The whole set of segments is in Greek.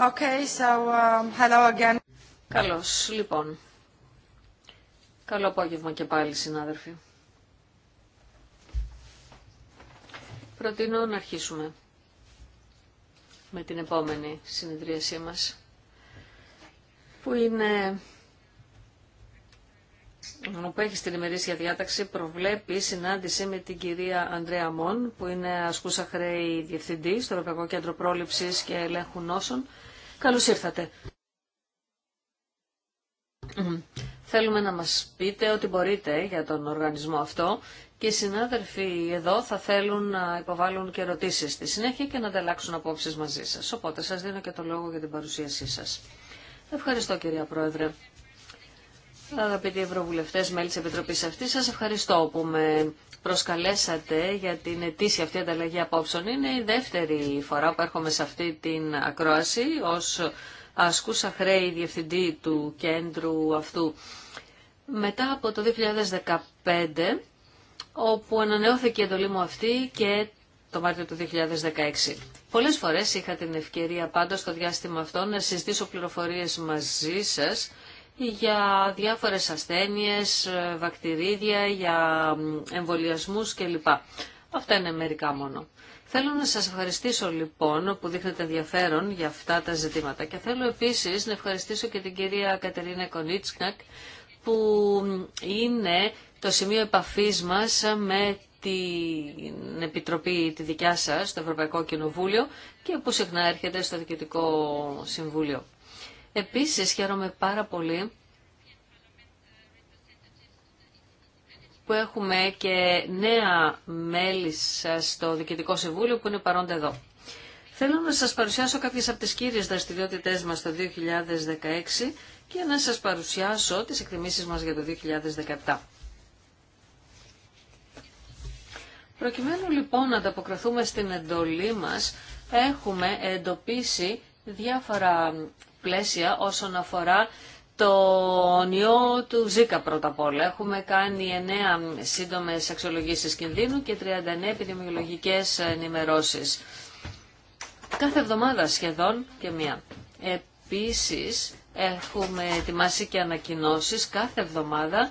Okay, so, um, hello again. Καλώς, λοιπόν. Καλό απόγευμα και πάλι, συνάδελφοι. Προτείνω να αρχίσουμε με την επόμενη συνεδρίασή μας, που είναι που έχει στην ημερήσια διάταξη προβλέπει συνάντηση με την κυρία Ανδρέα Μον, που είναι ασκούσα χρέη διευθυντή στο Ευρωπαϊκό Κέντρο Πρόληψης και Ελέγχου Νόσων, Καλώς ήρθατε. Θέλουμε να μας πείτε ό,τι μπορείτε για τον οργανισμό αυτό και οι συνάδελφοι εδώ θα θέλουν να υποβάλουν και ερωτήσεις στη συνέχεια και να ανταλλάξουν απόψεις μαζί σας. Οπότε σας δίνω και το λόγο για την παρουσίασή σας. Ευχαριστώ κυρία Πρόεδρε. Αγαπητοί Ευρωβουλευτέ, μέλη τη Επιτροπή αυτή, σα ευχαριστώ που με προσκαλέσατε για την ετήσια αυτή ανταλλαγή απόψεων. Είναι η δεύτερη φορά που έρχομαι σε αυτή την ακρόαση ω ασκούσα χρέη διευθυντή του κέντρου αυτού. Μετά από το 2015, όπου ανανεώθηκε η εντολή μου αυτή και το Μάρτιο του 2016. Πολλές φορές είχα την ευκαιρία πάντως στο διάστημα αυτό να συζητήσω πληροφορίες μαζί σας για διάφορες ασθένειες, βακτηρίδια, για εμβολιασμούς κλπ. Αυτά είναι μερικά μόνο. Θέλω να σας ευχαριστήσω λοιπόν που δείχνετε ενδιαφέρον για αυτά τα ζητήματα και θέλω επίσης να ευχαριστήσω και την κυρία Κατερίνα Κονίτσκακ που είναι το σημείο επαφής μας με την Επιτροπή τη δικιά σας στο Ευρωπαϊκό Κοινοβούλιο και που συχνά έρχεται στο Διοικητικό Συμβούλιο. Επίσης χαίρομαι πάρα πολύ που έχουμε και νέα μέλη σας στο Διοικητικό Συμβούλιο που είναι παρόντε εδώ. Θέλω να σας παρουσιάσω κάποιες από τις κύριες δραστηριότητές μας το 2016 και να σας παρουσιάσω τις εκτιμήσεις μας για το 2017. Προκειμένου λοιπόν να ανταποκριθούμε στην εντολή μας, έχουμε εντοπίσει διάφορα πλαίσια όσον αφορά το νιό του Ζήκα πρώτα απ' όλα. Έχουμε κάνει 9 σύντομες αξιολογήσεις κινδύνου και 39 επιδημιολογικές ενημερώσεις. Κάθε εβδομάδα σχεδόν και μία. Επίσης έχουμε ετοιμάσει και ανακοινώσεις κάθε εβδομάδα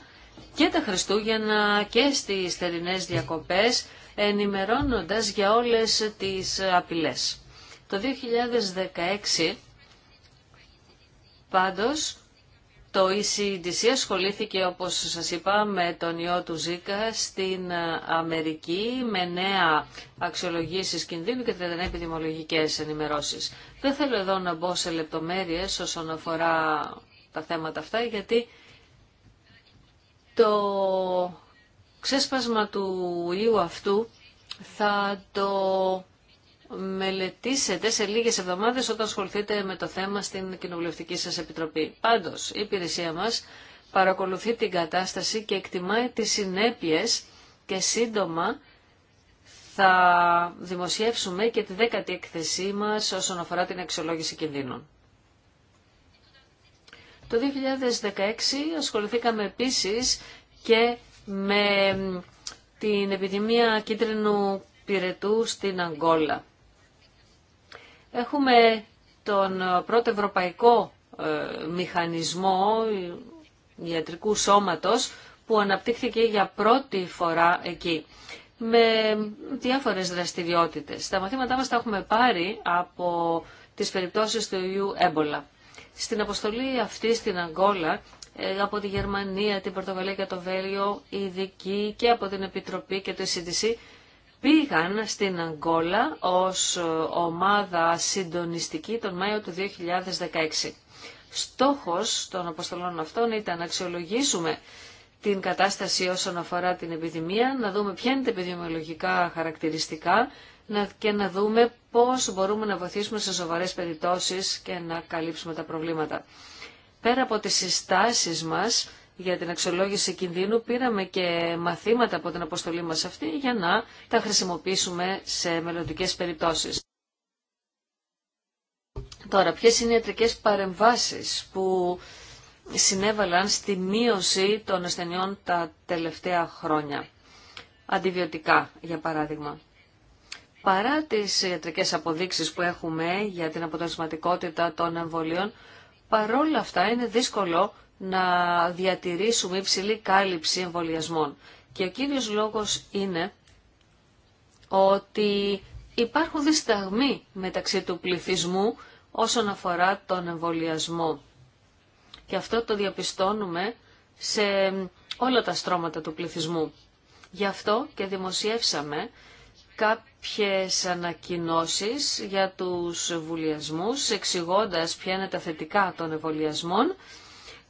και τα Χριστούγεννα και στις θερινές διακοπές ενημερώνοντας για όλες τις απειλές. Το 2016 Πάντως, το ECDC ασχολήθηκε, όπως σας είπα, με τον ιό του Ζήκα στην Αμερική με νέα αξιολογήσεις κινδύνου και δεν επιδημολογικές ενημερώσεις. Δεν θέλω εδώ να μπω σε λεπτομέρειες όσον αφορά τα θέματα αυτά, γιατί το ξέσπασμα του ιού αυτού θα το μελετήσετε σε λίγες εβδομάδες όταν ασχοληθείτε με το θέμα στην κοινοβουλευτική σας επιτροπή. Πάντως, η υπηρεσία μας παρακολουθεί την κατάσταση και εκτιμάει τις συνέπειες και σύντομα θα δημοσιεύσουμε και τη δέκατη έκθεσή μας όσον αφορά την αξιολόγηση κινδύνων. Το 2016 ασχοληθήκαμε επίσης και με την επιδημία κίτρινου πυρετού στην Αγγόλα. Έχουμε τον πρώτο ευρωπαϊκό ε, μηχανισμό ιατρικού σώματος που αναπτύχθηκε για πρώτη φορά εκεί με διάφορες δραστηριότητες. Τα μαθήματά μας τα έχουμε πάρει από τις περιπτώσεις του ιού έμπολα. Στην αποστολή αυτή στην Αγγόλα ε, από τη Γερμανία, την Πορτογαλία και το Βέλγιο, ειδικοί και από την Επιτροπή και το ECDC πήγαν στην Αγκόλα ως ε, ομάδα συντονιστική τον Μάιο του 2016. Στόχος των αποστολών αυτών ήταν να αξιολογήσουμε την κατάσταση όσον αφορά την επιδημία, να δούμε ποια είναι τα επιδημιολογικά χαρακτηριστικά και να δούμε πώς μπορούμε να βοηθήσουμε σε σοβαρές περιπτώσεις και να καλύψουμε τα προβλήματα. Πέρα από τις συστάσεις μας, για την αξιολόγηση κινδύνου πήραμε και μαθήματα από την αποστολή μας αυτή για να τα χρησιμοποιήσουμε σε μελλοντικέ περιπτώσεις. Τώρα, ποιες είναι οι ιατρικές παρεμβάσεις που συνέβαλαν στη μείωση των ασθενειών τα τελευταία χρόνια. Αντιβιωτικά, για παράδειγμα. Παρά τις ιατρικές αποδείξεις που έχουμε για την αποτελεσματικότητα των εμβολίων, παρόλα αυτά είναι δύσκολο να διατηρήσουμε υψηλή κάλυψη εμβολιασμών. Και ο κύριος λόγος είναι ότι υπάρχουν δισταγμοί μεταξύ του πληθυσμού όσον αφορά τον εμβολιασμό. Και αυτό το διαπιστώνουμε σε όλα τα στρώματα του πληθυσμού. Γι' αυτό και δημοσιεύσαμε κάποιες ανακοινώσεις για τους εμβολιασμούς, εξηγώντας ποια είναι τα θετικά των εμβολιασμών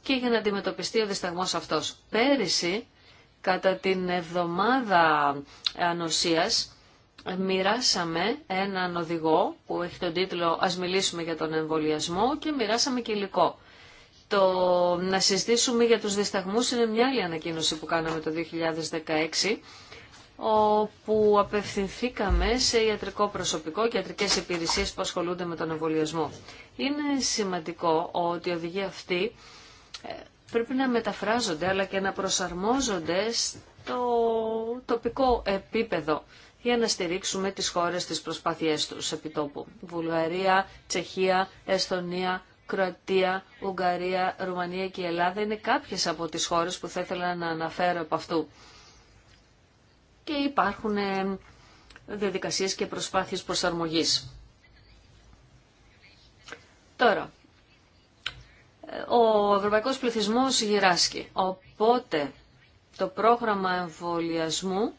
και για να αντιμετωπιστεί ο δισταγμός αυτός. Πέρυσι, κατά την εβδομάδα ανοσίας, μοιράσαμε έναν οδηγό που έχει τον τίτλο «Ας μιλήσουμε για τον εμβολιασμό» και μοιράσαμε και υλικό. Το να συζητήσουμε για τους δισταγμούς είναι μια άλλη ανακοίνωση που κάναμε το 2016 όπου απευθυνθήκαμε σε ιατρικό προσωπικό και ιατρικές υπηρεσίες που ασχολούνται με τον εμβολιασμό. Είναι σημαντικό ότι η οδηγία αυτή ε, πρέπει να μεταφράζονται αλλά και να προσαρμόζονται στο τοπικό επίπεδο για να στηρίξουμε τις χώρες της προσπάθειές τους επί τόπου. Βουλγαρία, Τσεχία, Εσθονία, Κροατία, Ουγγαρία, Ρουμανία και Ελλάδα είναι κάποιες από τις χώρες που θα ήθελα να αναφέρω από αυτού. Και υπάρχουν ε, διαδικασίες και προσπάθειες προσαρμογής. Τώρα, ο ευρωπαϊκός πληθυσμός γυράσκει. Οπότε το πρόγραμμα εμβολιασμού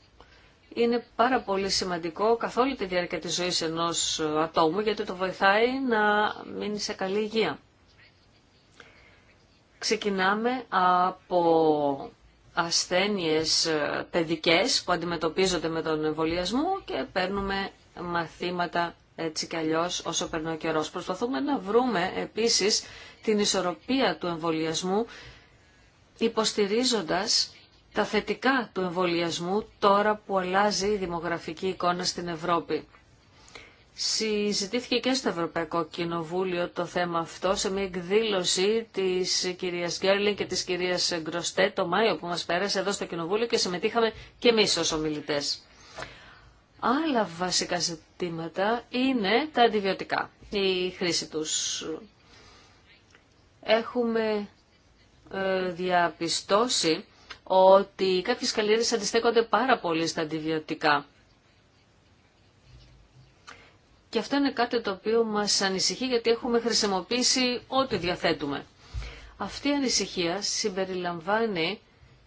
είναι πάρα πολύ σημαντικό καθ' όλη τη διάρκεια της ζωής ενός ατόμου γιατί το βοηθάει να μείνει σε καλή υγεία. Ξεκινάμε από ασθένειες παιδικές που αντιμετωπίζονται με τον εμβολιασμό και παίρνουμε μαθήματα έτσι κι αλλιώ όσο περνάει ο καιρός. Προσπαθούμε να βρούμε επίσης την ισορροπία του εμβολιασμού υποστηρίζοντας τα θετικά του εμβολιασμού τώρα που αλλάζει η δημογραφική εικόνα στην Ευρώπη. Συζητήθηκε και στο Ευρωπαϊκό Κοινοβούλιο το θέμα αυτό σε μια εκδήλωση της κυρίας Γκέρλιν και της κυρίας Γκροστέ το Μάιο που μας πέρασε εδώ στο Κοινοβούλιο και συμμετείχαμε κι εμείς ως ομιλητές. Άλλα βασικά ζητήματα είναι τα αντιβιωτικά, η χρήση τους. Έχουμε ε, διαπιστώσει ότι κάποιες καλλιέργειες αντιστέκονται πάρα πολύ στα αντιβιωτικά. Και αυτό είναι κάτι το οποίο μας ανησυχεί γιατί έχουμε χρησιμοποιήσει ό,τι διαθέτουμε. Αυτή η ανησυχία συμπεριλαμβάνει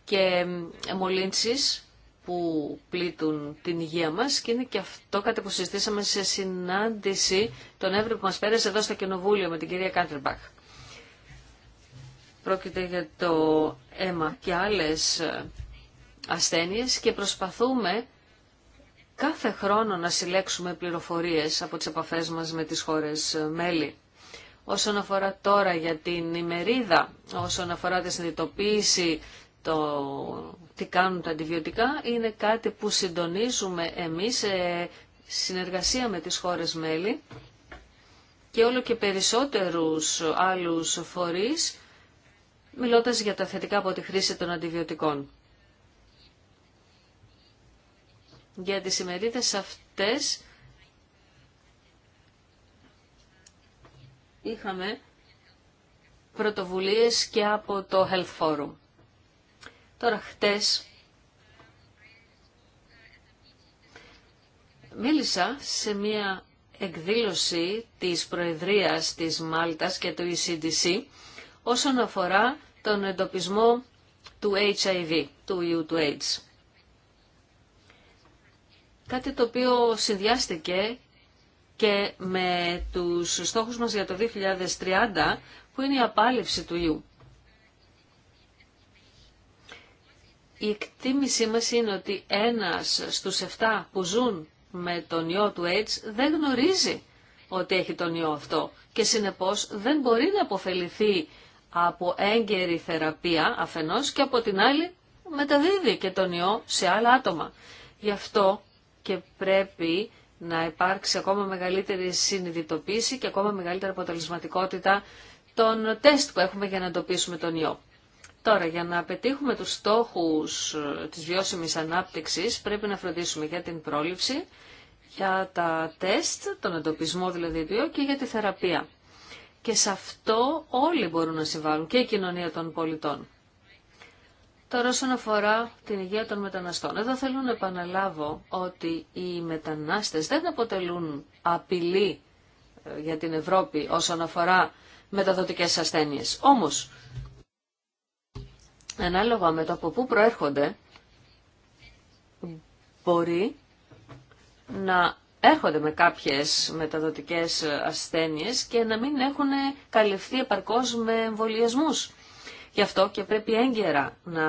και εμολύνσεις, που πλήττουν την υγεία μας και είναι και αυτό κάτι που συζητήσαμε σε συνάντηση τον Εύρη που μας πέρασε εδώ στο Κοινοβούλιο με την κυρία Κάντρεμπαχ. Πρόκειται για το αίμα και άλλες ε, ασθένειες και προσπαθούμε κάθε χρόνο να συλλέξουμε πληροφορίες από τις επαφές μας με τις χώρες ε, μέλη. Όσον αφορά τώρα για την ημερίδα, όσον αφορά τη συνειδητοποίηση το τι κάνουν τα αντιβιωτικά είναι κάτι που συντονίζουμε εμείς σε συνεργασία με τις χώρες μέλη και όλο και περισσότερους άλλους φορείς μιλώντας για τα θετικά από τη χρήση των αντιβιωτικών. Για τις ημερίδες αυτές είχαμε πρωτοβουλίες και από το Health Forum. Τώρα χτες μίλησα σε μια εκδήλωση της Προεδρίας της Μάλτας και του ECDC όσον αφορά τον εντοπισμό του HIV, του ιού του AIDS. Κάτι το οποίο συνδυάστηκε και με τους στόχους μας για το 2030 που είναι η απάλληψη του ιού. Η εκτίμησή μας είναι ότι ένας στους 7 που ζουν με τον ιό του AIDS δεν γνωρίζει ότι έχει τον ιό αυτό και συνεπώς δεν μπορεί να αποφεληθεί από έγκαιρη θεραπεία αφενός και από την άλλη μεταδίδει και τον ιό σε άλλα άτομα. Γι' αυτό και πρέπει να υπάρξει ακόμα μεγαλύτερη συνειδητοποίηση και ακόμα μεγαλύτερη αποτελεσματικότητα των τεστ που έχουμε για να εντοπίσουμε τον ιό. Τώρα, για να πετύχουμε τους στόχους ε, της βιώσιμης ανάπτυξης, πρέπει να φροντίσουμε για την πρόληψη, για τα τεστ, τον εντοπισμό δηλαδή του και για τη θεραπεία. Και σε αυτό όλοι μπορούν να συμβάλλουν και η κοινωνία των πολιτών. Τώρα όσον αφορά την υγεία των μεταναστών. Εδώ θέλω να επαναλάβω ότι οι μετανάστες δεν αποτελούν απειλή ε, για την Ευρώπη όσον αφορά μεταδοτικές ασθένειες. Όμως ανάλογα με το από πού προέρχονται, μπορεί να έρχονται με κάποιες μεταδοτικές ασθένειες και να μην έχουν καλυφθεί επαρκώς με εμβολιασμούς. Γι' αυτό και πρέπει έγκαιρα να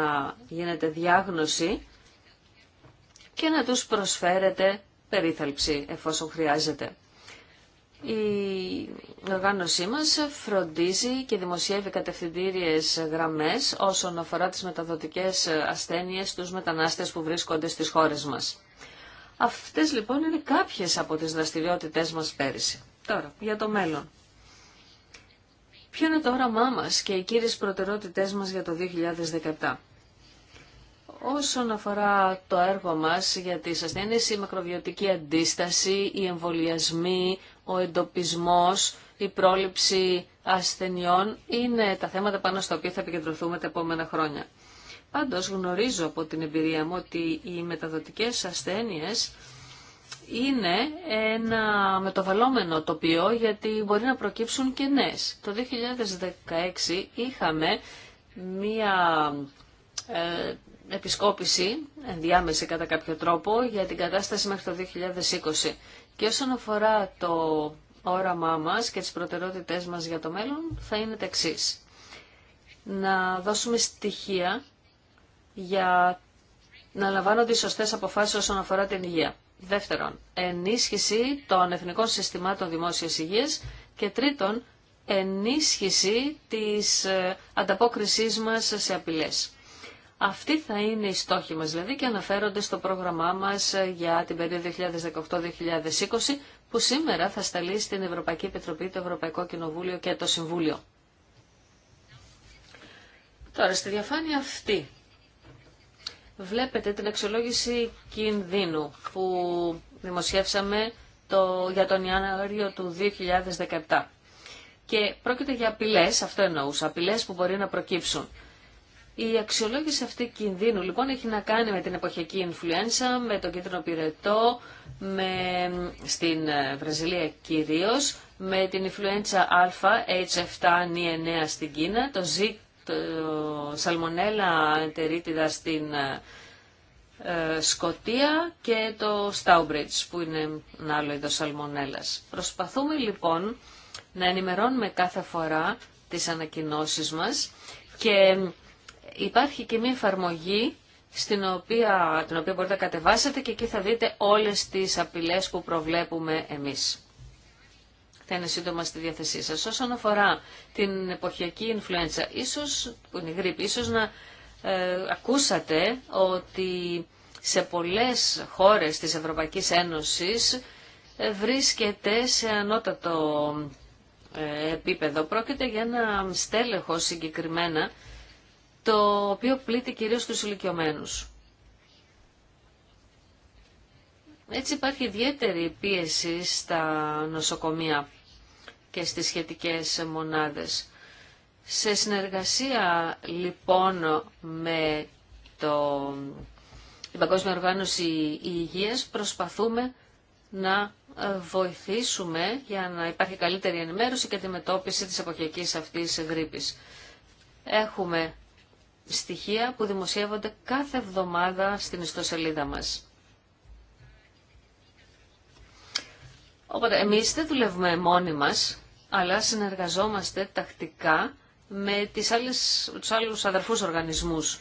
γίνεται διάγνωση και να τους προσφέρετε περίθαλψη εφόσον χρειάζεται. Η οργάνωσή μας φροντίζει και δημοσιεύει κατευθυντήριες γραμμές όσον αφορά τις μεταδοτικές ασθένειες στους μετανάστες που βρίσκονται στις χώρες μας. Αυτές λοιπόν είναι κάποιες από τις δραστηριότητες μας πέρυσι. Τώρα, για το μέλλον. Ποιο είναι το όραμά μας και οι κύριες προτεραιότητές μας για το 2017. Όσον αφορά το έργο μας για τις ασθένειες, η μακροβιωτική αντίσταση, οι εμβολιασμοί, ο εντοπισμός, η πρόληψη ασθενειών είναι τα θέματα πάνω στα οποία θα επικεντρωθούμε τα επόμενα χρόνια. Πάντως γνωρίζω από την εμπειρία μου ότι οι μεταδοτικές ασθένειες είναι ένα μετοβαλλόμενο τοπίο γιατί μπορεί να προκύψουν και νέες. Το 2016 είχαμε μία ε, επισκόπηση, ενδιάμεση κατά κάποιο τρόπο, για την κατάσταση μέχρι το 2020. Και όσον αφορά το όραμά μας και τις προτεραιότητές μας για το μέλλον, θα είναι τα εξή. Να δώσουμε στοιχεία για να λαμβάνονται οι σωστές αποφάσεις όσον αφορά την υγεία. Δεύτερον, ενίσχυση των εθνικών συστημάτων δημόσιας υγείας. Και τρίτον, ενίσχυση της ε, ανταπόκρισής μας σε απειλές. Αυτή θα είναι η στόχη μας δηλαδή και αναφέρονται στο πρόγραμμά μας για την περίοδο 2018-2020 που σήμερα θα σταλεί στην Ευρωπαϊκή Επιτροπή, το Ευρωπαϊκό Κοινοβούλιο και το Συμβούλιο. Τώρα, στη διαφάνεια αυτή βλέπετε την αξιολόγηση κινδύνου που δημοσιεύσαμε το, για τον Ιανουάριο του 2017. Και πρόκειται για απειλέ, αυτό εννοούσα, απειλέ που μπορεί να προκύψουν. Η αξιολόγηση αυτή κινδύνου λοιπόν έχει να κάνει με την εποχιακή influenza, με τον κίτρινο πυρετό, με, στην ε, Βραζιλία κυρίως, με την influenza α, H7N9 στην Κίνα, το Z, το σαλμονέλα εταιρίτιδα στην ε, ε Σκοτία και το Στάουμπριτς που είναι ένα άλλο είδο σαλμονέλας. Προσπαθούμε λοιπόν να ενημερώνουμε κάθε φορά τις ανακοινώσεις μας και υπάρχει και μια εφαρμογή στην οποία, την οποία μπορείτε να κατεβάσετε και εκεί θα δείτε όλες τις απειλές που προβλέπουμε εμείς. Θα είναι σύντομα στη διάθεσή σας. Όσον αφορά την εποχιακή influenza, ίσως, που είναι η γρήπη, ίσως να ε, ακούσατε ότι σε πολλές χώρες της Ευρωπαϊκής Ένωσης ε, βρίσκεται σε ανώτατο ε, επίπεδο. Πρόκειται για ένα στέλεχο συγκεκριμένα το οποίο πλήττει κυρίως τους ηλικιωμένους. Έτσι υπάρχει ιδιαίτερη πίεση στα νοσοκομεία και στις σχετικές μονάδες. Σε συνεργασία λοιπόν με το, την Παγκόσμια Οργάνωση Υγείας προσπαθούμε να βοηθήσουμε για να υπάρχει καλύτερη ενημέρωση και αντιμετώπιση της εποχιακής αυτής γρήπης. Έχουμε στοιχεία που δημοσιεύονται κάθε εβδομάδα στην ιστοσελίδα μας. Οπότε εμείς δεν δουλεύουμε μόνοι μας, αλλά συνεργαζόμαστε τακτικά με τις άλλες, τους άλλους αδερφούς οργανισμούς.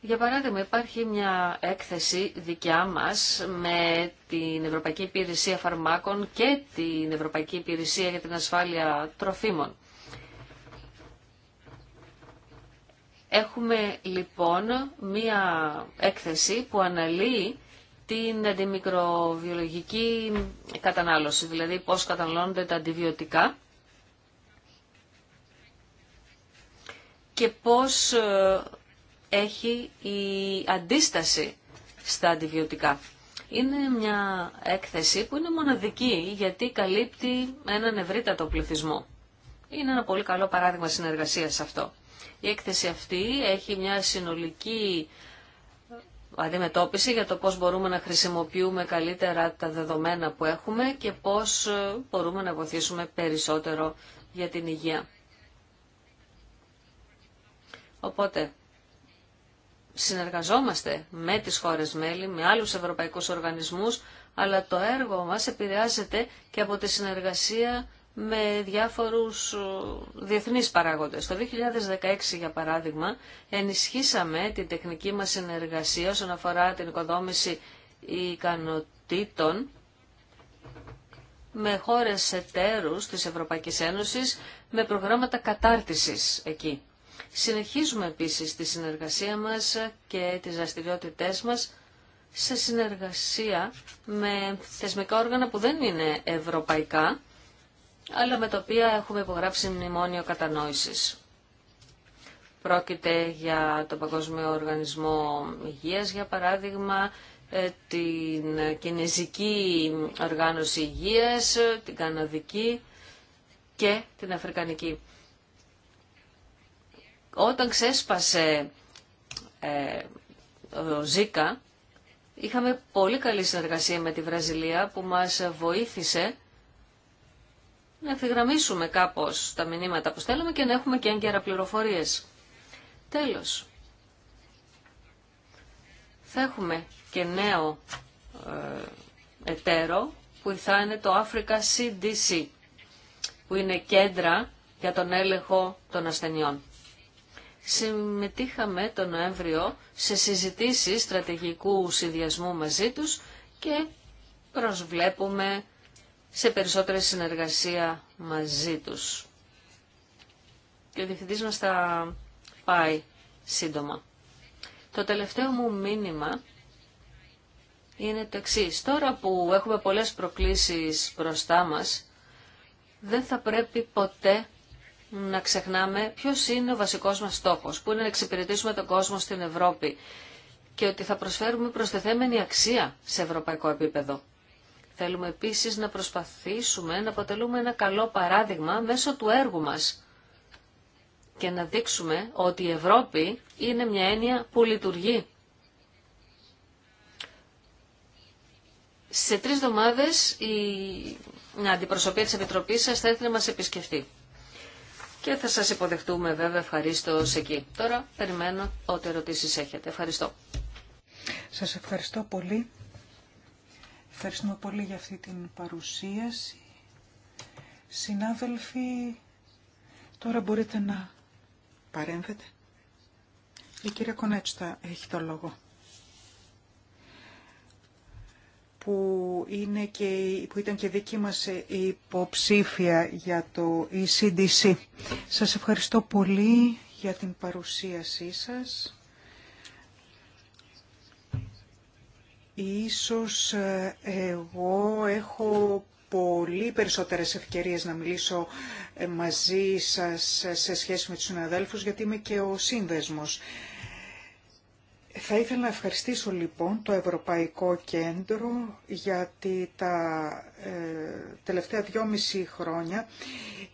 Για παράδειγμα, υπάρχει μια έκθεση δικιά μας με την Ευρωπαϊκή Υπηρεσία Φαρμάκων και την Ευρωπαϊκή Υπηρεσία για την Ασφάλεια Τροφίμων. Έχουμε λοιπόν μία έκθεση που αναλύει την αντιμικροβιολογική κατανάλωση, δηλαδή πώς καταναλώνονται τα αντιβιωτικά και πώς ε, έχει η αντίσταση στα αντιβιωτικά. Είναι μια έκθεση που είναι μοναδική γιατί καλύπτει έναν ευρύτατο πληθυσμό. Είναι ένα πολύ καλό παράδειγμα συνεργασίας αυτό. Η έκθεση αυτή έχει μια συνολική αντιμετώπιση για το πώς μπορούμε να χρησιμοποιούμε καλύτερα τα δεδομένα που έχουμε και πώς ε, μπορούμε να βοηθήσουμε περισσότερο για την υγεία. Οπότε, συνεργαζόμαστε με τις χώρες μέλη, με άλλους ευρωπαϊκούς οργανισμούς, αλλά το έργο μας επηρεάζεται και από τη συνεργασία με διάφορους διεθνείς παράγοντες. Το 2016, για παράδειγμα, ενισχύσαμε την τεχνική μας συνεργασία όσον αφορά την οικοδόμηση ικανοτήτων με χώρες εταίρους της Ευρωπαϊκής Ένωσης με προγράμματα κατάρτισης εκεί. Συνεχίζουμε επίσης τη συνεργασία μας και τις δραστηριότητές μας σε συνεργασία με θεσμικά όργανα που δεν είναι ευρωπαϊκά, αλλά με τα οποία έχουμε υπογράψει μνημόνιο κατανόησης. Πρόκειται για τον Παγκόσμιο Οργανισμό Υγείας, για παράδειγμα, ε, την Κινέζικη Οργάνωση Υγείας, ε, την Καναδική και την Αφρικανική. Όταν ξέσπασε ε, ο Ζήκα, είχαμε πολύ καλή συνεργασία με τη Βραζιλία που μας βοήθησε να ευθυγραμμίσουμε κάπως τα μηνύματα που στέλνουμε και να έχουμε και έγκαιρα πληροφορίες. Τέλος, θα έχουμε και νέο ε, εταίρο που θα είναι το Africa CDC, που είναι κέντρα για τον έλεγχο των ασθενειών. Συμμετείχαμε τον Νοέμβριο σε συζητήσεις στρατηγικού συνδυασμού μαζί τους και προσβλέπουμε σε περισσότερη συνεργασία μαζί τους. Και ο διευθυντής μας θα πάει σύντομα. Το τελευταίο μου μήνυμα είναι το εξή. Τώρα που έχουμε πολλές προκλήσεις μπροστά μας, δεν θα πρέπει ποτέ να ξεχνάμε ποιος είναι ο βασικός μας στόχος, που είναι να εξυπηρετήσουμε τον κόσμο στην Ευρώπη και ότι θα προσφέρουμε προστεθέμενη αξία σε ευρωπαϊκό επίπεδο. Θέλουμε επίσης να προσπαθήσουμε να αποτελούμε ένα καλό παράδειγμα μέσω του έργου μας και να δείξουμε ότι η Ευρώπη είναι μια έννοια που λειτουργεί. Σε τρεις εβδομάδες η αντιπροσωπεία της Επιτροπής σας θα έρθει να μας επισκεφτεί. Και θα σας υποδεχτούμε βέβαια ευχαρίστω εκεί. Τώρα περιμένω ό,τι ερωτήσεις έχετε. Ευχαριστώ. Σας ευχαριστώ πολύ. Ευχαριστούμε πολύ για αυτή την παρουσίαση. Συνάδελφοι, τώρα μπορείτε να παρέμβετε. Η κυρία Κονέτστα έχει το λόγο. Που, είναι και, που ήταν και δική μας υποψήφια για το ECDC. Σας ευχαριστώ πολύ για την παρουσίασή σας. Ίσως ε, εγώ έχω πολύ περισσότερες ευκαιρίες να μιλήσω ε, μαζί σας ε, σε σχέση με τους συναδέλφους, γιατί είμαι και ο σύνδεσμος θα ήθελα να ευχαριστήσω λοιπόν το Ευρωπαϊκό Κέντρο γιατί τα ε, τελευταία δυόμιση χρόνια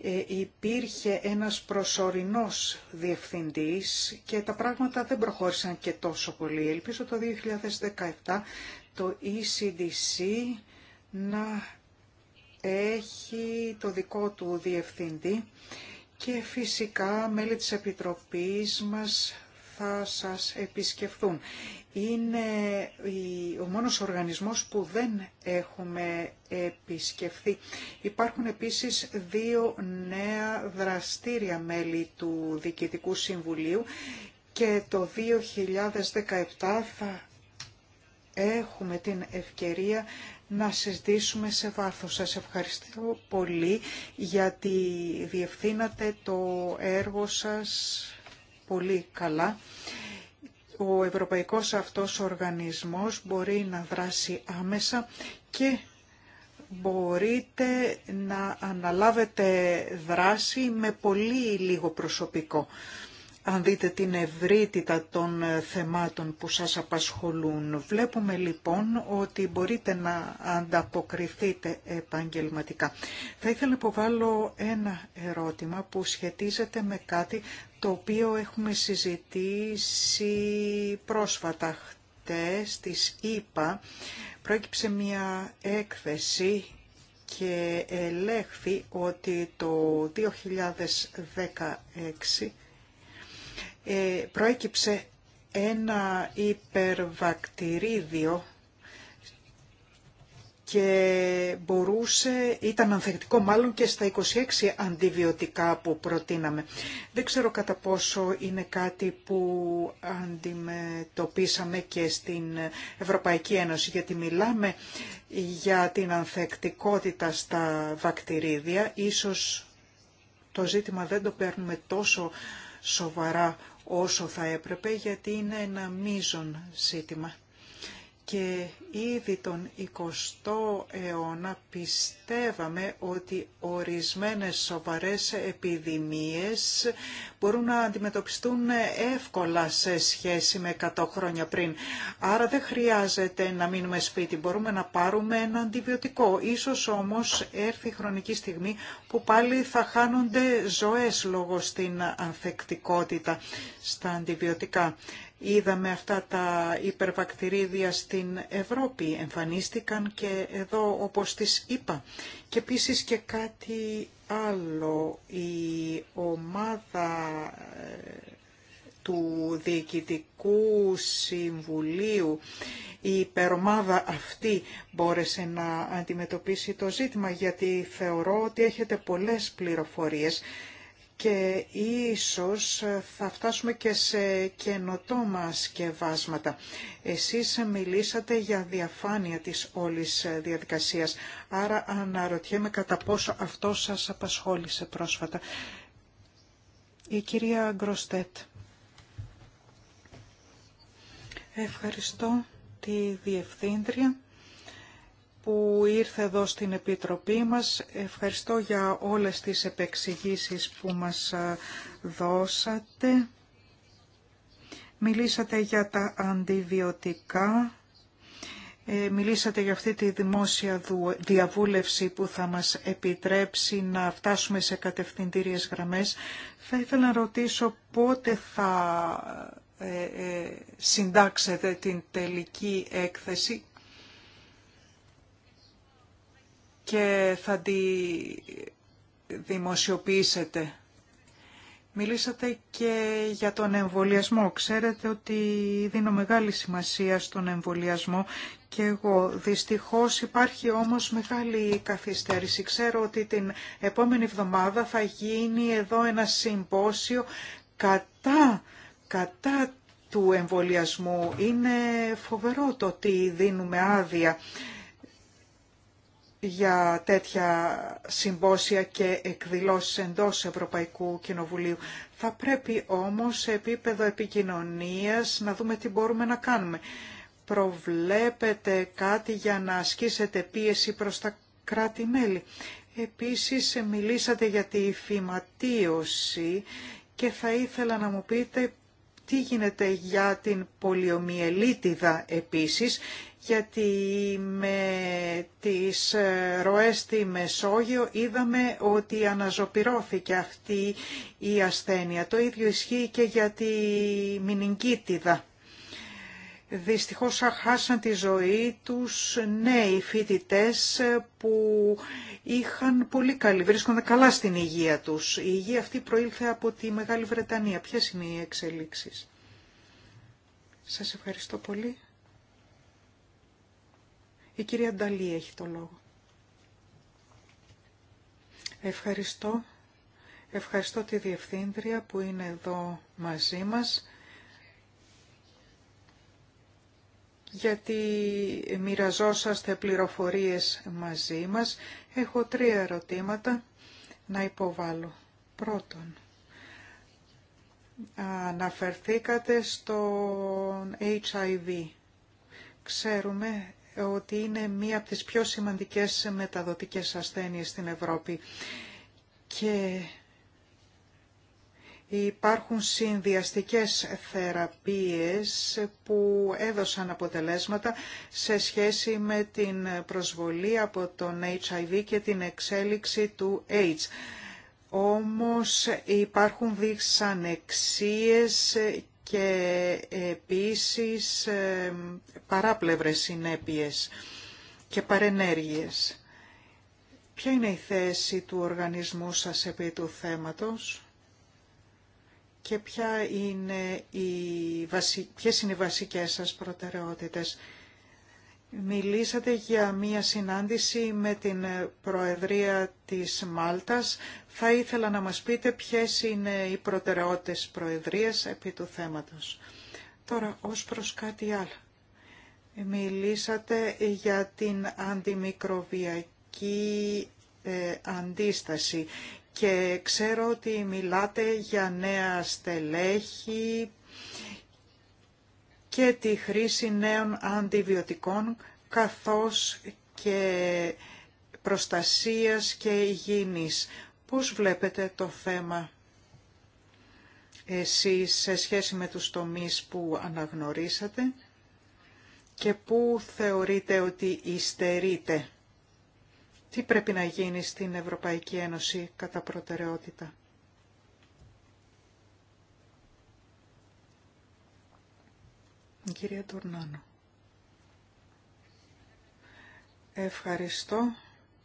ε, υπήρχε ένας προσωρινός διευθυντής και τα πράγματα δεν προχώρησαν και τόσο πολύ. Ελπίζω το 2017 το ECDC να έχει το δικό του διευθυντή και φυσικά μέλη της Επιτροπής μας θα σας επισκεφθούν. Είναι ο μόνος οργανισμός που δεν έχουμε επισκεφθεί. Υπάρχουν επίσης δύο νέα δραστήρια μέλη του Διοικητικού Συμβουλίου και το 2017 θα έχουμε την ευκαιρία να συζητήσουμε σε βάθος. Σας ευχαριστώ πολύ γιατί διευθύνατε το έργο σας πολύ καλά. Ο ευρωπαϊκός αυτός οργανισμός μπορεί να δράσει άμεσα και μπορείτε να αναλάβετε δράση με πολύ λίγο προσωπικό αν δείτε την ευρύτητα των ε, θεμάτων που σας απασχολούν. Βλέπουμε λοιπόν ότι μπορείτε να ανταποκριθείτε επαγγελματικά. Θα ήθελα να υποβάλω ένα ερώτημα που σχετίζεται με κάτι το οποίο έχουμε συζητήσει πρόσφατα χτες της ΕΠΑ. Πρόκειψε μια έκθεση και ελέγχθη ότι το 2016 ε, προέκυψε ένα υπερβακτηρίδιο και μπορούσε, ήταν ανθεκτικό μάλλον και στα 26 αντιβιωτικά που προτείναμε. Δεν ξέρω κατά πόσο είναι κάτι που αντιμετωπίσαμε και στην Ευρωπαϊκή Ένωση, γιατί μιλάμε για την ανθεκτικότητα στα βακτηρίδια. Ίσως το ζήτημα δεν το παίρνουμε τόσο σοβαρά όσο θα έπρεπε γιατί είναι ένα μείζον ζήτημα και ήδη τον 20ο αιώνα πιστεύαμε ότι ορισμένες σοβαρές επιδημίες μπορούν να αντιμετωπιστούν εύκολα σε σχέση με 100 χρόνια πριν. Άρα δεν χρειάζεται να μείνουμε σπίτι, μπορούμε να πάρουμε ένα αντιβιωτικό. Ίσως όμως έρθει η χρονική στιγμή που πάλι θα χάνονται ζωές λόγω στην ανθεκτικότητα στα αντιβιωτικά. Είδαμε αυτά τα υπερβακτηρίδια στην Ευρώπη, εμφανίστηκαν και εδώ όπως τις είπα. Και επίση και κάτι άλλο, η ομάδα ε, του Διοικητικού Συμβουλίου, η υπερομάδα αυτή μπόρεσε να αντιμετωπίσει το ζήτημα, γιατί θεωρώ ότι έχετε πολλές πληροφορίες και ίσως θα φτάσουμε και σε καινοτόμα σκευάσματα. Εσείς μιλήσατε για διαφάνεια της όλης διαδικασίας, άρα αναρωτιέμαι κατά πόσο αυτό σας απασχόλησε πρόσφατα. Η κυρία Γκροστέτ. Ευχαριστώ τη Διευθύντρια που ήρθε εδώ στην Επιτροπή μας. Ευχαριστώ για όλες τις επεξηγήσεις που μας δώσατε. Μιλήσατε για τα αντιβιωτικά, ε, μιλήσατε για αυτή τη δημόσια διαβούλευση που θα μας επιτρέψει να φτάσουμε σε κατευθυντήριες γραμμές. Θα ήθελα να ρωτήσω πότε θα ε, ε, συντάξετε την τελική έκθεση και θα τη δημοσιοποιήσετε. Μιλήσατε και για τον εμβολιασμό. Ξέρετε ότι δίνω μεγάλη σημασία στον εμβολιασμό και εγώ. Δυστυχώς υπάρχει όμως μεγάλη καθυστέρηση. Ξέρω ότι την επόμενη εβδομάδα θα γίνει εδώ ένα συμπόσιο κατά, κατά του εμβολιασμού. Είναι φοβερό το ότι δίνουμε άδεια για τέτοια συμπόσια και εκδηλώσεις εντός Ευρωπαϊκού Κοινοβουλίου. Θα πρέπει όμως σε επίπεδο επικοινωνίας να δούμε τι μπορούμε να κάνουμε. Προβλέπετε κάτι για να ασκήσετε πίεση προς τα κράτη-μέλη. Επίσης μιλήσατε για τη φυματίωση και θα ήθελα να μου πείτε τι γίνεται για την πολιομιελίτιδα επίσης, γιατί με τις ε, ροές στη Μεσόγειο είδαμε ότι αναζωπυρώθηκε αυτή η ασθένεια. Το ίδιο ισχύει και για τη μηνυγκίτιδα. Δυστυχώς χάσαν τη ζωή τους νέοι ναι, φοιτητέ που είχαν πολύ καλή, βρίσκονταν καλά στην υγεία τους. Η υγεία αυτή προήλθε από τη Μεγάλη Βρετανία. Ποιες είναι οι εξελίξεις. Σας ευχαριστώ πολύ. Η κυρία Νταλή έχει το λόγο. Ευχαριστώ. Ευχαριστώ τη Διευθύντρια που είναι εδώ μαζί μας γιατί μοιραζόσαστε πληροφορίες μαζί μας. Έχω τρία ερωτήματα να υποβάλω. Πρώτον, αναφερθήκατε στο HIV. Ξέρουμε ότι είναι μία από τις πιο σημαντικές μεταδοτικές ασθένειες στην Ευρώπη και Υπάρχουν συνδυαστικές θεραπείες που έδωσαν αποτελέσματα σε σχέση με την προσβολή από τον HIV και την εξέλιξη του AIDS. Όμως υπάρχουν δείξανεξίε και επίσης ε, παράπλευρες συνέπειες και παρενέργειες. Ποια είναι η θέση του οργανισμού σας επί του θέματος? και ποια είναι οι βασι... ποιες είναι οι βασικές σας προτεραιότητες. Μιλήσατε για μία συνάντηση με την Προεδρία της Μάλτας. Θα ήθελα να μας πείτε ποιες είναι οι προτεραιότητες Προεδρίας επί του θέματος. Τώρα, ως προς κάτι άλλο. Μιλήσατε για την αντιμικροβιακή ε, αντίσταση και ξέρω ότι μιλάτε για νέα στελέχη και τη χρήση νέων αντιβιωτικών καθώς και προστασίας και υγιεινής. Πώς βλέπετε το θέμα εσείς σε σχέση με τους τομείς που αναγνωρίσατε και πού θεωρείτε ότι ειστερείτε. Τι πρέπει να γίνει στην Ευρωπαϊκή Ένωση κατά προτεραιότητα. Κυρία Τουρνάνο. Ευχαριστώ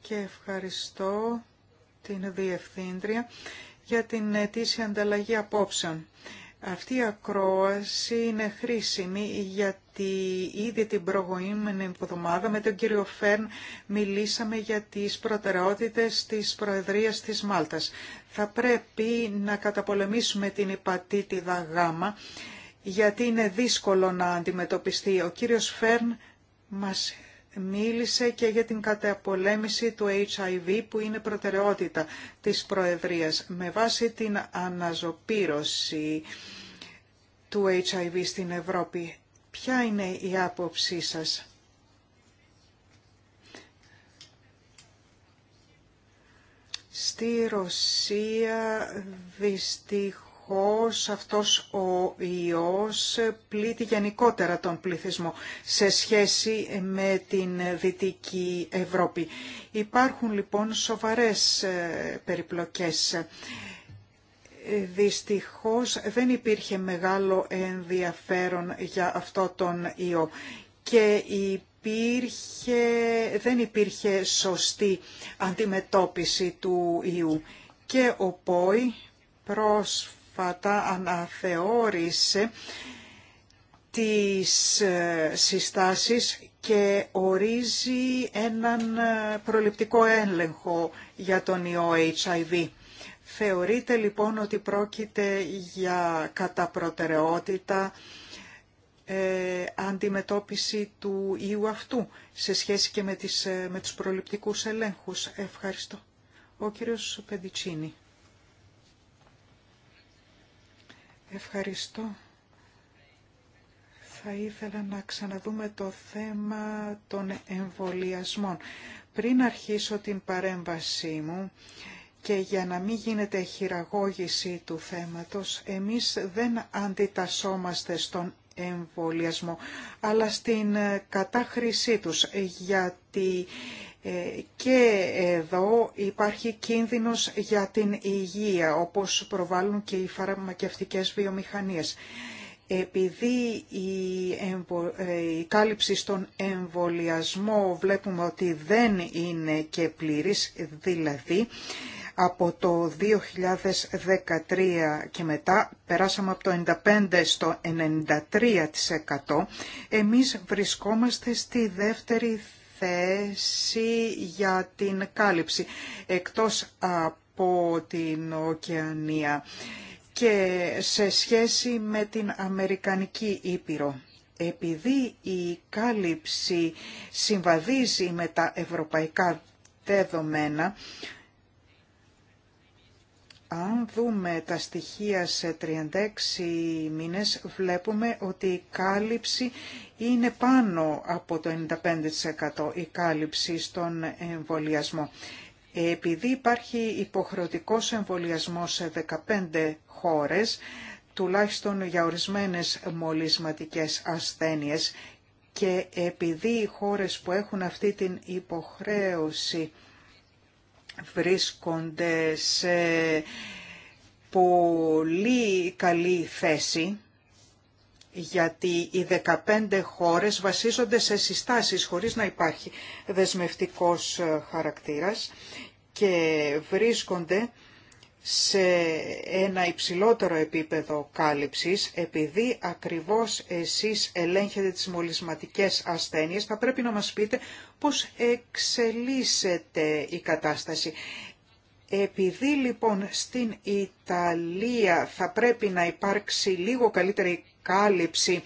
και ευχαριστώ την Διευθύντρια για την αιτήσια ανταλλαγή απόψεων. Αυτή η ακρόαση είναι χρήσιμη γιατί ήδη την προηγούμενη εβδομάδα με τον κύριο Φέρν μιλήσαμε για τις προτεραιότητες της Προεδρίας της Μάλτας. Θα πρέπει να καταπολεμήσουμε την υπατήτηδα γάμα γιατί είναι δύσκολο να αντιμετωπιστεί. Ο κύριος Φέρν μας μίλησε και για την καταπολέμηση του HIV που είναι προτεραιότητα της Προεδρίας. Με βάση την αναζωπήρωση του HIV στην Ευρώπη, ποια είναι η άποψή σας. Στη Ρωσία δυστυχώς δυστυχώς αυτός ο ιός πλήττει γενικότερα τον πληθυσμό σε σχέση με την Δυτική Ευρώπη. Υπάρχουν λοιπόν σοβαρές ε, περιπλοκές. Ε, δυστυχώς δεν υπήρχε μεγάλο ενδιαφέρον για αυτό τον ιό και υπήρχε, δεν υπήρχε σωστή αντιμετώπιση του ιού. Και ο ΠΟΗ φατα αναθεώρησε τις ε, συστάσεις και ορίζει έναν ε, προληπτικό έλεγχο για τον ιό HIV. Θεωρείται λοιπόν ότι πρόκειται για κατά προτεραιότητα ε, αντιμετώπιση του ιού αυτού σε σχέση και με, τις, ε, με τους προληπτικούς ελέγχους. Ευχαριστώ. Ο κύριος Πεντιτσίνη. Ευχαριστώ. Θα ήθελα να ξαναδούμε το θέμα των εμβολιασμών. Πριν αρχίσω την παρέμβασή μου και για να μην γίνεται χειραγώγηση του θέματος, εμείς δεν αντιτασσόμαστε στον εμβολιασμό, αλλά στην κατάχρησή τους, γιατί ε, και εδώ υπάρχει κίνδυνος για την υγεία, όπως προβάλλουν και οι φαρμακευτικές βιομηχανίες. Επειδή η ε, κάλυψη στον εμβολιασμό βλέπουμε ότι δεν είναι και πλήρης, δηλαδή από το 2013 και μετά περάσαμε από το 95% στο 93%, εμείς βρισκόμαστε στη δεύτερη θέση για την κάλυψη εκτός από την Οκεανία και σε σχέση με την Αμερικανική Ήπειρο. Επειδή η κάλυψη συμβαδίζει με τα ευρωπαϊκά δεδομένα, αν δούμε τα στοιχεία σε 36 μήνες, βλέπουμε ότι η κάλυψη είναι πάνω από το 95% η κάλυψη στον εμβολιασμό. Επειδή υπάρχει υποχρεωτικός εμβολιασμός σε 15 χώρες, τουλάχιστον για ορισμένες μολυσματικές ασθένειες και επειδή οι χώρες που έχουν αυτή την υποχρέωση βρίσκονται σε πολύ καλή θέση γιατί οι 15 χώρες βασίζονται σε συστάσεις χωρίς να υπάρχει δεσμευτικός χαρακτήρας και βρίσκονται σε ένα υψηλότερο επίπεδο κάλυψης, επειδή ακριβώς εσείς ελέγχετε τις μολυσματικές ασθένειες, θα πρέπει να μας πείτε πώς εξελίσσεται η κατάσταση. Επειδή λοιπόν στην Ιταλία θα πρέπει να υπάρξει λίγο καλύτερη κάλυψη,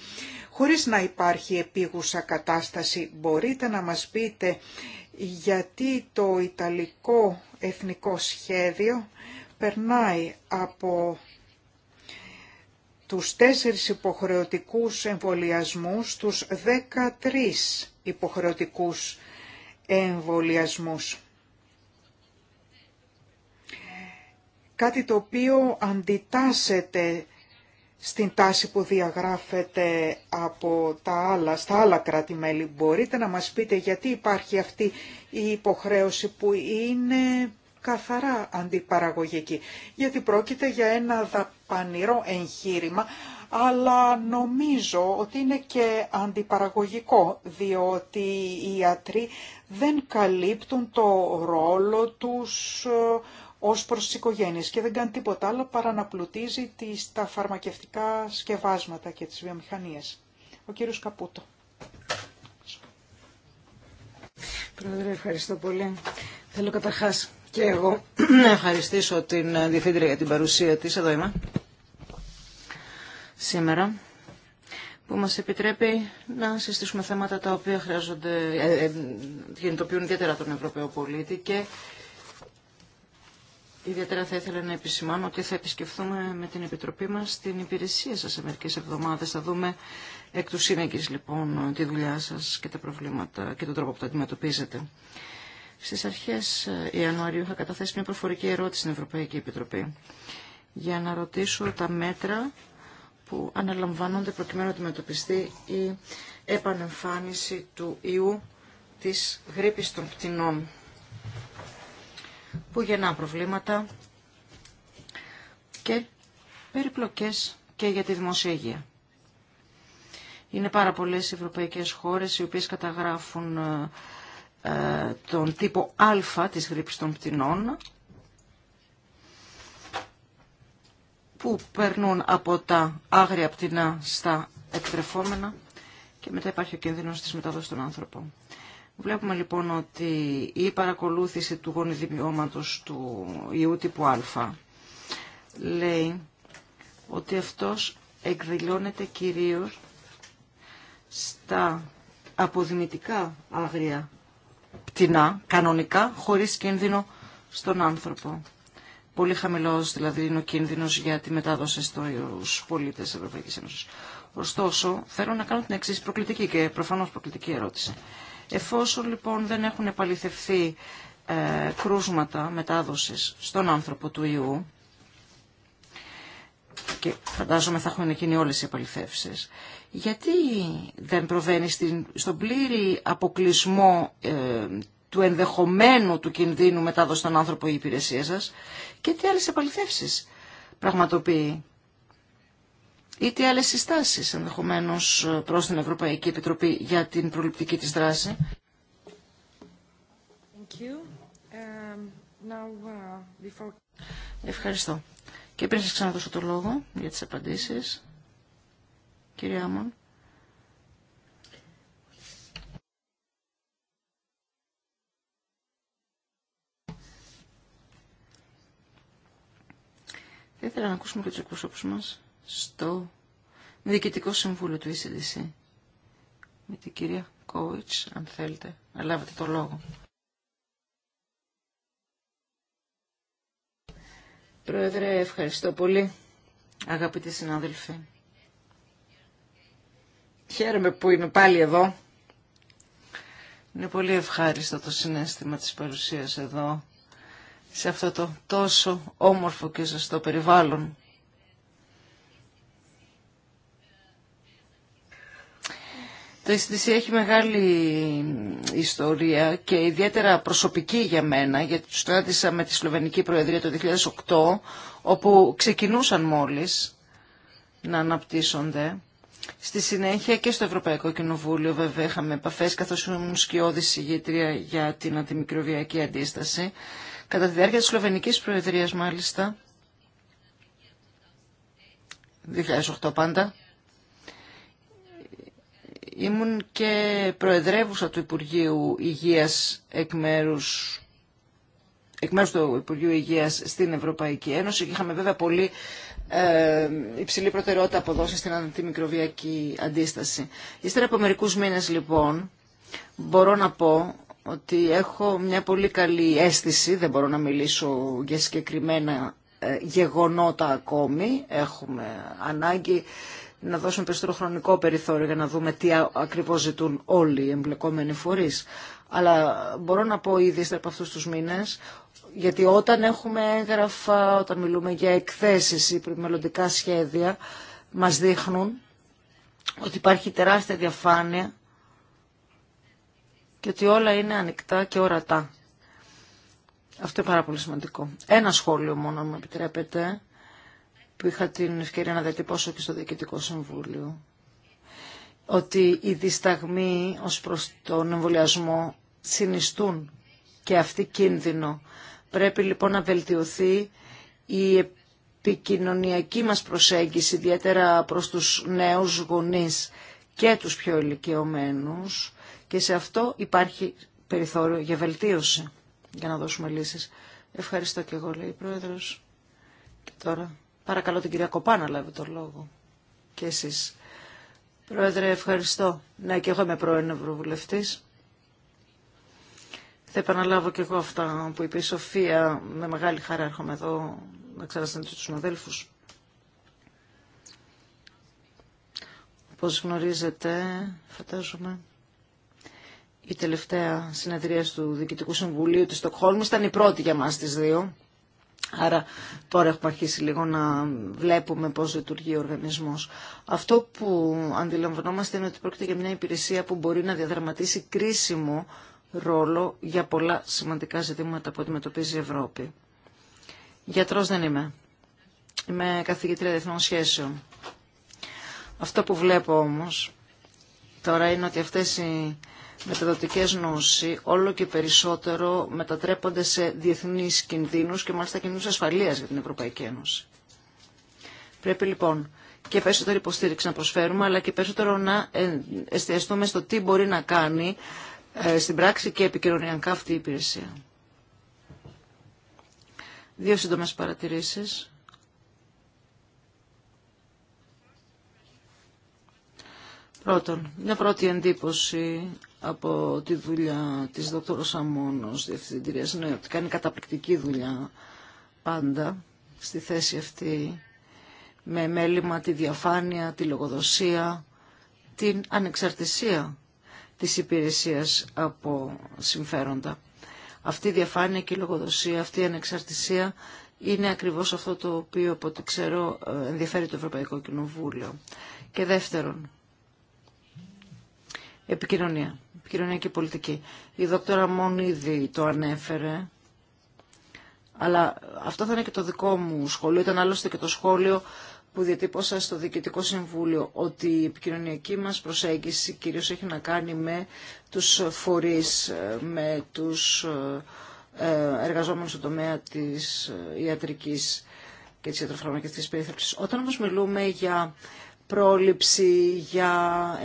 χωρίς να υπάρχει επίγουσα κατάσταση, μπορείτε να μας πείτε γιατί το Ιταλικό Εθνικό Σχέδιο περνάει από τους τέσσερις υποχρεωτικούς εμβολιασμούς, τους 13 υποχρεωτικούς εμβολιασμούς. Κάτι το οποίο αντιτάσσεται στην τάση που διαγράφεται από τα άλλα, στα άλλα κράτη-μέλη. Μπορείτε να μας πείτε γιατί υπάρχει αυτή η υποχρέωση που είναι καθαρά αντιπαραγωγική, γιατί πρόκειται για ένα δαπανηρό εγχείρημα, αλλά νομίζω ότι είναι και αντιπαραγωγικό, διότι οι ιατροί δεν καλύπτουν το ρόλο τους ε, ως προς τις οικογένειες και δεν κάνει τίποτα άλλο παρά να πλουτίζει τις, τα φαρμακευτικά σκευάσματα και τις βιομηχανίες. Ο κύριος Καπούτο. Πρόεδρε, ευχαριστώ πολύ. Θέλω καταρχάς και εγώ να ευχαριστήσω την ε, Διευθύντρια για την παρουσία της. Εδώ είμαι. Σήμερα που μας επιτρέπει να συστήσουμε θέματα τα οποία χρειάζονται, ε, ε, ιδιαίτερα τον Ευρωπαίο πολίτη και ιδιαίτερα θα ήθελα να επισημάνω ότι θα επισκεφθούμε με την Επιτροπή μας την υπηρεσία σας σε μερικές εβδομάδες. Θα δούμε εκ του σύνεκης λοιπόν τη δουλειά σας και τα προβλήματα και τον τρόπο που τα αντιμετωπίζετε. Στις αρχές ε, Ιανουαρίου είχα καταθέσει μια προφορική ερώτηση στην Ευρωπαϊκή Επιτροπή για να ρωτήσω τα μέτρα που αναλαμβάνονται προκειμένου να αντιμετωπιστεί η επανεμφάνιση του ιού της γρήπης των πτηνών που γεννά προβλήματα και περιπλοκές και για τη δημόσια υγεία. Είναι πάρα πολλές ευρωπαϊκές χώρες οι οποίες καταγράφουν ε, ε, τον τύπο Α της γρήπης των πτηνών που περνούν από τα άγρια πτηνά στα εκτρεφόμενα και μετά υπάρχει ο κίνδυνος της μετάδοσης των άνθρωπο. Βλέπουμε λοιπόν ότι η παρακολούθηση του γονιδιμιώματος του ιού τύπου Α λέει ότι αυτός εκδηλώνεται κυρίως στα αποδημητικά άγρια πτηνά, κανονικά, χωρίς κίνδυνο στον άνθρωπο. Πολύ χαμηλός δηλαδή είναι ο κίνδυνος για τη μετάδοση στους πολίτες της Ευρωπαϊκής Ένωσης. Ωστόσο, θέλω να κάνω την εξή προκλητική και προφανώς προκλητική ερώτηση. Εφόσον λοιπόν δεν έχουν επαληθευθεί ε, κρούσματα μετάδοσης στον άνθρωπο του ιού, και φαντάζομαι θα έχουν εκείνοι όλες οι επαληθεύσεις, γιατί δεν προβαίνει στην, στον πλήρη αποκλεισμό ε, του ενδεχομένου του κινδύνου μετάδοση στον άνθρωπο η υπηρεσία σας και τι άλλες επαληθεύσεις πραγματοποιεί ή τι άλλες συστάσεις ενδεχομένως προς την Ευρωπαϊκή Επιτροπή για την προληπτική της δράση. Thank you. Um, now, uh, before... Ευχαριστώ. Και πριν σας ξαναδώσω το λόγο για τις απαντήσεις κυρία μου. Θα ήθελα να ακούσουμε και τους εκπροσώπους μας στο Διοικητικό Συμβούλιο του ECDC. Με την κυρία Κόιτς, αν θέλετε, να λάβετε το λόγο. Πρόεδρε, ευχαριστώ πολύ. Αγαπητοί συνάδελφοι. Χαίρομαι που είμαι πάλι εδώ. Είναι πολύ ευχάριστο το συνέστημα της παρουσίας εδώ, σε αυτό το τόσο όμορφο και ζεστό περιβάλλον. Το Ιστισί έχει μεγάλη ιστορία και ιδιαίτερα προσωπική για μένα, γιατί τους στράτησα με τη Σλοβενική Προεδρία το 2008, όπου ξεκινούσαν μόλις να αναπτύσσονται Στη συνέχεια και στο Ευρωπαϊκό Κοινοβούλιο βέβαια είχαμε επαφές καθώς ήμουν σκιώδη συγγήτρια για την αντιμικροβιακή αντίσταση. Κατά τη διάρκεια της Σλοβενικής Προεδρίας μάλιστα, 2008 πάντα, ήμουν και προεδρεύουσα του Υπουργείου Υγείας εκ μέρους εκ μέρους του Υπουργείου Υγείας στην Ευρωπαϊκή Ένωση και είχαμε βέβαια πολύ ε, υψηλή προτεραιότητα αποδώσει στην αντιμικροβιακή αντίσταση. Ύστερα από μερικούς μήνες λοιπόν μπορώ να πω ότι έχω μια πολύ καλή αίσθηση, δεν μπορώ να μιλήσω για συγκεκριμένα ε, γεγονότα ακόμη, έχουμε ανάγκη να δώσουμε περισσότερο χρονικό περιθώριο για να δούμε τι ακριβώς ζητούν όλοι οι εμπλεκόμενοι φορείς. Αλλά μπορώ να πω ήδη από αυτούς τους μήνες γιατί όταν έχουμε έγγραφα, όταν μιλούμε για εκθέσεις ή μελλοντικά σχέδια, μας δείχνουν ότι υπάρχει τεράστια διαφάνεια και ότι όλα είναι ανοιχτά και ορατά. Αυτό είναι πάρα πολύ σημαντικό. Ένα σχόλιο μόνο, μου επιτρέπετε, που είχα την ευκαιρία να διατυπώσω και στο Διοικητικό Συμβούλιο. Ότι οι δισταγμοί ως προς τον εμβολιασμό συνιστούν και αυτή κίνδυνο. Πρέπει λοιπόν να βελτιωθεί η επικοινωνιακή μας προσέγγιση, ιδιαίτερα προς τους νέους γονείς και τους πιο ηλικιωμένους και σε αυτό υπάρχει περιθώριο για βελτίωση, για να δώσουμε λύσεις. Ευχαριστώ και εγώ, λέει η Πρόεδρος. Και τώρα παρακαλώ την κυρία Κοπά να λάβει τον λόγο. Και εσείς. Πρόεδρε, ευχαριστώ. Ναι, και εγώ είμαι πρώην Ευρωβουλευτής. Θα επαναλάβω και εγώ αυτά που είπε η Σοφία. Με μεγάλη χαρά έρχομαι εδώ να ξανασυναντήσω τους συναδέλφους. Όπως γνωρίζετε, φαντάζομαι, η τελευταία συνεδρία του Διοικητικού Συμβουλίου της Στοκχόλμης ήταν η πρώτη για μας τις δύο. Άρα τώρα έχουμε αρχίσει λίγο να βλέπουμε πώς λειτουργεί ο οργανισμός. Αυτό που αντιλαμβανόμαστε είναι ότι πρόκειται για μια υπηρεσία που μπορεί να διαδραματίσει κρίσιμο ρόλο για πολλά σημαντικά ζητήματα που αντιμετωπίζει η Ευρώπη. Γιατρός δεν είμαι. Είμαι καθηγήτρια διεθνών σχέσεων. Αυτό που βλέπω όμως τώρα είναι ότι αυτές οι μεταδοτικές νόσοι όλο και περισσότερο μετατρέπονται σε διεθνείς κινδύνους και μάλιστα κινδύνους ασφαλείας για την Ευρωπαϊκή Ένωση. Πρέπει λοιπόν και περισσότερη υποστήριξη να προσφέρουμε, αλλά και περισσότερο να εστιαστούμε στο τι μπορεί να κάνει ε, στην πράξη και επικοινωνιακά αυτή η υπηρεσία. Δύο σύντομες παρατηρήσεις. Πρώτον, μια πρώτη εντύπωση από τη δουλειά της Δόκτωρο Σαμόνος, διευθυντηρίας, ναι, ότι κάνει καταπληκτική δουλειά πάντα στη θέση αυτή, με μέλημα τη διαφάνεια, τη λογοδοσία, την ανεξαρτησία της υπηρεσίας από συμφέροντα. Αυτή η διαφάνεια και η λογοδοσία, αυτή η ανεξαρτησία είναι ακριβώς αυτό το οποίο, από ό,τι ξέρω, ενδιαφέρει το Ευρωπαϊκό Κοινοβούλιο. Και δεύτερον, επικοινωνία, επικοινωνία και πολιτική. Η δόκτωρα Μονίδη το ανέφερε, αλλά αυτό θα είναι και το δικό μου σχόλιο, ήταν άλλωστε και το σχόλιο που διατύπωσα στο Διοικητικό Συμβούλιο ότι η επικοινωνιακή μας προσέγγιση κυρίως έχει να κάνει με τους φορείς, ε, με τους ε, εργαζόμενους στον τομέα της ε, ιατρικής και της ιατροφαρμακευτικής περίθαλψης. Όταν όμως μιλούμε για πρόληψη, για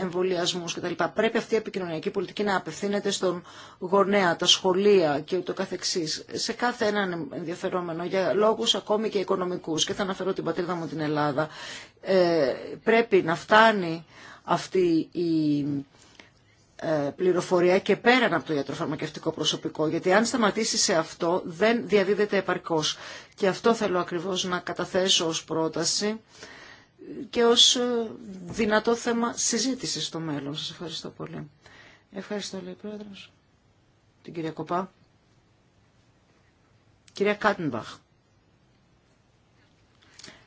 εμβολιασμούς κτλ. Πρέπει αυτή η επικοινωνιακή πολιτική να απευθύνεται στον γονέα, τα σχολεία και ούτω καθεξής, σε κάθε έναν ενδιαφερόμενο, για λόγους ακόμη και οικονομικούς. Και θα αναφέρω την πατρίδα μου την Ελλάδα. Ε, πρέπει να φτάνει αυτή η ε, πληροφορία και πέραν από το ιατροφαρμακευτικό προσωπικό, γιατί αν σταματήσει σε αυτό δεν διαδίδεται επαρκώς. Και αυτό θέλω ακριβώς να καταθέσω ως πρόταση και ως ε, δυνατό θέμα συζήτησης στο μέλλον. Σας ευχαριστώ πολύ. Ευχαριστώ, λέει Πρόεδρος, την κυρία Κοπά. Κυρία Κάτνμπαχ.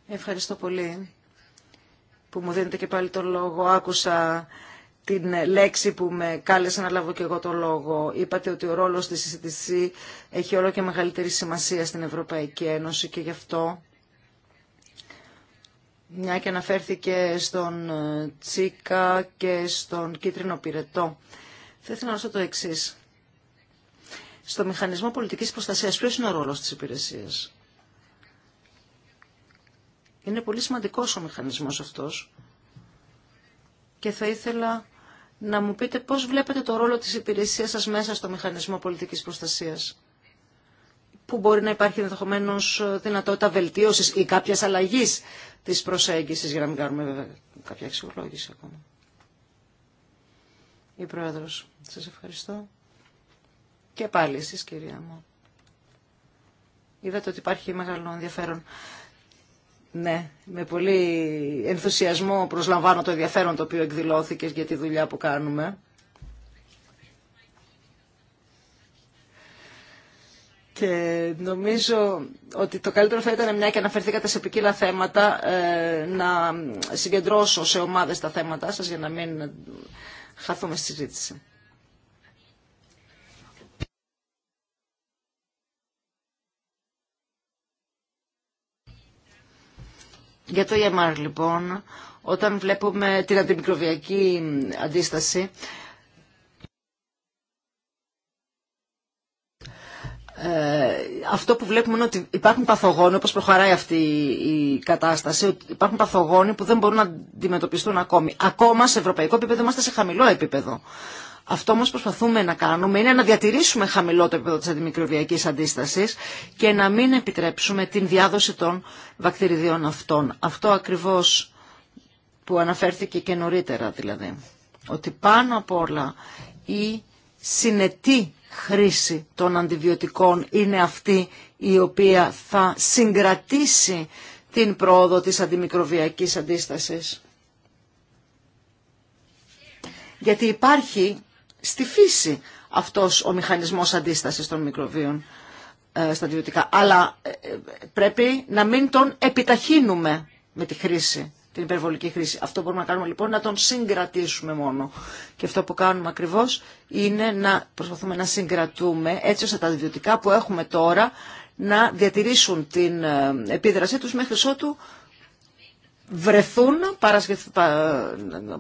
Ευχαριστώ πολύ που μου δίνετε και πάλι το λόγο. Άκουσα την λέξη που με κάλεσε να λάβω και εγώ το λόγο. Είπατε ότι ο ρόλος της συζήτηση έχει όλο και μεγαλύτερη σημασία στην Ευρωπαϊκή Ένωση και γι' αυτό μια και αναφέρθηκε στον ε, Τσίκα και στον Κίτρινο Πυρετό. Θα ήθελα να ρωτήσω το εξή. Στο μηχανισμό πολιτικής προστασίας, ποιος είναι ο ρόλος της υπηρεσίας. Είναι πολύ σημαντικός ο μηχανισμός αυτός και θα ήθελα να μου πείτε πώς βλέπετε το ρόλο της υπηρεσίας σας μέσα στο μηχανισμό πολιτικής προστασίας που μπορεί να υπάρχει ενδεχομένω ε, δυνατότητα βελτίωσης ή κάποια αλλαγή τη προσέγγιση για να μην κάνουμε βέβαια κάποια αξιολόγηση ακόμα. Η Πρόεδρος, σας ευχαριστώ. Και πάλι εσεί, κυρία μου. Είδατε ότι υπάρχει μεγάλο ενδιαφέρον. Ναι, με πολύ ενθουσιασμό προσλαμβάνω το ενδιαφέρον το οποίο εκδηλώθηκε για τη δουλειά που κάνουμε. Και νομίζω ότι το καλύτερο θα ήταν, μια και αναφερθήκατε σε ποικίλα θέματα, ε, να συγκεντρώσω σε ομάδες τα θέματα σας για να μην χαθούμε στη συζήτηση. Για το EMR λοιπόν, όταν βλέπουμε την αντιμικροβιακή αντίσταση, Ε, αυτό που βλέπουμε είναι ότι υπάρχουν παθογόνοι, όπως προχωράει αυτή η κατάσταση, ότι υπάρχουν παθογόνοι που δεν μπορούν να αντιμετωπιστούν ακόμη. Ακόμα σε ευρωπαϊκό επίπεδο είμαστε σε χαμηλό επίπεδο. Αυτό όμως προσπαθούμε να κάνουμε είναι να διατηρήσουμε χαμηλό το επίπεδο της αντιμικροβιακής αντίστασης και να μην επιτρέψουμε την διάδοση των βακτηριδίων αυτών. Αυτό ακριβώς που αναφέρθηκε και νωρίτερα δηλαδή. Ότι πάνω απ' όλα η συνετή χρήση των αντιβιωτικών είναι αυτή η οποία θα συγκρατήσει την πρόοδο της αντιμικροβιακής αντίστασης. Γιατί υπάρχει στη φύση αυτός ο μηχανισμός αντίστασης των μικροβίων ε, στα αντιβιωτικά. Αλλά ε, ε, πρέπει να μην τον επιταχύνουμε με τη χρήση την υπερβολική χρήση. Αυτό μπορούμε να κάνουμε λοιπόν να τον συγκρατήσουμε μόνο. Και αυτό που κάνουμε ακριβώς είναι να προσπαθούμε να συγκρατούμε έτσι ώστε τα ιδιωτικά που έχουμε τώρα να διατηρήσουν την ε, επίδρασή τους μέχρι ότου βρεθούν,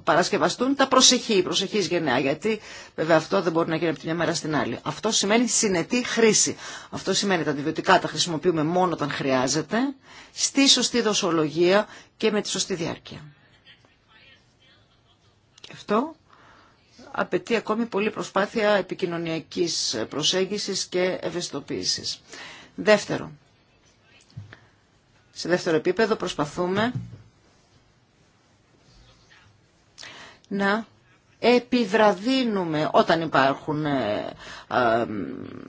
παρασκευαστούν τα προσεχή, η προσεχής γενναία, γιατί βέβαια αυτό δεν μπορεί να γίνει από τη μια μέρα στην άλλη. Αυτό σημαίνει συνετή χρήση. Αυτό σημαίνει τα αντιβιωτικά τα χρησιμοποιούμε μόνο όταν χρειάζεται, στη σωστή δοσολογία και με τη σωστή διάρκεια. Και αυτό απαιτεί ακόμη πολλή προσπάθεια επικοινωνιακής προσέγγισης και ευαισθητοποίησης. Δεύτερο, σε δεύτερο επίπεδο προσπαθούμε να επιβραδύνουμε όταν υπάρχουν ε, ε,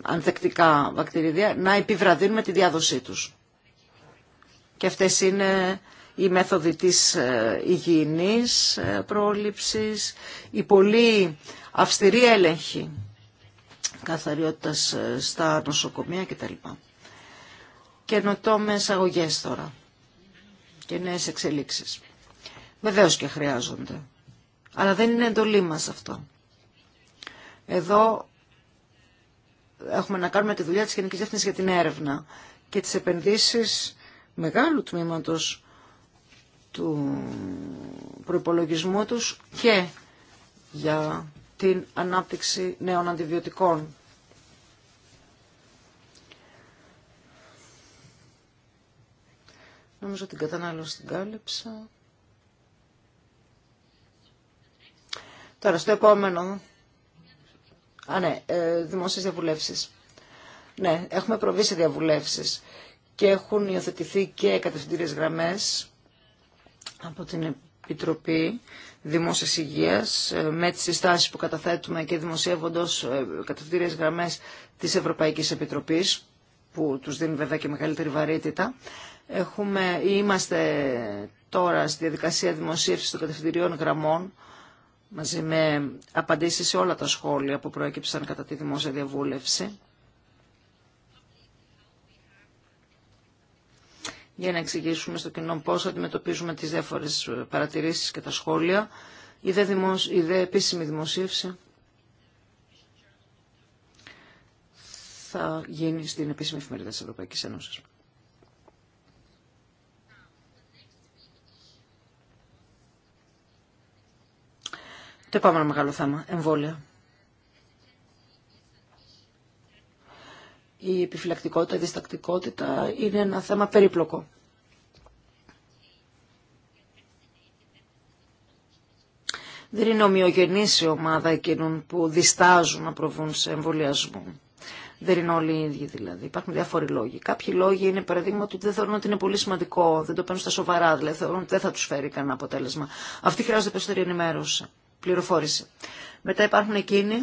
ανθεκτικά βακτηρίδια, να επιβραδύνουμε τη διάδοσή τους. Και αυτές είναι οι μέθοδοι της ε, υγιεινής πρόληψης, η πολύ αυστηρή έλεγχη καθαριότητας στα νοσοκομεία κτλ. Καινοτόμες αγωγές τώρα και νέες εξελίξεις. Βεβαίως και χρειάζονται αλλά δεν είναι εντολή μας αυτό. Εδώ έχουμε να κάνουμε τη δουλειά της Γενικής Διεύθυνσης για την έρευνα και τις επενδύσεις μεγάλου τμήματος του προϋπολογισμού τους και για την ανάπτυξη νέων αντιβιωτικών. Νομίζω την κατανάλωση την κάλυψα. Τώρα στο επόμενο. Α, ναι, ε, δημόσιες διαβουλεύσεις. Ναι, έχουμε προβεί σε διαβουλεύσεις και έχουν υιοθετηθεί και κατευθυντήριες γραμμές από την Επιτροπή Δημόσιας Υγείας ε, με τις συστάσεις που καταθέτουμε και δημοσιεύοντας ε, κατευθυντήριες γραμμές της Ευρωπαϊκής Επιτροπής που τους δίνει βέβαια και μεγαλύτερη βαρύτητα. Έχουμε, είμαστε τώρα στη διαδικασία δημοσίευσης των κατευθυντηριών γραμμών μαζί με απαντήσεις σε όλα τα σχόλια που προέκυψαν κατά τη δημόσια διαβούλευση. για να εξηγήσουμε στο κοινό πώς αντιμετωπίζουμε τις διάφορες παρατηρήσεις και τα σχόλια. Η δε, η δε επίσημη δημοσίευση θα γίνει στην επίσημη εφημερίδα της Ευρωπαϊκής Ένωσης. Το επόμενο μεγάλο θέμα, εμβόλια. Η επιφυλακτικότητα, η διστακτικότητα είναι ένα θέμα περίπλοκο. Δεν είναι ομοιογενή η ομάδα εκείνων που διστάζουν να προβούν σε εμβολιασμό. Δεν είναι όλοι οι ίδιοι δηλαδή. Υπάρχουν διάφοροι λόγοι. Κάποιοι λόγοι είναι παραδείγμα ότι δεν θεωρούν ότι είναι πολύ σημαντικό, δεν το παίρνουν στα σοβαρά, δηλαδή θεωρούν ότι δεν θα του φέρει κανένα αποτέλεσμα. Αυτοί χρειάζονται περισσότερη ενημέρωση πληροφόρηση. Μετά υπάρχουν εκείνοι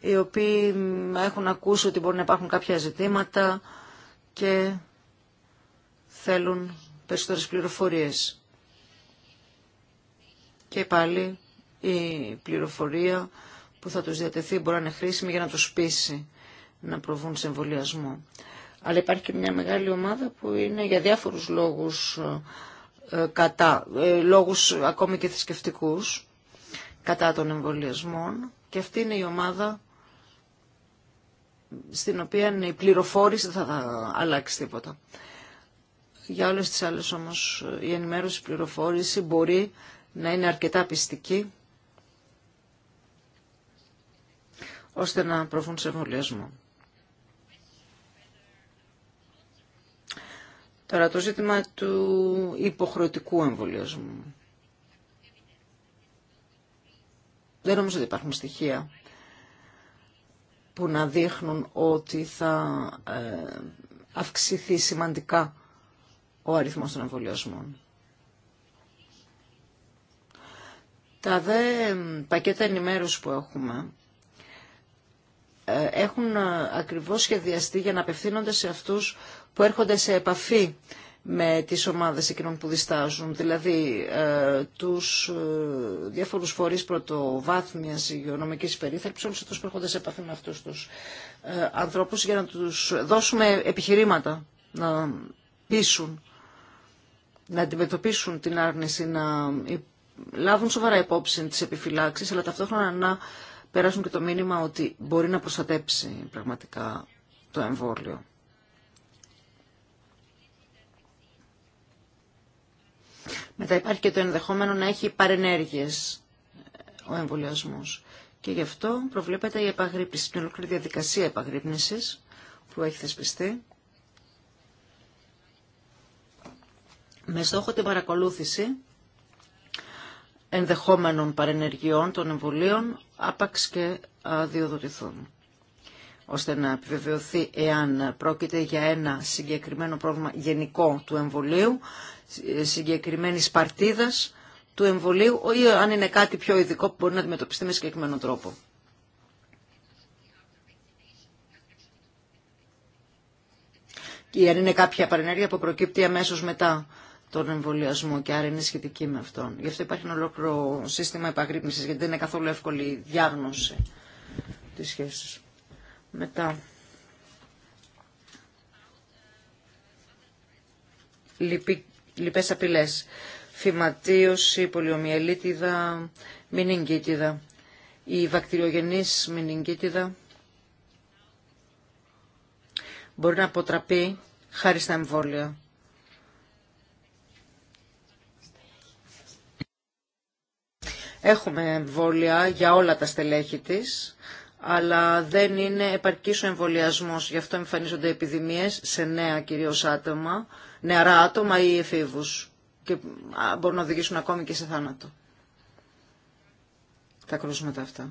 οι οποίοι έχουν ακούσει ότι μπορεί να υπάρχουν κάποια ζητήματα και θέλουν περισσότερες πληροφορίες. Και πάλι η πληροφορία που θα τους διατεθεί μπορεί να είναι χρήσιμη για να τους πείσει να προβούν σε εμβολιασμό. Αλλά υπάρχει και μια μεγάλη ομάδα που είναι για διάφορους λόγους ε, κατά, ε, λόγους ακόμη και θρησκευτικού κατά των εμβολιασμών και αυτή είναι η ομάδα στην οποία η πληροφόρηση δεν θα αλλάξει τίποτα. Για όλες τις άλλες όμως η ενημέρωση πληροφόρηση μπορεί να είναι αρκετά πιστική ώστε να προβούν σε εμβολιασμό. Τώρα το ζήτημα του υποχρεωτικού εμβολιασμού. Δεν νομίζω ότι υπάρχουν στοιχεία που να δείχνουν ότι θα ε, αυξηθεί σημαντικά ο αριθμός των εμβολιασμών. Τα δε πακέτα ενημέρωση που έχουμε ε, έχουν ε, ακριβώς σχεδιαστεί για να απευθύνονται σε αυτούς που έρχονται σε επαφή με τις ομάδες εκείνων που διστάζουν, δηλαδή ε, τους ε, διάφορους φορείς πρωτοβάθμιας υγειονομικής περίθαλψης, όλους αυτούς που έρχονται σε επαφή με αυτούς τους ε, ανθρώπους για να τους δώσουμε επιχειρήματα να πείσουν, να αντιμετωπίσουν την άρνηση, να λάβουν σοβαρά υπόψη τις επιφυλάξεις, αλλά ταυτόχρονα να περάσουν και το μήνυμα ότι μπορεί να προστατέψει πραγματικά το εμβόλιο. Μετά υπάρχει και το ενδεχόμενο να έχει παρενέργειες ε, ο εμβολιασμό. Και γι' αυτό προβλέπεται η επαγρύπνηση, την ολόκληρη διαδικασία επαγρύπνησης που έχει θεσπιστεί. Με στόχο την παρακολούθηση ενδεχόμενων παρενεργειών των εμβολίων άπαξ και αδειοδοτηθούν ώστε να επιβεβαιωθεί εάν πρόκειται για ένα συγκεκριμένο πρόβλημα γενικό του εμβολίου συγκεκριμένης παρτίδας του εμβολίου ή αν είναι κάτι πιο ειδικό που μπορεί να αντιμετωπιστεί με συγκεκριμένο τρόπο. Και αν είναι κάποια παρενέργεια που προκύπτει αμέσως μετά τον εμβολιασμό και άρα είναι σχετική με αυτόν. Γι' αυτό υπάρχει ένα ολόκληρο σύστημα επαγρύπνησης γιατί δεν είναι καθόλου εύκολη η διάγνωση της σχέσης. Μετά. Λυπή λοιπές απειλές. Φυματίωση, πολιομιελίτιδα, μηνυγκίτιδα, η βακτηριογενής μηνυγκίτιδα μπορεί να αποτραπεί χάρη στα εμβόλια. Έχουμε εμβόλια για όλα τα στελέχη της, αλλά δεν είναι επαρκής ο εμβολιασμός. Γι' αυτό εμφανίζονται επιδημίες σε νέα κυρίως άτομα νεαρά άτομα ή εφήβους και μπορούν να οδηγήσουν ακόμη και σε θάνατο. Τα κρούσματα αυτά.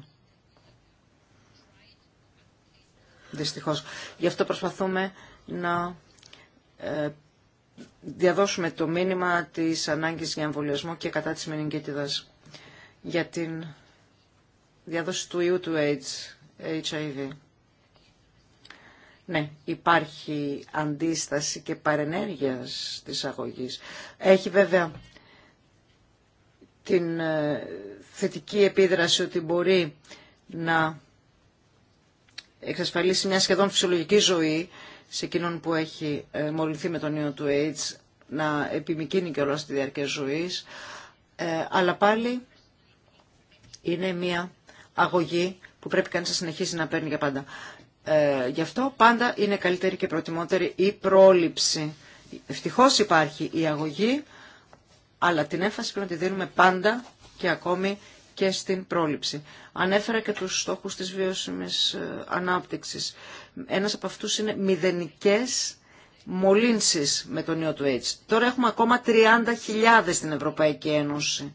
Δυστυχώς. Γι' αυτό προσπαθούμε να ε, διαδώσουμε το μήνυμα της ανάγκης για εμβολιασμό και κατά της μενιγκίτιδας για την διαδόση του ιού του AIDS, HIV. Ναι, υπάρχει αντίσταση και παρενέργεια της αγωγής. Έχει βέβαια την ε, θετική επίδραση ότι μπορεί να εξασφαλίσει μια σχεδόν φυσιολογική ζωή σε εκείνον που έχει ε, μολυνθεί με τον ιό του AIDS, να επιμηκύνει και όλα στη διάρκεια ζωής, ε, αλλά πάλι είναι μια αγωγή που πρέπει κανείς να συνεχίσει να παίρνει για πάντα. Ε, γι' αυτό πάντα είναι καλύτερη και προτιμότερη η πρόληψη. Ευτυχώς υπάρχει η αγωγή, αλλά την έμφαση πρέπει να τη δίνουμε πάντα και ακόμη και στην πρόληψη. Ανέφερα και τους στόχους της βιώσιμης ε, ανάπτυξης. Ένας από αυτούς είναι μηδενικές μολύνσεις με τον ιό του AIDS. Τώρα έχουμε ακόμα 30.000 στην Ευρωπαϊκή Ένωση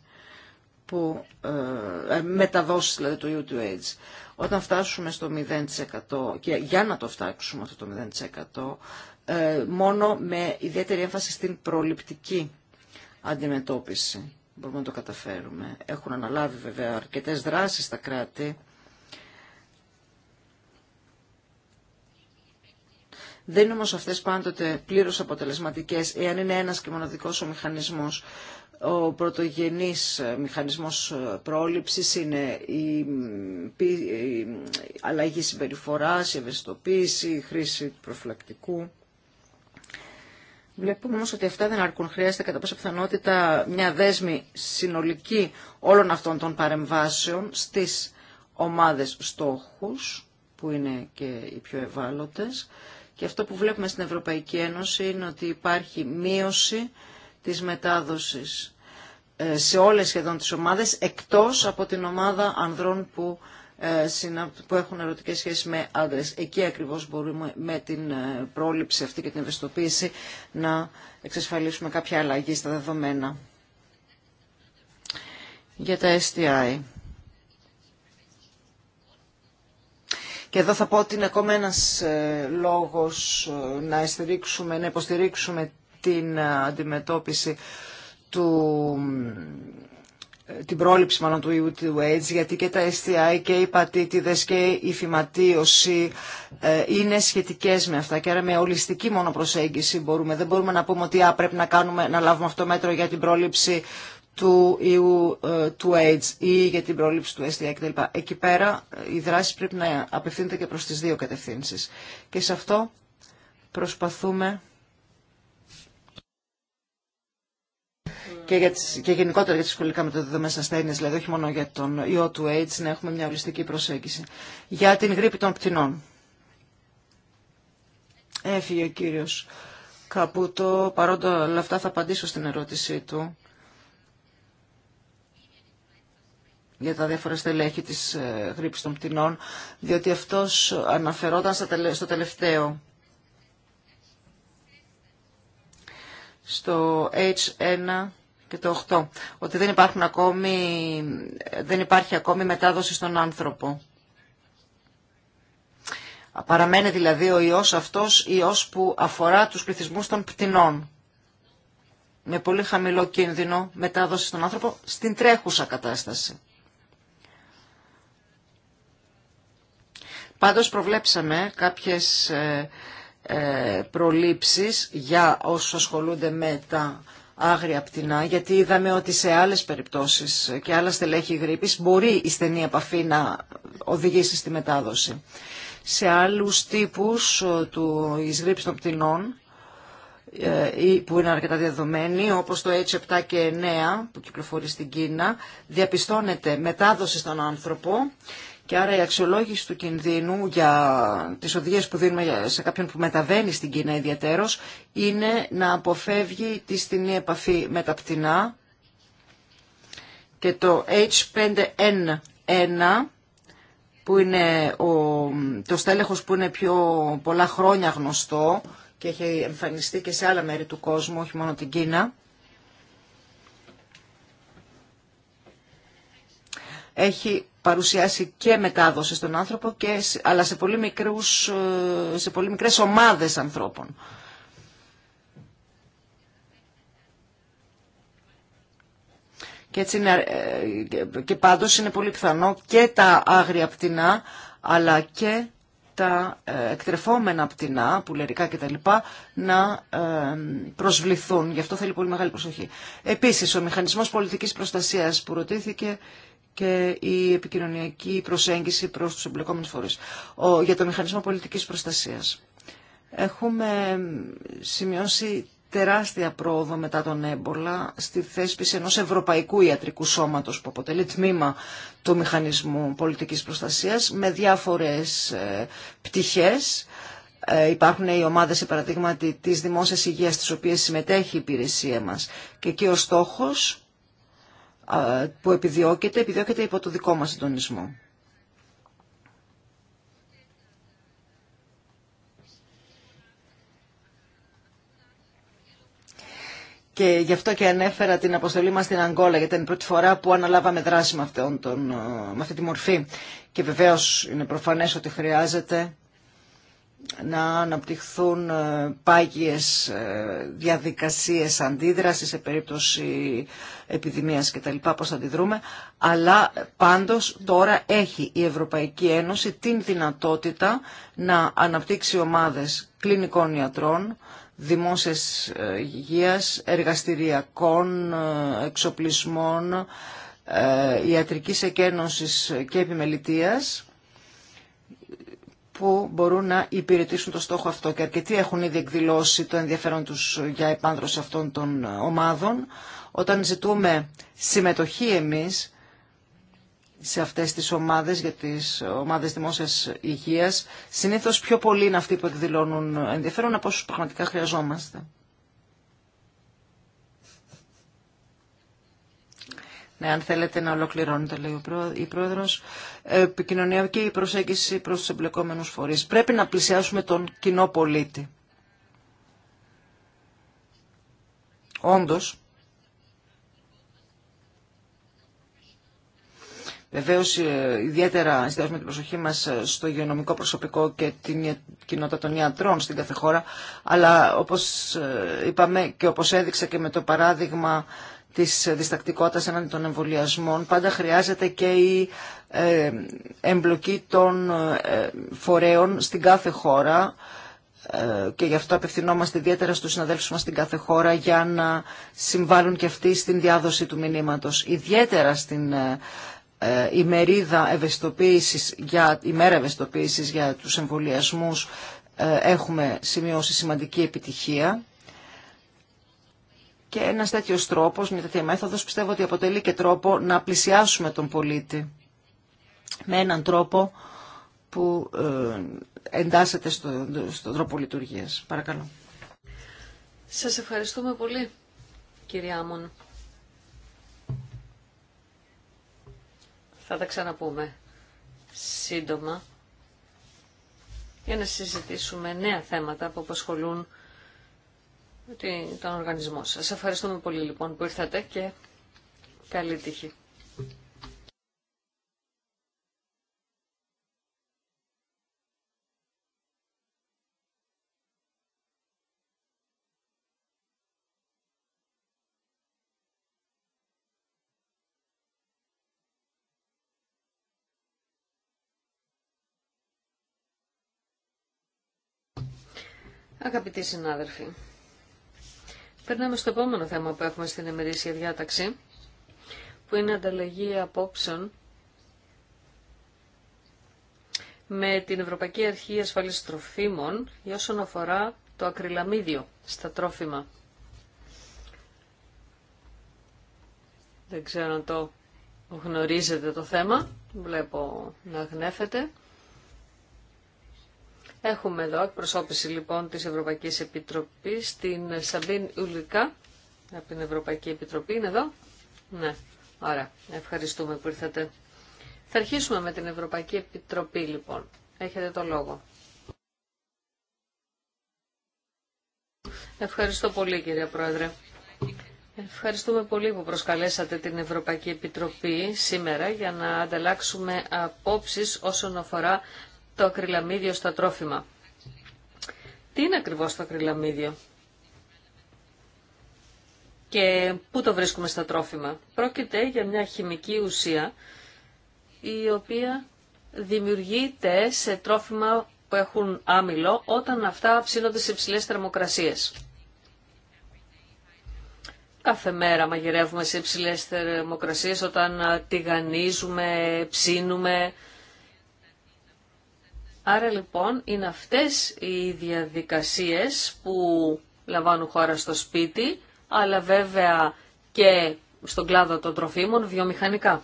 που ε, ε, μεταδόσεις δηλαδή του U2 AIDS. Όταν φτάσουμε στο 0% και για να το φτάξουμε αυτό το 0% ε, μόνο με ιδιαίτερη έμφαση στην προληπτική αντιμετώπιση μπορούμε να το καταφέρουμε. Έχουν αναλάβει βέβαια αρκετές δράσεις στα κράτη Δεν είναι όμως αυτές πάντοτε πλήρως αποτελεσματικές, εάν είναι ένας και μοναδικός ο μηχανισμός. Ο πρωτογενής ε, μηχανισμός ε, πρόληψης είναι η ε, αλλαγή συμπεριφοράς, η ευαισθητοποίηση, η χρήση προφυλακτικού. Βλέπουμε όμως ότι αυτά δεν αρκούν. Χρειάζεται κατά πάσα πιθανότητα μια δέσμη συνολική όλων αυτών των παρεμβάσεων στις ομάδες στόχους, που είναι και οι πιο ευάλωτες, και αυτό που βλέπουμε στην Ευρωπαϊκή Ένωση είναι ότι υπάρχει μείωση της μετάδοσης ε, σε όλες σχεδόν τις ομάδες, εκτός από την ομάδα ανδρών που, ε, που έχουν ερωτικές σχέσεις με άντρες. Εκεί ακριβώς μπορούμε με την ε, πρόληψη αυτή και την ευαισθητοποίηση να εξασφαλίσουμε κάποια αλλαγή στα δεδομένα. Για τα STI. Και εδώ θα πω ότι είναι ακόμα ένας ε, λόγος ε, να, να υποστηρίξουμε την ε, αντιμετώπιση του την πρόληψη μάλλον του ιού του AIDS, γιατί και τα STI και οι πατήτηδες και η φυματίωση είναι σχετικές με αυτά και άρα με ολιστική μόνο προσέγγιση μπορούμε. Δεν μπορούμε να πούμε ότι α, πρέπει να, κάνουμε, να λάβουμε αυτό μέτρο για την πρόληψη του ιού ε, του AIDS ή για την πρόληψη του STI κτλ. Εκεί πέρα η ε, δράση πρέπει να απευθύνεται και προς τις δύο κατευθύνσεις. Και σε αυτό προσπαθούμε και, για και γενικότερα για τις σχολικά με δεδομένες ασθένειες, δηλαδή όχι μόνο για τον ιό του AIDS, να έχουμε μια ολιστική προσέγγιση. Για την γρήπη των πτηνών. Έφυγε ο κύριος Καπούτο, παρόντα όλα αυτά θα απαντήσω στην ερώτησή του για τα διάφορα στελέχη της ε, γρήπης των πτηνών, διότι αυτός αναφερόταν στο τελευταίο. Στο H1 και το 8, ότι δεν, υπάρχουν ακόμη, δεν υπάρχει ακόμη μετάδοση στον άνθρωπο. Παραμένει δηλαδή ο ιός αυτός, ιός που αφορά τους πληθυσμούς των πτηνών. Με πολύ χαμηλό κίνδυνο μετάδοση στον άνθρωπο στην τρέχουσα κατάσταση. Πάντως προβλέψαμε κάποιες ε, ε, προλήψεις για όσους ασχολούνται με τα άγρια πτηνά, γιατί είδαμε ότι σε άλλες περιπτώσεις και άλλα στελέχη γρήπης μπορεί η στενή επαφή να οδηγήσει στη μετάδοση. Σε άλλους τύπους ε, του γρήπης των πτηνών, που είναι αρκετά διαδομένοι, όπως το H7 και 9 που κυκλοφορεί στην Κίνα, διαπιστώνεται μετάδοση στον άνθρωπο και άρα η αξιολόγηση του κινδύνου για τις οδηγίε που δίνουμε σε κάποιον που μεταβαίνει στην Κίνα ιδιαίτερω είναι να αποφεύγει τη στενή επαφή με τα πτηνά και το H5N1 που είναι ο, το στέλεχος που είναι πιο πολλά χρόνια γνωστό και έχει εμφανιστεί και σε άλλα μέρη του κόσμου, όχι μόνο την Κίνα. Έχει παρουσιάσει και μετάδοση στον άνθρωπο, και, αλλά σε πολύ, μικρούς, ε, σε πολύ μικρές ομάδες ανθρώπων. Και, έτσι είναι, ε, και πάντως είναι πολύ πιθανό και τα άγρια πτηνά, αλλά και τα ε, εκτρεφόμενα πτηνά, πουλερικά κτλ, να προσβληθούν. Γι' αυτό θέλει πολύ μεγάλη προσοχή. Επίσης, ο μηχανισμός πολιτικής προστασίας που ρωτήθηκε και η επικοινωνιακή προσέγγιση προς τους εμπλεκόμενους φορείς. για το μηχανισμό πολιτικής προστασίας. Έχουμε σημειώσει τεράστια πρόοδο μετά τον έμπολα στη θέσπιση ενός Ευρωπαϊκού Ιατρικού Σώματος που αποτελεί τμήμα του Μηχανισμού Πολιτικής Προστασίας με διάφορες ε, πτυχές. Ε, υπάρχουν οι ομάδες, σε παραδείγματι, της δημόσιας υγείας, στις οποίες συμμετέχει η υπηρεσία μας. Και εκεί ο στόχος που επιδιώκεται, επιδιώκεται υπό το δικό μας συντονισμό. Και γι' αυτό και ανέφερα την αποστολή μας στην Αγκόλα, γιατί ήταν η πρώτη φορά που αναλάβαμε δράση με, αυτόν τον, με αυτή τη μορφή. Και βεβαίως είναι προφανές ότι χρειάζεται να αναπτυχθούν ε, πάγιες ε, διαδικασίες αντίδρασης σε περίπτωση επιδημίας και τα λοιπά, πώς αντιδρούμε. Αλλά πάντως τώρα έχει η Ευρωπαϊκή Ένωση την δυνατότητα να αναπτύξει ομάδες κλινικών ιατρών, δημόσιας ε, υγείας, εργαστηριακών εξοπλισμών, ιατρικής εκένωσης και επιμελητίας που μπορούν να υπηρετήσουν το στόχο αυτό. Και αρκετοί έχουν ήδη εκδηλώσει το ενδιαφέρον τους για επάνδρωση αυτών των ομάδων. Όταν ζητούμε συμμετοχή εμείς σε αυτές τις ομάδες, για τις ομάδες δημόσιας υγείας, συνήθως πιο πολλοί είναι αυτοί που εκδηλώνουν ενδιαφέρον από όσους πραγματικά χρειαζόμαστε. Ναι, αν θέλετε να ολοκληρώνετε, λέει η πρόεδρο. Επικοινωνία και η προσέγγιση προ του εμπλεκόμενου φορεί. Πρέπει να πλησιάσουμε τον κοινό πολίτη. Όντω. Βεβαίω, ε, ιδιαίτερα εστιάζουμε την προσοχή μα ε, στο υγειονομικό προσωπικό και την κοινότητα των ιατρών στην κάθε χώρα. Αλλά όπω ε, είπαμε και όπω έδειξε και με το παράδειγμα της διστακτικότητας έναντι των εμβολιασμών. Πάντα χρειάζεται και η ε, εμπλοκή των ε, φορέων στην κάθε χώρα ε, και γι' αυτό απευθυνόμαστε ιδιαίτερα στους συναδέλφους μας στην κάθε χώρα για να συμβάλλουν και αυτοί στην διάδοση του μηνύματος. Ιδιαίτερα στην ημερίδα ευαισθητοποίησης, για, ημέρα ευαισθητοποίησης για τους εμβολιασμού έχουμε σημειώσει σημαντική επιτυχία και ένας τέτοιος τρόπος, μια τέτοια μέθοδος, πιστεύω ότι αποτελεί και τρόπο να πλησιάσουμε τον πολίτη με έναν τρόπο που ε, εντάσσεται στον στο τρόπο λειτουργίας. Παρακαλώ. Σας ευχαριστούμε πολύ, κύριε Άμον. Θα τα ξαναπούμε σύντομα για να συζητήσουμε νέα θέματα που απασχολούν τον οργανισμό σας. Ευχαριστούμε πολύ λοιπόν που ήρθατε και καλή τύχη. Αγαπητοί συνάδελφοι, Περνάμε στο επόμενο θέμα που έχουμε στην ημερήσια διάταξη, που είναι ανταλλαγή απόψεων με την Ευρωπαϊκή Αρχή Ασφαλής Τροφίμων για όσον αφορά το ακριλαμίδιο στα τρόφιμα. Δεν ξέρω αν το γνωρίζετε το θέμα, βλέπω να γνέφεται. Έχουμε εδώ εκπροσώπηση λοιπόν της Ευρωπαϊκής Επιτροπής, την Σαμπίν Ουλικά, από την Ευρωπαϊκή Επιτροπή. Είναι εδώ. Ναι, ωραία. Ευχαριστούμε που ήρθατε. Θα αρχίσουμε με την Ευρωπαϊκή Επιτροπή λοιπόν. Έχετε το λόγο. Ευχαριστώ πολύ κυρία Πρόεδρε. Ευχαριστούμε πολύ που προσκαλέσατε την Ευρωπαϊκή Επιτροπή σήμερα για να ανταλλάξουμε απόψεις όσον αφορά το ακριλαμίδιο στα τρόφιμα. Τι είναι ακριβώς το ακριλαμίδιο και πού το βρίσκουμε στα τρόφιμα. Πρόκειται για μια χημική ουσία η οποία δημιουργείται σε τρόφιμα που έχουν άμυλο όταν αυτά ψήνονται σε υψηλές θερμοκρασίες. Κάθε μέρα μαγειρεύουμε σε υψηλές θερμοκρασίες όταν τηγανίζουμε, ψήνουμε, Άρα λοιπόν είναι αυτές οι διαδικασίες που λαμβάνουν χώρα στο σπίτι, αλλά βέβαια και στον κλάδο των τροφίμων βιομηχανικά.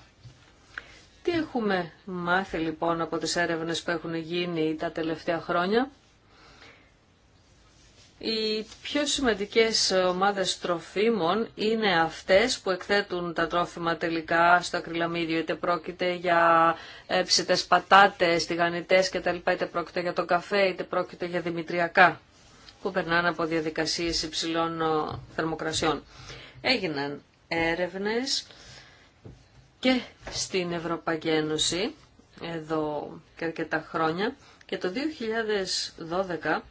Τι έχουμε μάθει λοιπόν από τις έρευνες που έχουν γίνει τα τελευταία χρόνια. Οι πιο σημαντικές ομάδες τροφίμων είναι αυτές που εκθέτουν τα τρόφιμα τελικά στο ακριλαμίδιο, είτε πρόκειται για ψητές πατάτες, τηγανιτές κτλ, είτε πρόκειται για το καφέ, είτε πρόκειται για δημητριακά, που περνάνε από διαδικασίες υψηλών ε, θερμοκρασιών. Έγιναν έρευνες και στην Ευρωπαϊκή Ένωση, εδώ και αρκετά χρόνια, και το 2012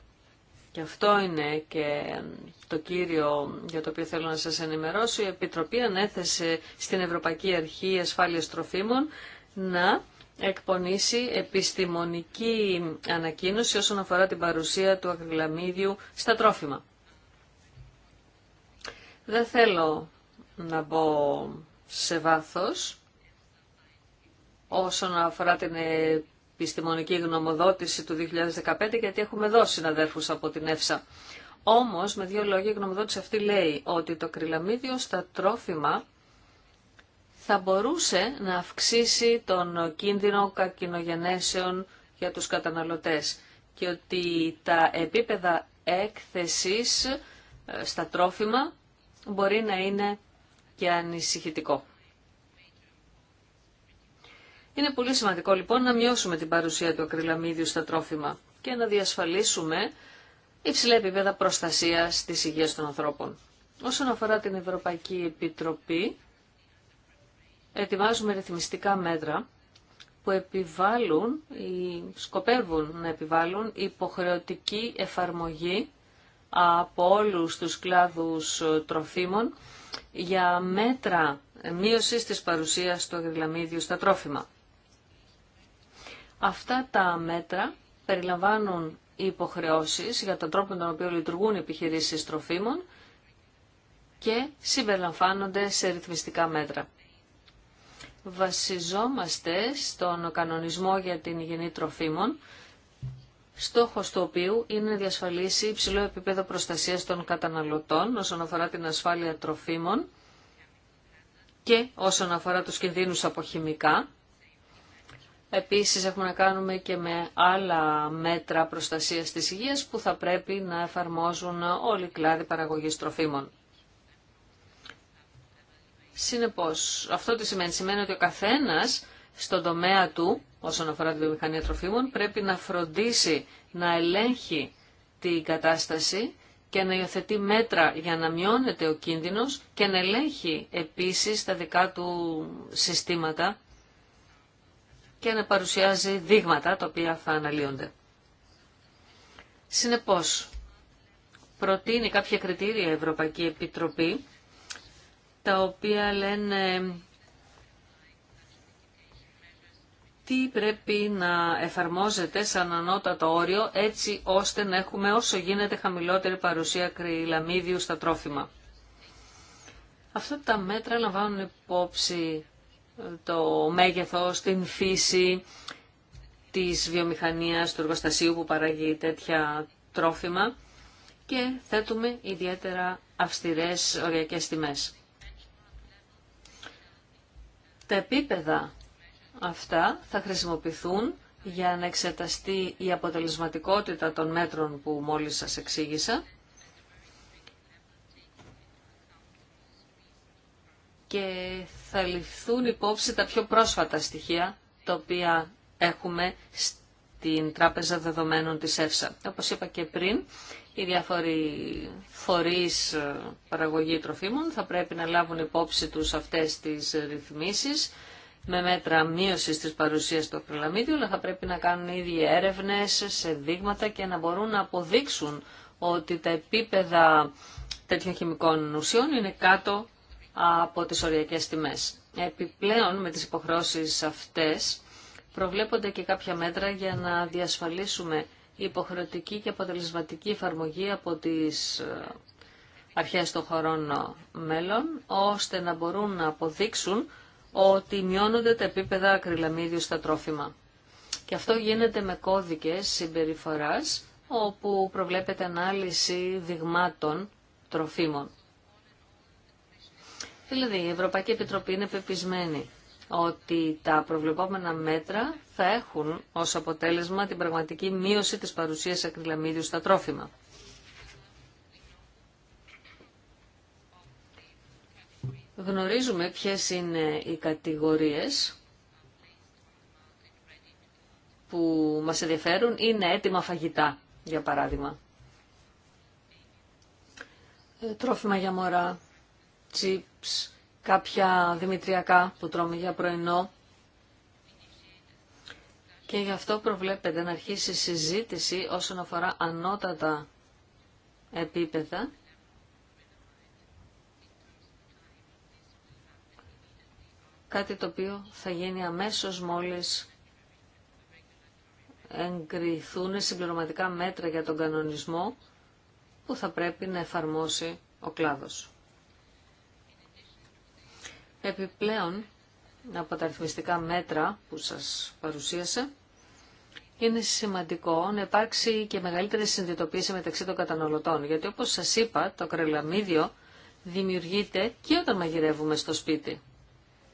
και αυτό είναι και το κύριο για το οποίο θέλω να σας ενημερώσω. Η Επιτροπή ανέθεσε στην Ευρωπαϊκή Αρχή Ασφάλειας Τροφίμων να εκπονήσει επιστημονική ανακοίνωση όσον αφορά την παρουσία του ακριλαμίδιου στα τρόφιμα. Δεν θέλω να μπω σε βάθος όσον αφορά την επιστημονική γνωμοδότηση του 2015 γιατί έχουμε δώσει συναδέρφους από την ΕΦΣΑ. Όμως, με δύο λόγια, η γνωμοδότηση αυτή λέει ότι το κρυλαμίδιο στα τρόφιμα θα μπορούσε να αυξήσει τον κίνδυνο καρκινογενέσεων για τους καταναλωτές και ότι τα επίπεδα έκθεσης ε, στα τρόφιμα μπορεί να είναι και ανησυχητικό. Είναι πολύ σημαντικό λοιπόν να μειώσουμε την παρουσία του ακριλαμίδιου στα τρόφιμα και να διασφαλίσουμε υψηλά επίπεδα προστασίας της υγεία των ανθρώπων. Όσον αφορά την Ευρωπαϊκή Επιτροπή, ετοιμάζουμε ρυθμιστικά μέτρα που επιβάλλουν ή σκοπεύουν να επιβάλλουν υποχρεωτική εφαρμογή από όλους τους κλάδους τροφίμων για μέτρα μείωσης της παρουσίας του αγριλαμίδιου στα τρόφιμα. Αυτά τα μέτρα περιλαμβάνουν υποχρεώσεις για τον τρόπο με τον οποίο λειτουργούν οι επιχειρήσεις τροφίμων και συμπεριλαμβάνονται σε ρυθμιστικά μέτρα. Βασιζόμαστε στον κανονισμό για την υγιεινή τροφίμων, στόχος του οποίου είναι να διασφαλίσει υψηλό επίπεδο προστασίας των καταναλωτών όσον αφορά την ασφάλεια τροφίμων και όσον αφορά τους κινδύνους από χημικά, Επίσης έχουμε να κάνουμε και με άλλα μέτρα προστασίας της υγείας που θα πρέπει να εφαρμόζουν όλοι οι κλάδοι παραγωγής τροφίμων. Συνεπώς, αυτό τι σημαίνει. Σημαίνει ότι ο καθένας στον τομέα του, όσον αφορά τη βιομηχανία τροφίμων, πρέπει να φροντίσει να ελέγχει την κατάσταση και να υιοθετεί μέτρα για να μειώνεται ο κίνδυνος και να ελέγχει επίσης τα δικά του συστήματα και να παρουσιάζει δείγματα τα οποία θα αναλύονται. Συνεπώς, προτείνει κάποια κριτήρια η Ευρωπαϊκή Επιτροπή, τα οποία λένε τι πρέπει να εφαρμόζεται σαν ανώτατο όριο, έτσι ώστε να έχουμε όσο γίνεται χαμηλότερη παρουσία κρυλαμίδιου στα τρόφιμα. Αυτά τα μέτρα λαμβάνουν υπόψη το μέγεθος, την φύση της βιομηχανίας, του εργοστασίου που παράγει τέτοια τρόφιμα και θέτουμε ιδιαίτερα αυστηρές οριακές τιμές. Τα επίπεδα αυτά θα χρησιμοποιηθούν για να εξεταστεί η αποτελεσματικότητα των μέτρων που μόλις σας εξήγησα και θα ληφθούν υπόψη τα πιο πρόσφατα στοιχεία τα οποία έχουμε στην Τράπεζα Δεδομένων της ΕΦΣΑ. Όπως είπα και πριν, οι διάφοροι φορείς ε, παραγωγή τροφίμων θα πρέπει να λάβουν υπόψη τους αυτές τις ρυθμίσεις με μέτρα μείωσης της παρουσίας του ακρολαμίδιου, αλλά θα πρέπει να κάνουν ήδη έρευνες σε δείγματα και να μπορούν να αποδείξουν ότι τα επίπεδα τέτοιων χημικών ουσιών είναι κάτω από τις οριακές τιμές. Επιπλέον με τις υποχρώσεις αυτές προβλέπονται και κάποια μέτρα για να διασφαλίσουμε υποχρεωτική και αποτελεσματική εφαρμογή από τις ε, αρχές των χωρών ε, μέλων, ώστε να μπορούν να αποδείξουν ότι μειώνονται τα επίπεδα ακριλαμίδιου στα τρόφιμα. Και αυτό γίνεται με κώδικες συμπεριφοράς, όπου προβλέπεται ανάλυση δειγμάτων τροφίμων. Δηλαδή, η Ευρωπαϊκή Επιτροπή είναι πεπισμένη ότι τα προβλεπόμενα μέτρα θα έχουν ως αποτέλεσμα την πραγματική μείωση της παρουσίας ακριλαμίδιου στα τρόφιμα. Γνωρίζουμε ποιες είναι οι κατηγορίες που μας ενδιαφέρουν. Είναι έτοιμα φαγητά, για παράδειγμα. Ε, τρόφιμα για μωρά, τσιπ, κάποια δημητριακά που τρώμε για πρωινό. Και γι' αυτό προβλέπεται να αρχίσει συζήτηση όσον αφορά ανώτατα επίπεδα κάτι το οποίο θα γίνει αμέσως μόλις εγκριθούν συμπληρωματικά μέτρα για τον κανονισμό που θα πρέπει να εφαρμόσει ο κλάδος. Επιπλέον, από τα αριθμιστικά μέτρα που σας παρουσίασε, είναι σημαντικό να υπάρξει και μεγαλύτερη συνειδητοποίηση μεταξύ των καταναλωτών. Γιατί όπως σας είπα, το κρελαμίδιο δημιουργείται και όταν μαγειρεύουμε στο σπίτι.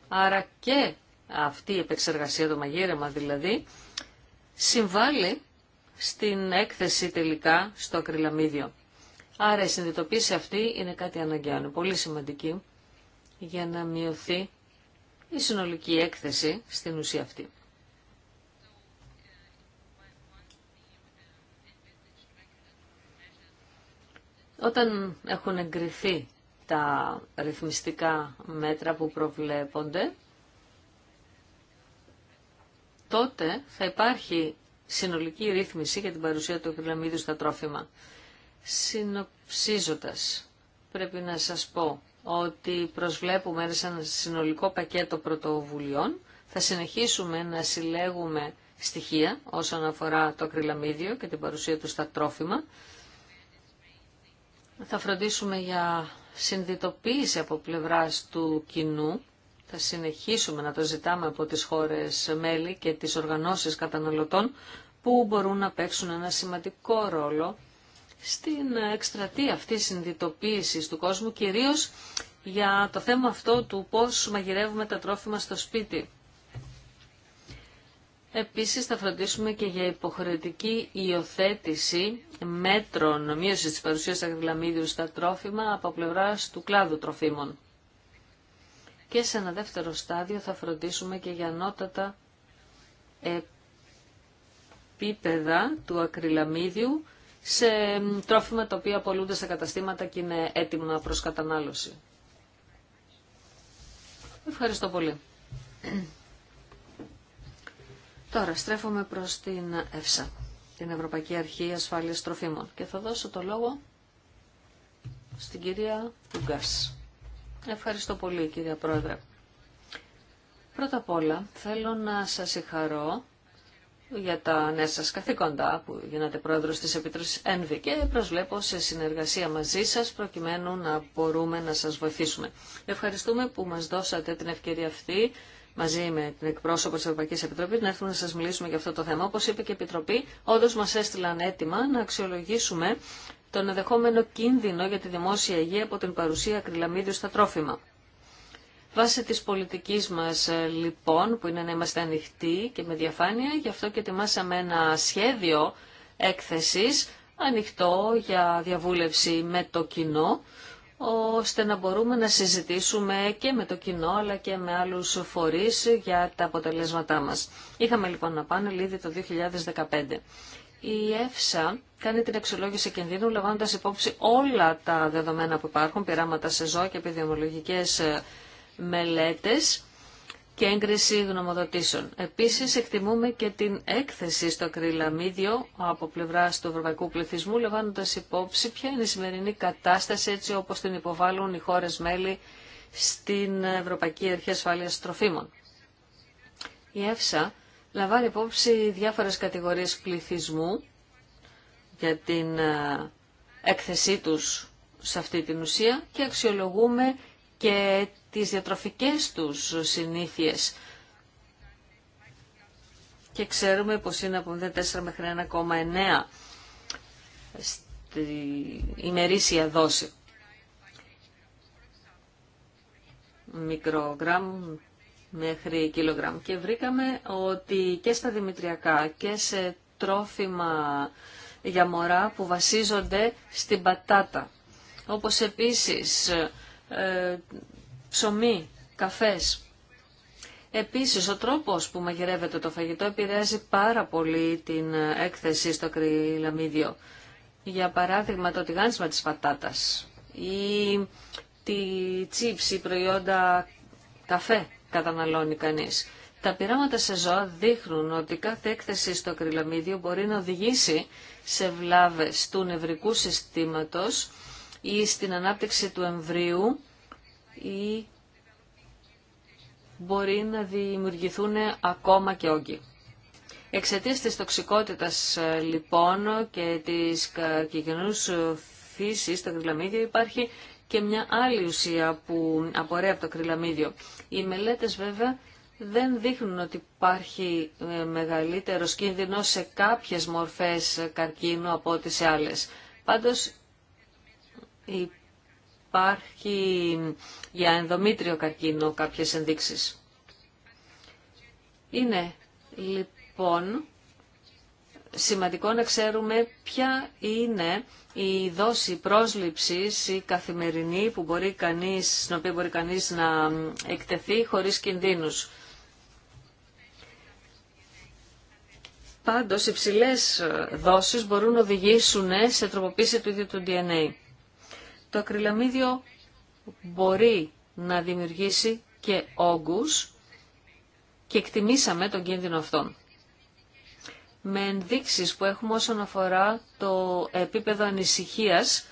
Άρα και αυτή η επεξεργασία, το μαγείρεμα δηλαδή, συμβάλλει στην έκθεση τελικά στο ακριλαμίδιο. Άρα η συνειδητοποίηση αυτή είναι κάτι αναγκαίο, είναι πολύ σημαντική για να μειωθεί η συνολική έκθεση στην ουσία αυτή. Όταν έχουν εγκριθεί τα ρυθμιστικά μέτρα που προβλέπονται, τότε θα υπάρχει συνολική ρύθμιση για την παρουσία του ακριλαμίδου στα τρόφιμα. Συνοψίζοντας, πρέπει να σας πω ότι προσβλέπουμε ένα συνολικό πακέτο πρωτοβουλειών. Θα συνεχίσουμε να συλλέγουμε στοιχεία όσον αφορά το ακριλαμίδιο και την παρουσία του στα τρόφιμα. Θα φροντίσουμε για συνδυτοποίηση από πλευράς του κοινού. Θα συνεχίσουμε να το ζητάμε από τις χώρες μέλη και τις οργανώσεις καταναλωτών που μπορούν να παίξουν ένα σημαντικό ρόλο στην εκστρατεία αυτή συνδυτοποίηση του κόσμου, κυρίως για το θέμα αυτό του πώς μαγειρεύουμε τα τρόφιμα στο σπίτι. Επίσης θα φροντίσουμε και για υποχρεωτική υιοθέτηση μέτρων μείωσης της παρουσίας ακριλαμίδιου στα τρόφιμα από πλευράς του κλάδου τροφίμων. Και σε ένα δεύτερο στάδιο θα φροντίσουμε και για ανώτατα επίπεδα του ακριλαμίδιου σε τρόφιμα τα οποία απολούνται σε καταστήματα και είναι έτοιμα προς κατανάλωση. Ευχαριστώ πολύ. Τώρα στρέφομαι προς την ΕΦΣΑ, την Ευρωπαϊκή Αρχή Ασφάλειας Τροφίμων και θα δώσω το λόγο στην κυρία Τουγκάς. Ευχαριστώ πολύ κυρία Πρόεδρε. Πρώτα απ' όλα θέλω να σας συγχαρώ για τα νέα σας καθήκοντα που γίνατε πρόεδρος της Επιτροπής ΕΝΒΙ και προσβλέπω σε συνεργασία μαζί σας προκειμένου να μπορούμε να σας βοηθήσουμε. Ευχαριστούμε που μας δώσατε την ευκαιρία αυτή μαζί με την εκπρόσωπο της Ευρωπαϊκής Επιτροπής να έρθουμε να σας μιλήσουμε για αυτό το θέμα. Όπως είπε και η Επιτροπή, όντως μας έστειλαν έτοιμα να αξιολογήσουμε τον ενδεχόμενο κίνδυνο για τη δημόσια υγεία από την παρουσία ακριλαμίδιου στα τρόφιμα. Βάσει της πολιτικής μας ε, λοιπόν, που είναι να είμαστε ανοιχτοί και με διαφάνεια, γι' αυτό και ετοιμάσαμε ένα σχέδιο έκθεσης ανοιχτό για διαβούλευση με το κοινό, ώστε να μπορούμε να συζητήσουμε και με το κοινό αλλά και με άλλους φορείς για τα αποτελέσματά μας. Είχαμε λοιπόν ένα πάνε ήδη το 2015. Η ΕΦΣΑ κάνει την αξιολόγηση κινδύνου λαμβάνοντας υπόψη όλα τα δεδομένα που υπάρχουν, πειράματα σε ζώα και επιδημιολογικές ε, μελέτες και έγκριση γνωμοδοτήσεων. Επίσης, εκτιμούμε και την έκθεση στο ακριλαμίδιο από πλευρά του ευρωπαϊκού πληθυσμού, λαμβάνοντα υπόψη ποια είναι η σημερινή κατάσταση έτσι όπως την υποβάλλουν οι χώρες μέλη στην Ευρωπαϊκή Αρχή Ασφάλειας Τροφίμων. Η ΕΦΣΑ λαμβάνει υπόψη διάφορες κατηγορίες πληθυσμού για την ε, έκθεσή τους σε αυτή την ουσία και αξιολογούμε και τις διατροφικές τους συνήθειες. Και ξέρουμε πως είναι από 0,4 μέχρι 1,9 στη ημερήσια δόση. Μικρογράμμ μέχρι κιλογράμμ. Και βρήκαμε ότι και στα δημητριακά και σε τρόφιμα για μωρά που βασίζονται στην πατάτα. Όπως επίσης ε, ψωμί, καφές. Επίσης, ο τρόπος που μαγειρεύεται το φαγητό επηρεάζει πάρα πολύ την έκθεση στο ακριλαμίδιο. Για παράδειγμα, το τηγάνισμα της πατάτας ή τη τσίψη προϊόντα καφέ καταναλώνει κανείς. Τα πειράματα σε ζώα δείχνουν ότι κάθε έκθεση στο ακριλαμίδιο μπορεί να οδηγήσει σε βλάβες του νευρικού συστήματος ή στην ανάπτυξη του εμβρίου ή μπορεί να δημιουργηθούν ακόμα και όγκοι. Εξαιτίας της τοξικότητας ε, λοιπόν και της κακηγενούς ε, φύσης στο κρυλαμίδιο υπάρχει και μια άλλη ουσία που απορρέει από το κρυλαμίδιο. Οι μελέτες βέβαια δεν δείχνουν ότι υπάρχει ε, μεγαλύτερος κίνδυνος σε κάποιες μορφές καρκίνου από ό,τι σε άλλες. Πάντως υπάρχει για ενδομήτριο καρκίνο κάποιες ενδείξεις. Είναι λοιπόν σημαντικό να ξέρουμε ποια είναι η δόση πρόσληψης η καθημερινή που μπορεί κανείς, στην οποία μπορεί κανείς να εκτεθεί χωρίς κινδύνους. Πάντως, υψηλές δόσεις μπορούν να οδηγήσουν σε τροποποίηση του ίδιου του DNA. Το ακριλαμίδιο μπορεί να δημιουργήσει και όγκους και εκτιμήσαμε τον κίνδυνο αυτόν. Με ενδείξεις που έχουμε όσον αφορά το επίπεδο ανησυχίας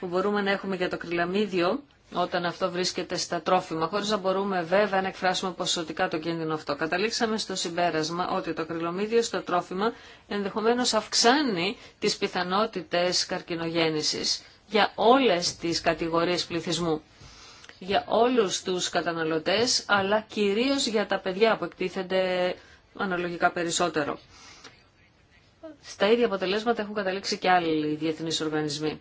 που μπορούμε να έχουμε για το κρυλαμίδιο όταν αυτό βρίσκεται στα τρόφιμα, χωρίς να μπορούμε βέβαια να εκφράσουμε ποσοτικά το κίνδυνο αυτό. Καταλήξαμε στο συμπέρασμα ότι το κρυλαμίδιο στο τρόφιμα ενδεχομένως αυξάνει τις πιθανότητες καρκινογέννησης για όλες τις κατηγορίες πληθυσμού, για όλους τους καταναλωτές, αλλά κυρίως για τα παιδιά που εκτίθενται αναλογικά περισσότερο. Στα ίδια αποτελέσματα έχουν καταλήξει και άλλοι διεθνείς οργανισμοί.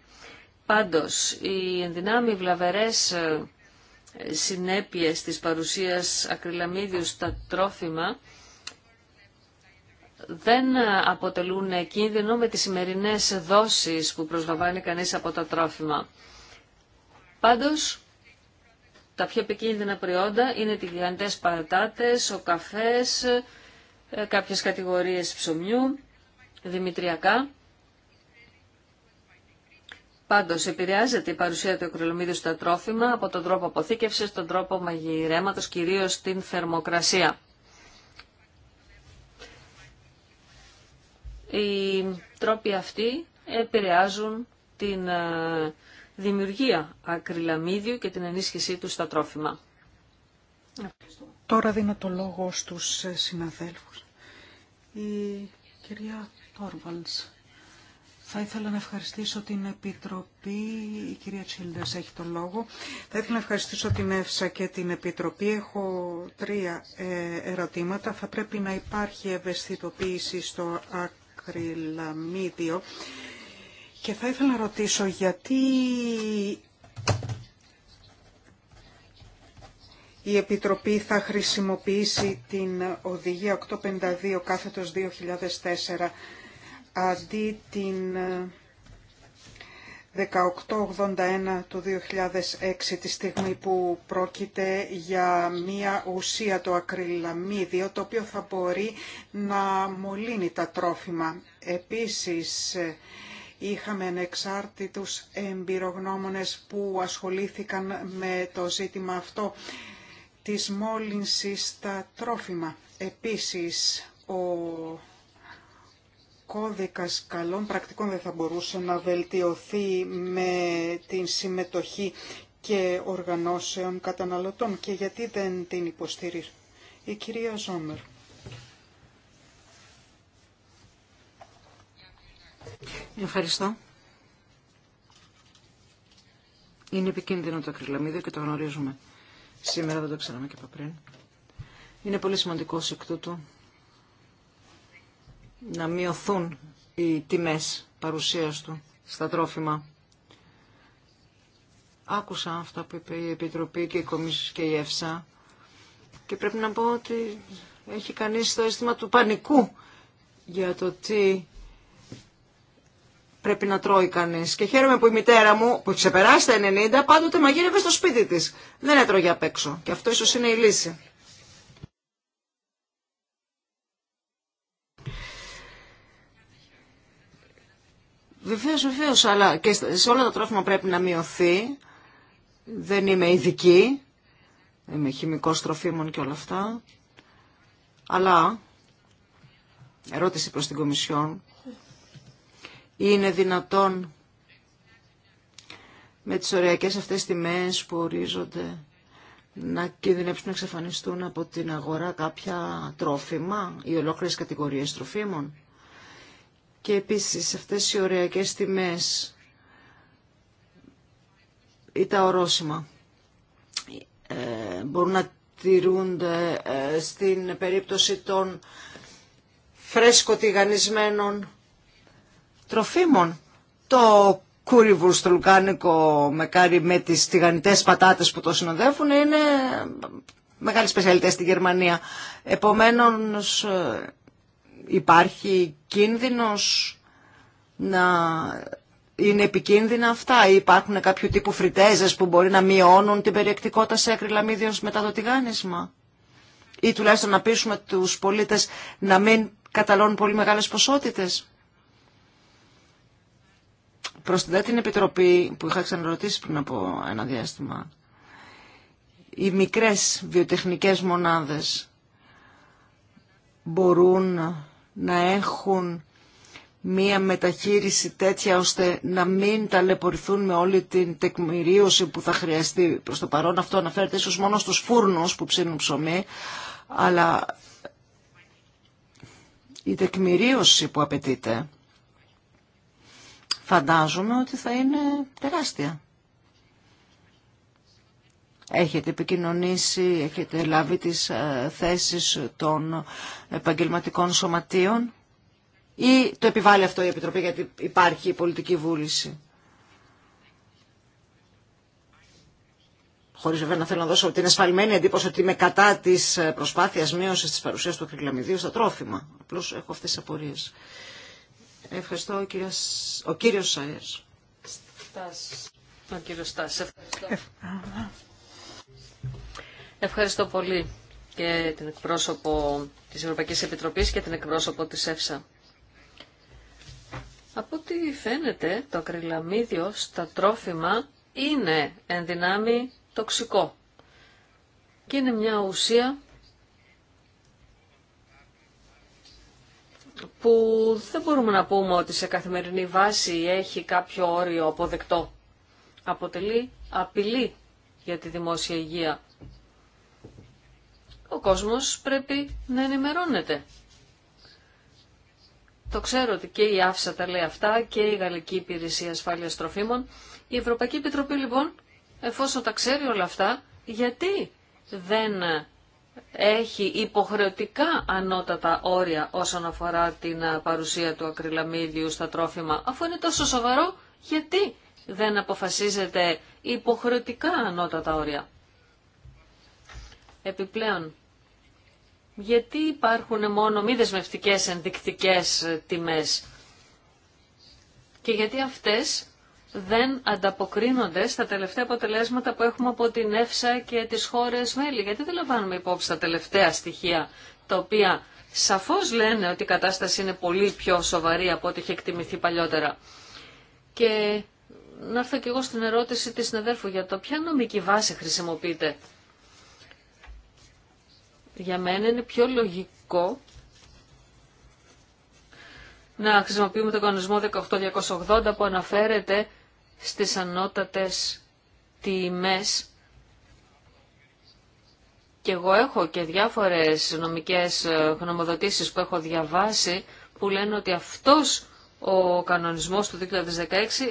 Πάντως, οι ενδυνάμοι βλαβερές ε, συνέπειες της παρουσίας ακριλαμίδιου στα τρόφιμα δεν αποτελούν κίνδυνο με τις σημερινές δόσεις που προσλαμβάνει κανείς από τα τρόφιμα. Πάντως, τα πιο επικίνδυνα προϊόντα είναι οι γιγαντές παρατάτες, ο καφές, ε, κάποιες κατηγορίες ψωμιού, δημητριακά. Πάντως, επηρεάζεται η παρουσία του ακρολομίδιου στα τρόφιμα από τον τρόπο αποθήκευσης, τον τρόπο μαγειρέματος, κυρίως την θερμοκρασία. οι τρόποι αυτοί επηρεάζουν την ε, δημιουργία ακριλαμίδιου και την ενίσχυσή του στα τρόφιμα. Τώρα δίνω το λόγο στους ε, συναδέλφους. Η κυρία Τόρβαλς. Θα ήθελα να ευχαριστήσω την Επιτροπή, η κυρία Τσίλντες έχει το λόγο. Θα ήθελα να ευχαριστήσω την ΕΦΣΑ και την Επιτροπή. Έχω τρία ε, ερωτήματα. Θα πρέπει να υπάρχει ευαισθητοποίηση στο ακριλαμίδιο και θα ήθελα να ρωτήσω γιατί η Επιτροπή θα χρησιμοποιήσει την οδηγία 852 κάθετος 2004 αντί την 1881 του 2006 τη στιγμή που πρόκειται για μία ουσία το ακριλαμίδιο το οποίο θα μπορεί να μολύνει τα τρόφιμα. Επίσης είχαμε ανεξάρτητους εμπειρογνώμονες που ασχολήθηκαν με το ζήτημα αυτό της μόλυνσης στα τρόφιμα. Επίσης ο κώδικας καλών πρακτικών δεν θα μπορούσε να βελτιωθεί με την συμμετοχή και οργανώσεων καταναλωτών και γιατί δεν την υποστηρίζει η κυρία Ζόμερ. Ευχαριστώ. Είναι επικίνδυνο το ακριλαμίδιο και το γνωρίζουμε. Σήμερα δεν το ξέραμε και από πριν. Είναι πολύ σημαντικό εκ τούτου να μειωθούν οι τιμές παρουσίας του στα τρόφιμα. Άκουσα αυτά που είπε η Επιτροπή και η Κομίση και η ΕΦΣΑ και πρέπει να πω ότι έχει κανείς το αίσθημα του πανικού για το τι πρέπει να τρώει κανείς. Και χαίρομαι που η μητέρα μου που ξεπεράσει τα 90 πάντοτε μαγείρευε στο σπίτι της. Δεν έτρωγε απ' έξω και αυτό ίσως είναι η λύση. Βεβαίω, βεβαίω, αλλά και σε όλα τα τρόφιμα πρέπει να μειωθεί. Δεν είμαι ειδική. Είμαι χημικό τροφίμων και όλα αυτά. Αλλά, ερώτηση προς την Κομισιόν, είναι δυνατόν με τις ωριακές αυτές τιμές που ορίζονται να κινδυνεύσουν να εξαφανιστούν από την αγορά κάποια τρόφιμα ή ολόκληρες κατηγορίες τροφίμων και επίσης αυτές οι ωριακές τιμές ή τα ορόσημα ε, μπορούν να τηρούνται ε, στην περίπτωση των φρέσκο τηγανισμένων τροφίμων. Το κούριβουρ στο λουκάνικο με τις τηγανιτές πατάτες που το συνοδεύουν είναι μεγάλη σπεσιαλιτές στην Γερμανία. Επομένως ε, υπάρχει κίνδυνος να είναι επικίνδυνα αυτά ή υπάρχουν κάποιο τύπου φριτέζες που μπορεί να μειώνουν την περιεκτικότητα σε ακριλαμίδιος μετά το τηγάνισμα ή τουλάχιστον να πείσουμε τους πολίτες να μην καταλώνουν πολύ μεγάλες ποσότητες. Προς την επιτροπή που είχα ξαναρωτήσει πριν από ένα διάστημα, οι μικρές βιοτεχνικές μονάδες μπορούν να έχουν μία μεταχείριση τέτοια ώστε να μην ταλαιπωρηθούν με όλη την τεκμηρίωση που θα χρειαστεί προς το παρόν. Αυτό αναφέρεται ίσως μόνο στους φούρνους που ψήνουν ψωμί, αλλά η τεκμηρίωση που απαιτείται φαντάζομαι ότι θα είναι τεράστια έχετε επικοινωνήσει, έχετε λάβει τις ε, θέσεις των επαγγελματικών σωματείων ή το επιβάλλει αυτό η Επιτροπή γιατί υπάρχει πολιτική η βούληση. Χωρί βέβαια να θέλω να δώσω την ασφαλμένη εντύπωση ότι είμαι κατά τη ε, προσπάθεια μείωση τη παρουσία του ακριλαμιδίου στα τρόφιμα. Απλώ έχω αυτέ τι απορίε. Ευχαριστώ, ο κύριο Σάιερ. Ο Ευχαριστώ πολύ και την εκπρόσωπο της Ευρωπαϊκής Επιτροπής και την εκπρόσωπο της ΕΦΣΑ. Από ό,τι φαίνεται, το ακριλαμίδιο στα τρόφιμα είναι εν δυνάμει τοξικό και είναι μια ουσία που δεν μπορούμε να πούμε ότι σε καθημερινή βάση έχει κάποιο όριο αποδεκτό. Αποτελεί απειλή για τη δημόσια υγεία ο κόσμος πρέπει να ενημερώνεται. Το ξέρω ότι και η Άφσα τα λέει αυτά και η Γαλλική Υπηρεσία Ασφάλειας Τροφίμων. Η Ευρωπαϊκή Επιτροπή λοιπόν, εφόσον τα ξέρει όλα αυτά, γιατί δεν έχει υποχρεωτικά ανώτατα όρια όσον αφορά την παρουσία του ακριλαμίδιου στα τρόφιμα. Αφού είναι τόσο σοβαρό, γιατί δεν αποφασίζεται υποχρεωτικά ανώτατα όρια. Επιπλέον, γιατί υπάρχουν μόνο μη δεσμευτικέ ενδεικτικές τιμές και γιατί αυτές δεν ανταποκρίνονται στα τελευταία αποτελέσματα που έχουμε από την ΕΦΣΑ και τις χώρες μέλη. Γιατί δεν λαμβάνουμε υπόψη τα τελευταία στοιχεία, τα οποία σαφώς λένε ότι η κατάσταση είναι πολύ πιο σοβαρή από ό,τι είχε εκτιμηθεί παλιότερα. Και να έρθω και εγώ στην ερώτηση της συναδέλφου για το ποια νομική βάση χρησιμοποιείται για μένα είναι πιο λογικό να χρησιμοποιούμε τον κανονισμό 18280 που αναφέρεται στις ανώτατες τιμές και εγώ έχω και διάφορες νομικές ε, γνωμοδοτήσεις που έχω διαβάσει που λένε ότι αυτός ο κανονισμός του 2016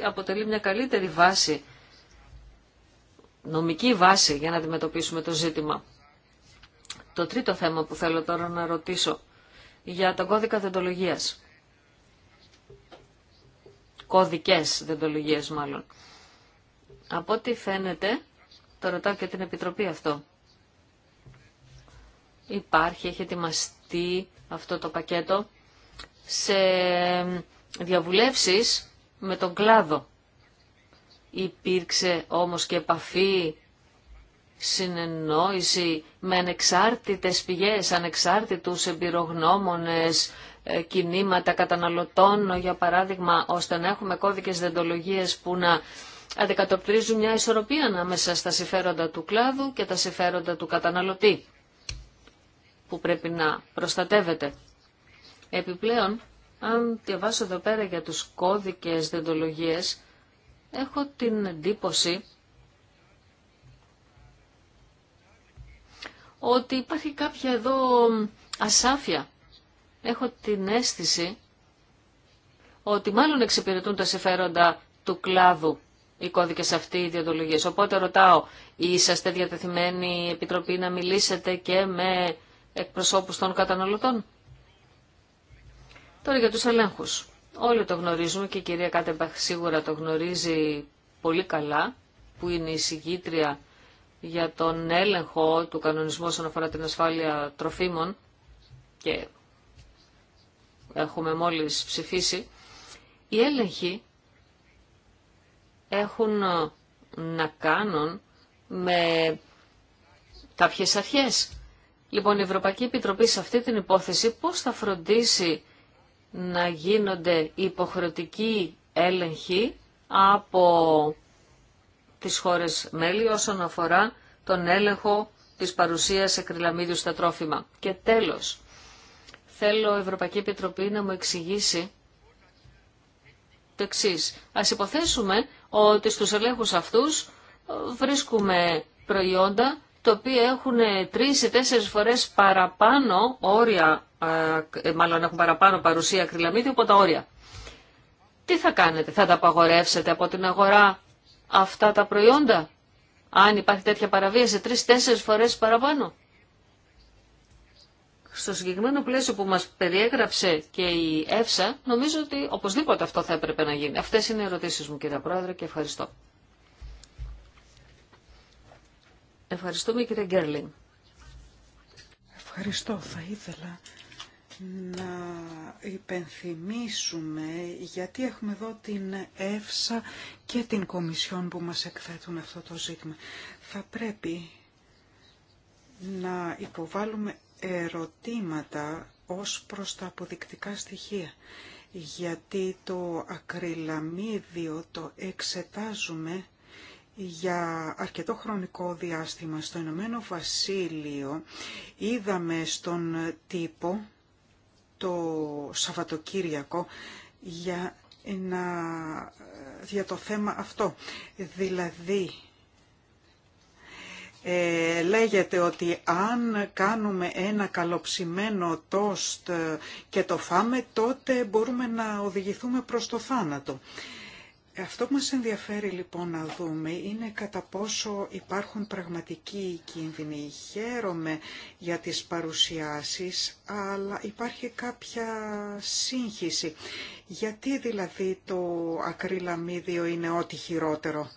αποτελεί μια καλύτερη βάση, νομική βάση για να αντιμετωπίσουμε το ζήτημα το τρίτο θέμα που θέλω τώρα να ρωτήσω για τον κώδικα δεντολογίας. Κώδικες δεντολογίες μάλλον. Από ό,τι φαίνεται, το ρωτάω και την Επιτροπή αυτό. Υπάρχει, έχει ετοιμαστεί αυτό το πακέτο σε διαβουλεύσεις με τον κλάδο. Υπήρξε όμως και επαφή συνεννόηση με ανεξάρτητες πηγές, ανεξάρτητους εμπειρογνώμονες, ε, κινήματα καταναλωτών, για παράδειγμα, ώστε να έχουμε κώδικες δεντολογίες που να αντικατοπτρίζουν μια ισορροπία ανάμεσα στα συμφέροντα του κλάδου και τα συμφέροντα του καταναλωτή, που πρέπει να προστατεύεται. Επιπλέον, αν διαβάσω εδώ πέρα για τους κώδικες δεντολογίες, έχω την εντύπωση ότι υπάρχει κάποια εδώ ασάφεια. Έχω την αίσθηση ότι μάλλον εξυπηρετούν τα συμφέροντα του κλάδου οι κώδικε αυτοί, οι Οπότε ρωτάω, είσαστε διατεθειμένοι Επιτροπή να μιλήσετε και με εκπροσώπους των καταναλωτών. Τώρα για τους ελέγχους. Όλοι το γνωρίζουμε και η κυρία Κάτεμπαχ σίγουρα το γνωρίζει πολύ καλά, που είναι η συγκήτρια για τον έλεγχο του κανονισμού όσον αφορά την ασφάλεια τροφίμων και έχουμε μόλις ψηφίσει, οι έλεγχοι έχουν ε, να κάνουν με κάποιες αρχές. Λοιπόν, η Ευρωπαϊκή Επιτροπή σε αυτή την υπόθεση πώς θα φροντίσει να γίνονται υποχρεωτικοί έλεγχοι από τις χώρες μέλη όσον αφορά τον έλεγχο της παρουσίας ακριλαμίδιου στα τρόφιμα. Και τέλος, θέλω η Ευρωπαϊκή Επιτροπή να μου εξηγήσει το εξή. Ας υποθέσουμε ότι στους ελέγχους αυτούς ε, βρίσκουμε προϊόντα τα οποία έχουν τρεις ή τέσσερις φορές παραπάνω όρια, ε, ε, μάλλον έχουν παραπάνω παρουσία ακριλαμίδιου από τα όρια. Τι θα κάνετε, θα τα απαγορεύσετε από την αγορά αυτά τα προϊόντα, αν υπάρχει τέτοια παραβίαση, τρεις-τέσσερις φορές παραπάνω. Στο συγκεκριμένο πλαίσιο που μας περιέγραψε και η ΕΦΣΑ, νομίζω ότι οπωσδήποτε αυτό θα έπρεπε να γίνει. Αυτές είναι οι ερωτήσεις μου κύριε Πρόεδρε και ευχαριστώ. Ευχαριστούμε κύριε Γκέρλιν. Ευχαριστώ. Θα ήθελα να υπενθυμίσουμε γιατί έχουμε εδώ την ΕΦΣΑ και την Κομισιόν που μας εκθέτουν αυτό το ζήτημα. Θα πρέπει να υποβάλουμε ερωτήματα ως προς τα αποδεικτικά στοιχεία γιατί το ακριλαμίδιο το εξετάζουμε για αρκετό χρονικό διάστημα στο Ηνωμένο Βασίλειο είδαμε στον τύπο το Σαββατοκύριακο για, να, για το θέμα αυτό. Δηλαδή, ε, λέγεται ότι αν κάνουμε ένα καλοψημένο τόστ και το φάμε, τότε μπορούμε να οδηγηθούμε προς το θάνατο. Αυτό που μας ενδιαφέρει λοιπόν να δούμε είναι κατά πόσο υπάρχουν πραγματικοί κίνδυνοι. Χαίρομαι για τις παρουσιάσεις, αλλά υπάρχει κάποια σύγχυση. Γιατί δηλαδή το ακριλαμίδιο είναι ό,τι χειρότερο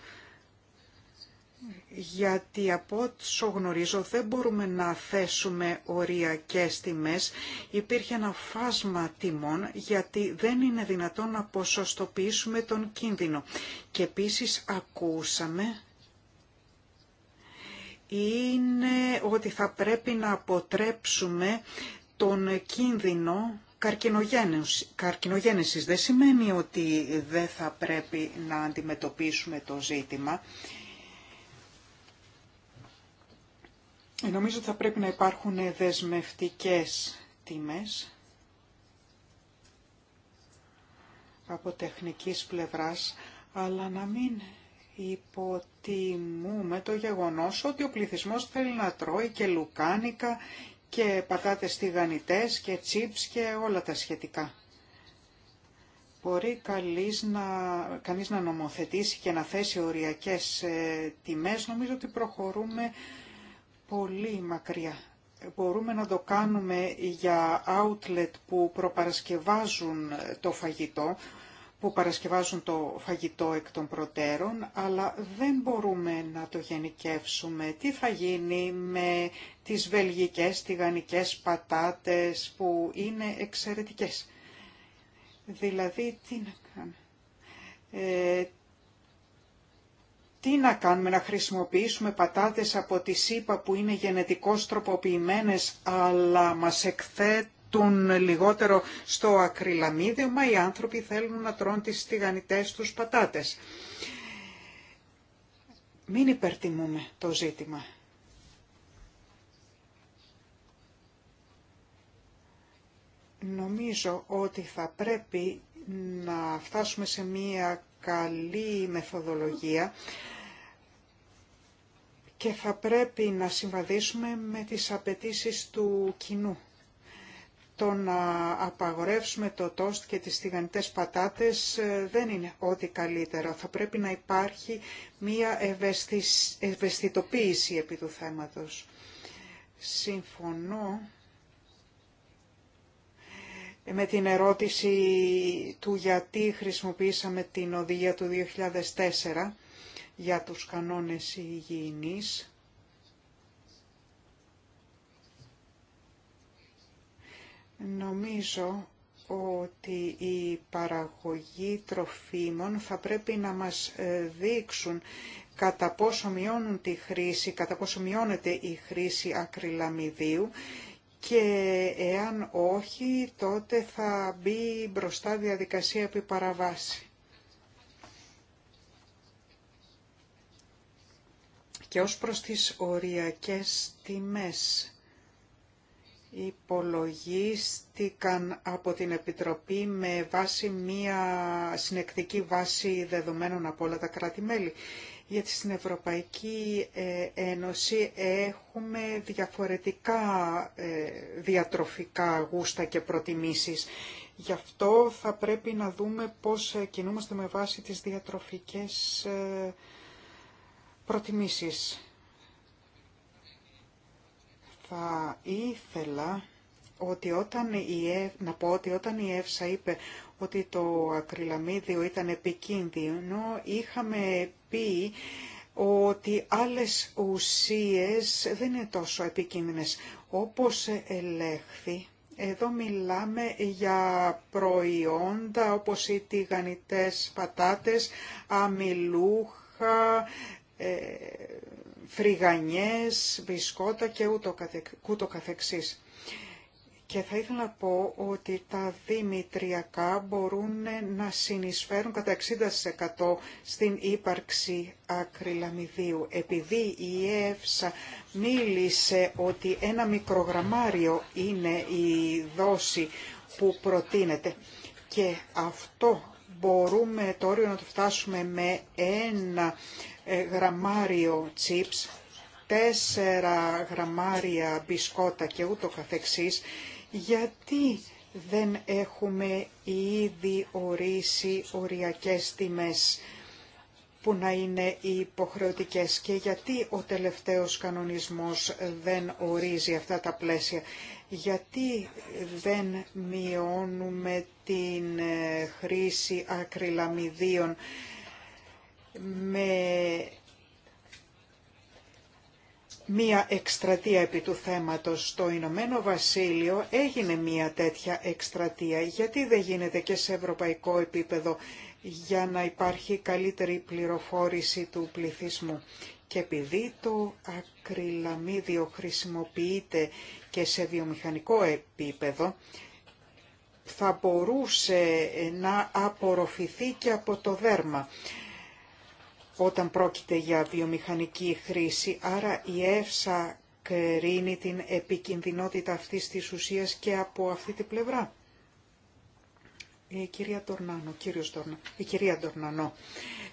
γιατί από όσο γνωρίζω δεν μπορούμε να θέσουμε οριακές τιμές. Υπήρχε ένα φάσμα τιμών γιατί δεν είναι δυνατόν να ποσοστοποιήσουμε τον κίνδυνο. Και επίσης ακούσαμε είναι ότι θα πρέπει να αποτρέψουμε τον κίνδυνο καρκινογένεσης. Δεν σημαίνει ότι δεν θα πρέπει να αντιμετωπίσουμε το ζήτημα. Νομίζω ότι θα πρέπει να υπάρχουν δεσμευτικές τιμές από τεχνικής πλευράς, αλλά να μην υποτιμούμε το γεγονός ότι ο πληθυσμός θέλει να τρώει και λουκάνικα και πατάτες τηγανιτές και τσίπς και όλα τα σχετικά. Μπορεί καλής να, κανείς να νομοθετήσει και να θέσει οριακές ε, τιμές. Νομίζω ότι προχωρούμε πολύ μακριά. Μπορούμε να το κάνουμε για outlet που προπαρασκευάζουν το φαγητό, που παρασκευάζουν το φαγητό εκ των προτέρων, αλλά δεν μπορούμε να το γενικεύσουμε. Τι θα γίνει με τις βελγικές τηγανικές πατάτες που είναι εξαιρετικές. Δηλαδή, τι να κάνουμε. Τι να κάνουμε, να χρησιμοποιήσουμε πατάτες από τη ΣΥΠΑ που είναι γενετικώς τροποποιημένες αλλά μας εκθέτουν λιγότερο στο ακριλαμίδιο, μα οι άνθρωποι θέλουν να τρώνε τις στιγανιτές τους πατάτες. Μην υπερτιμούμε το ζήτημα. Νομίζω ότι θα πρέπει να φτάσουμε σε μία καλή μεθοδολογία και θα πρέπει να συμβαδίσουμε με τις απαιτήσεις του κοινού. Το να απαγορεύσουμε το τόστ και τις τηγανιτές πατάτες ε, δεν είναι ό,τι καλύτερο. Θα πρέπει να υπάρχει μία ευαισθητοποίηση επί του θέματος. Συμφωνώ με την ερώτηση του γιατί χρησιμοποίησαμε την οδηγία του 2004 για τους κανόνες υγιεινής. Νομίζω ότι η παραγωγή τροφίμων θα πρέπει να μας ε, δείξουν κατά πόσο μειώνουν τη χρήση, κατά πόσο μειώνεται η χρήση ακριλαμιδίου και εάν όχι τότε θα μπει μπροστά διαδικασία επιπαραβάση. Και ως προς τις οριακές τιμές υπολογίστηκαν από την Επιτροπή με βάση μία συνεκτική βάση δεδομένων από όλα τα κράτη-μέλη. Γιατί στην Ευρωπαϊκή ε, Ένωση έχουμε διαφορετικά ε, διατροφικά γούστα και προτιμήσεις. Γι' αυτό θα πρέπει να δούμε πώς ε, κινούμαστε με βάση τις διατροφικές προτιμήσεις. Θα ήθελα ότι όταν η να πω ότι όταν η Εύσα είπε ότι το ακριλαμίδιο ήταν επικίνδυνο, είχαμε πει ότι άλλες ουσίες δεν είναι τόσο επικίνδυνες. Όπως ελέγχθη, εδώ μιλάμε για προϊόντα όπως οι τηγανιτές πατάτες, αμυλούχα, ε, φρυγανιές, μπισκότα και ούτω, καθε, καθεξής. Και θα ήθελα να πω ότι τα δημητριακά μπορούν να συνεισφέρουν κατά 60% στην ύπαρξη ακριλαμιδίου. Επειδή η ΕΕΦΣΑ μίλησε ότι ένα μικρογραμμάριο είναι η δόση που προτείνεται και αυτό μπορούμε τώρα να το φτάσουμε με ένα ε, γραμμάριο τσίπς, τέσσερα γραμμάρια μπισκότα και ούτω καθεξής, γιατί δεν έχουμε ήδη ορίσει οριακές τιμές που να είναι υποχρεωτικές και γιατί ο τελευταίος κανονισμός δεν ορίζει αυτά τα πλαίσια. Γιατί δεν μειώνουμε την ε, χρήση ακριλαμιδίων με μία εκστρατεία επί του θέματος στο Ηνωμένο Βασίλειο έγινε μία τέτοια εκστρατεία. Γιατί δεν γίνεται και σε ευρωπαϊκό επίπεδο για να υπάρχει καλύτερη πληροφόρηση του πληθυσμού. Και επειδή το ακριλαμίδιο χρησιμοποιείται και σε βιομηχανικό επίπεδο, θα μπορούσε να απορροφηθεί και από το δέρμα όταν πρόκειται για βιομηχανική χρήση, άρα η ΕΦΣΑ κρίνει την επικινδυνότητα αυτής της ουσίας και από αυτή τη πλευρά. Η κυρία Τορνάνο, κύριος τορνάνο, η κυρία Τορνανό.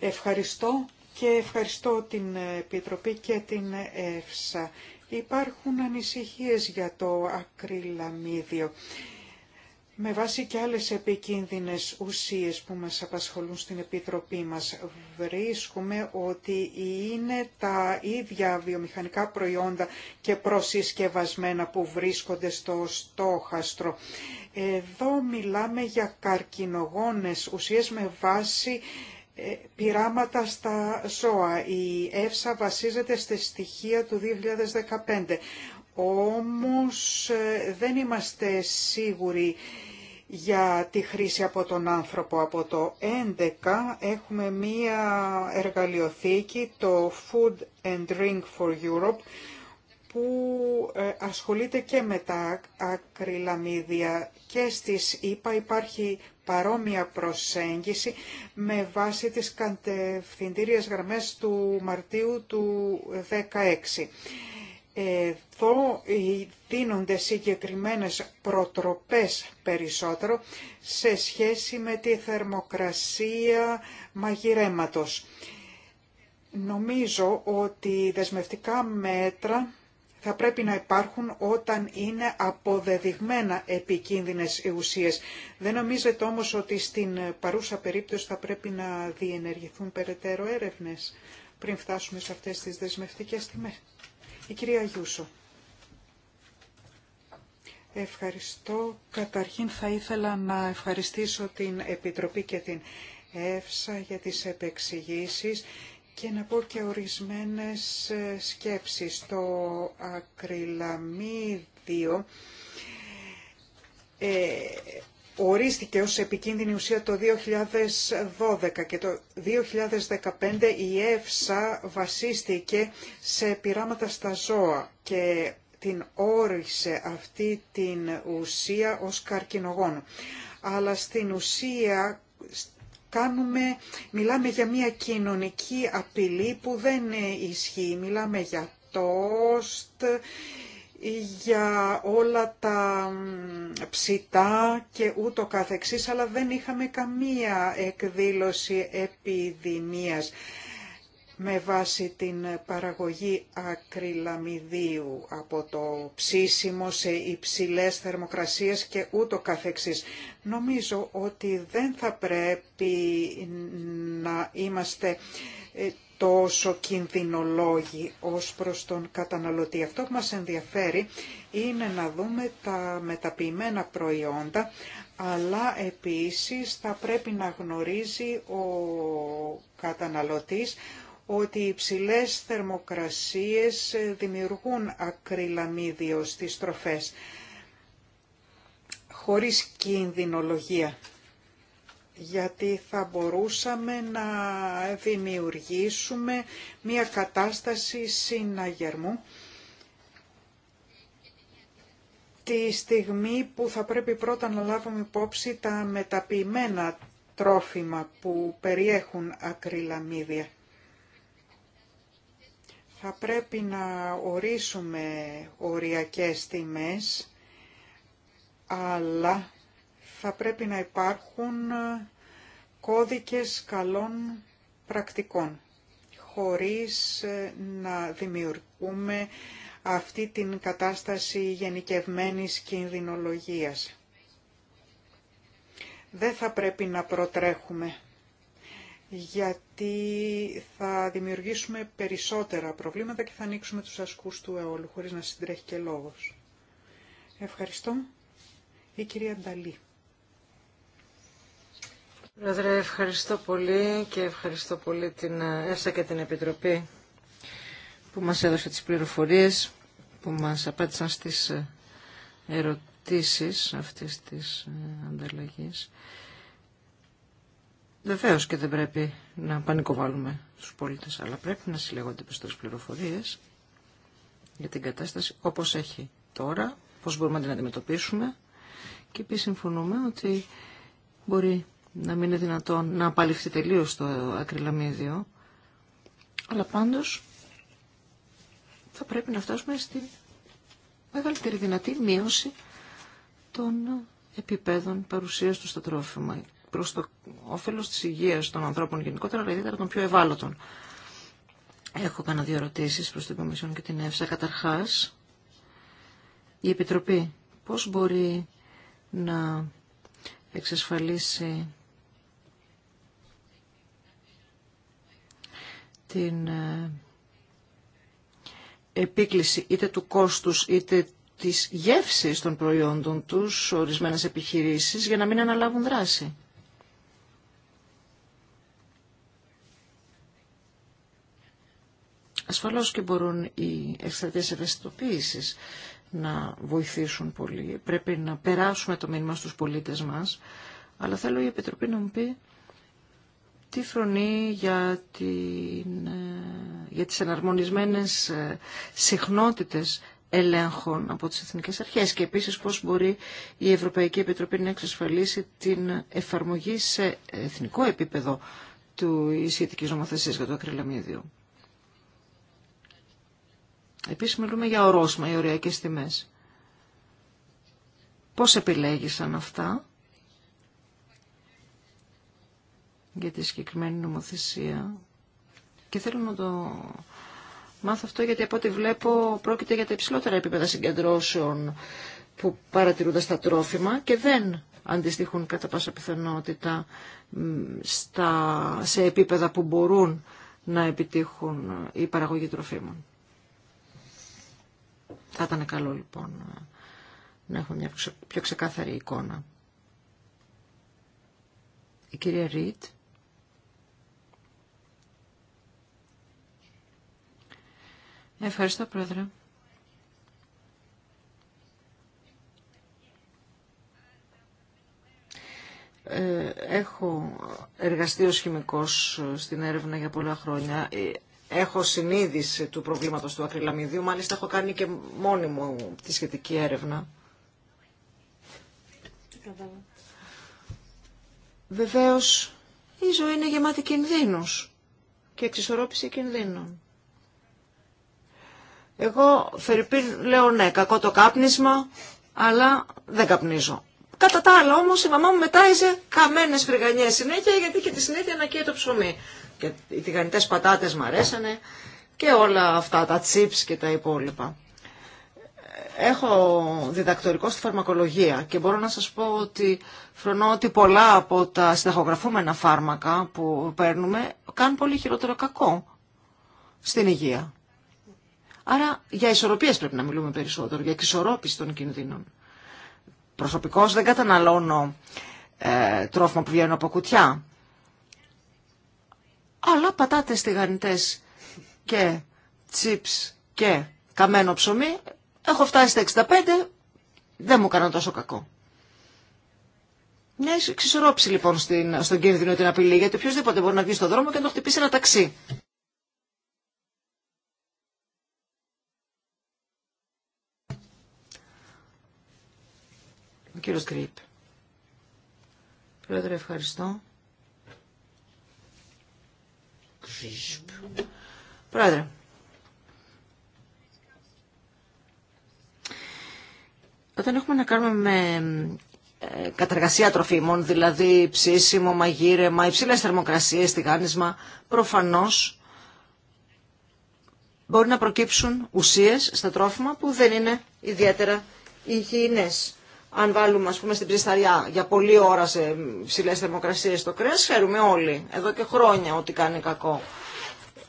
Ευχαριστώ και ευχαριστώ την Επιτροπή και την ΕΦΣΑ. Υπάρχουν ανησυχίες για το ακριλαμίδιο με βάση και άλλες επικίνδυνες ουσίες που μας απασχολούν στην Επιτροπή μας, βρίσκουμε ότι είναι τα ίδια βιομηχανικά προϊόντα και προσυσκευασμένα που βρίσκονται στο στόχαστρο. Εδώ μιλάμε για καρκινογόνες ουσίες με βάση ε, πειράματα στα ζώα. Η ΕΦΣΑ βασίζεται στη στοιχεία του 2015 όμως ε, δεν είμαστε σίγουροι για τη χρήση από τον άνθρωπο. Από το 11 έχουμε μία εργαλειοθήκη, το Food and Drink for Europe, που ε, ασχολείται και με τα ακριλαμίδια και στις ΗΠΑ υπάρχει παρόμοια προσέγγιση με βάση τις κατευθυντήριες γραμμές του Μαρτίου του 16. Εδώ δίνονται συγκεκριμένες προτροπές περισσότερο σε σχέση με τη θερμοκρασία μαγειρέματος. Νομίζω ότι δεσμευτικά μέτρα θα πρέπει να υπάρχουν όταν είναι αποδεδειγμένα επικίνδυνες ουσίες. Δεν νομίζετε όμως ότι στην παρούσα περίπτωση θα πρέπει να διενεργηθούν περαιτέρω έρευνες πριν φτάσουμε σε αυτές τις δεσμευτικές τιμές. Η κυρία Γιούσο. Ευχαριστώ. Καταρχήν θα ήθελα να ευχαριστήσω την Επιτροπή και την ΕΦΣΑ για τις επεξηγήσεις και να πω και ορισμένες ε, σκέψεις. Το ακριλαμίδιο ε, ορίστηκε ως επικίνδυνη ουσία το 2012 και το 2015 η ΕΦΣΑ βασίστηκε σε πειράματα στα ζώα και την όρισε αυτή την ουσία ως καρκινογόνο. Αλλά στην ουσία κάνουμε, μιλάμε για μια κοινωνική απειλή που δεν ισχύει. Μιλάμε για τόστ, για όλα τα ψητά και ούτω καθεξής, αλλά δεν είχαμε καμία εκδήλωση επιδημίας με βάση την παραγωγή ακριλαμιδίου από το ψήσιμο σε υψηλές θερμοκρασίες και ούτω καθεξής. Νομίζω ότι δεν θα πρέπει να είμαστε ε, τόσο κινδυνολόγοι ως προς τον καταναλωτή. Αυτό που μας ενδιαφέρει είναι να δούμε τα μεταποιημένα προϊόντα, αλλά επίσης θα πρέπει να γνωρίζει ο καταναλωτής ότι οι υψηλές θερμοκρασίες δημιουργούν ακριλαμίδιο στις τροφές, χωρίς κινδυνολογία γιατί θα μπορούσαμε να δημιουργήσουμε μια κατάσταση συναγερμού τη στιγμή που θα πρέπει πρώτα να λάβουμε υπόψη τα μεταποιημένα τρόφιμα που περιέχουν ακριλαμίδια. Θα πρέπει να ορίσουμε οριακές τιμές, αλλά θα πρέπει να υπάρχουν ε, κώδικες καλών πρακτικών, χωρίς ε, να δημιουργούμε αυτή την κατάσταση γενικευμένης κινδυνολογίας. Δεν θα πρέπει να προτρέχουμε, γιατί θα δημιουργήσουμε περισσότερα προβλήματα και θα ανοίξουμε τους ασκούς του αιώλου, χωρίς να συντρέχει και λόγος. Ευχαριστώ. Η κυρία Νταλή. Πρόεδρε, ευχαριστώ πολύ και ευχαριστώ πολύ την ΕΣΑ και την Επιτροπή που μας έδωσε τις πληροφορίες, που μας απάντησαν στις ε, ερωτήσεις αυτής της ε, ανταλλαγής. Βεβαίω και δεν πρέπει να πανικοβάλουμε τους πολίτες, αλλά πρέπει να συλλέγονται περισσότερες πληροφορίες για την κατάσταση όπως έχει τώρα, πώς μπορούμε να την αντιμετωπίσουμε και επίσης συμφωνούμε ότι μπορεί να μην είναι δυνατόν να απαλληφθεί τελείω το ακριλαμίδιο. Αλλά πάντως θα πρέπει να φτάσουμε στη μεγαλύτερη δυνατή μείωση των επιπέδων παρουσίας του στα τρόφιμα προς το όφελος της υγείας των ανθρώπων γενικότερα, αλλά ιδιαίτερα των πιο ευάλωτων. Έχω κάνα δύο ερωτήσεις προς την Κομισιόν και την ΕΦΣΑ. Καταρχάς, η Επιτροπή πώς μπορεί να εξασφαλίσει την ε, επίκληση είτε του κόστους είτε της γεύσης των προϊόντων τους ορισμένες επιχειρήσεις για να μην αναλάβουν δράση. Ασφαλώς και μπορούν οι εκστρατείες ευαισθητοποίησης να βοηθήσουν πολύ. Πρέπει να περάσουμε το μήνυμα στους πολίτες μας. Αλλά θέλω η Επιτροπή να μου πει τι φρονεί για, την, ε, για τις εναρμονισμένες ε, συχνότητες ελέγχων από τις εθνικές αρχές και επίσης πώς μπορεί η Ευρωπαϊκή Επιτροπή να εξασφαλίσει την εφαρμογή σε εθνικό επίπεδο του σχετική νομοθεσίας για το ακριλαμίδιο. Επίσης μιλούμε για ορόσμα, οι ωριακές τιμές. Πώς επιλέγησαν αυτά για τη συγκεκριμένη νομοθεσία. Και θέλω να το μάθω αυτό γιατί από ό,τι βλέπω πρόκειται για τα υψηλότερα επίπεδα συγκεντρώσεων που παρατηρούνται στα τρόφιμα και δεν αντιστοιχούν κατά πάσα πιθανότητα στα, σε επίπεδα που μπορούν να επιτύχουν η παραγωγή τροφίμων. Θα ήταν καλό λοιπόν να έχουμε μια πιο ξεκάθαρη εικόνα. Η κυρία Ρίτ Ευχαριστώ, Πρόεδρε. Ε, έχω εργαστεί ως χημικός στην έρευνα για πολλά χρόνια. Ε, έχω συνείδηση του προβλήματος του ακριλαμιδίου, μάλιστα έχω κάνει και μόνη μου τη σχετική έρευνα. Βεβαίως, η ζωή είναι γεμάτη κινδύνους και εξισορρόπηση κινδύνων. Εγώ, Φερρυπίν, λέω ναι, κακό το κάπνισμα, αλλά δεν καπνίζω. Κατά τα άλλα όμως η μαμά μου μετάιζε καμένες φρυγανιές συνέχεια γιατί και τη συνέχεια καίει το ψωμί. Και οι τηγανιτές πατάτες μου αρέσανε και όλα αυτά, τα τσίπς και τα υπόλοιπα. Έχω διδακτορικό στη φαρμακολογία και μπορώ να σας πω ότι φρονώ ότι πολλά από τα συνταχογραφούμενα φάρμακα που παίρνουμε κάνουν πολύ χειρότερο κακό στην υγεία. Άρα για ισορροπίες πρέπει να μιλούμε περισσότερο, για εξισορρόπηση των κινδύνων. Προσωπικώς δεν καταναλώνω ε, τρόφιμα που βγαίνουν από κουτιά, αλλά πατάτες τηγανιτές και τσιπς και καμένο ψωμί, έχω φτάσει στα 65, δεν μου έκανα τόσο κακό. Μια εξισορρόπηση λοιπόν στον κίνδυνο την απειλή, γιατί οποιοδήποτε μπορεί να βγει στον δρόμο και να το χτυπήσει ένα ταξί. Ο κύριος Γκρίπ. Πρόεδρε, ευχαριστώ. Πρόεδρε. Όταν έχουμε να κάνουμε με ε, καταργασία τροφίμων, δηλαδή ψήσιμο, μαγείρεμα, υψηλές θερμοκρασίες, τηγάνισμα, προφανώς μπορεί να προκύψουν ουσίες στα τρόφιμα που δεν είναι ιδιαίτερα υγιεινές αν βάλουμε ας πούμε στην ψησταριά για πολλή ώρα σε ψηλές θερμοκρασίες το κρέας, χαίρουμε όλοι εδώ και χρόνια ότι κάνει κακό.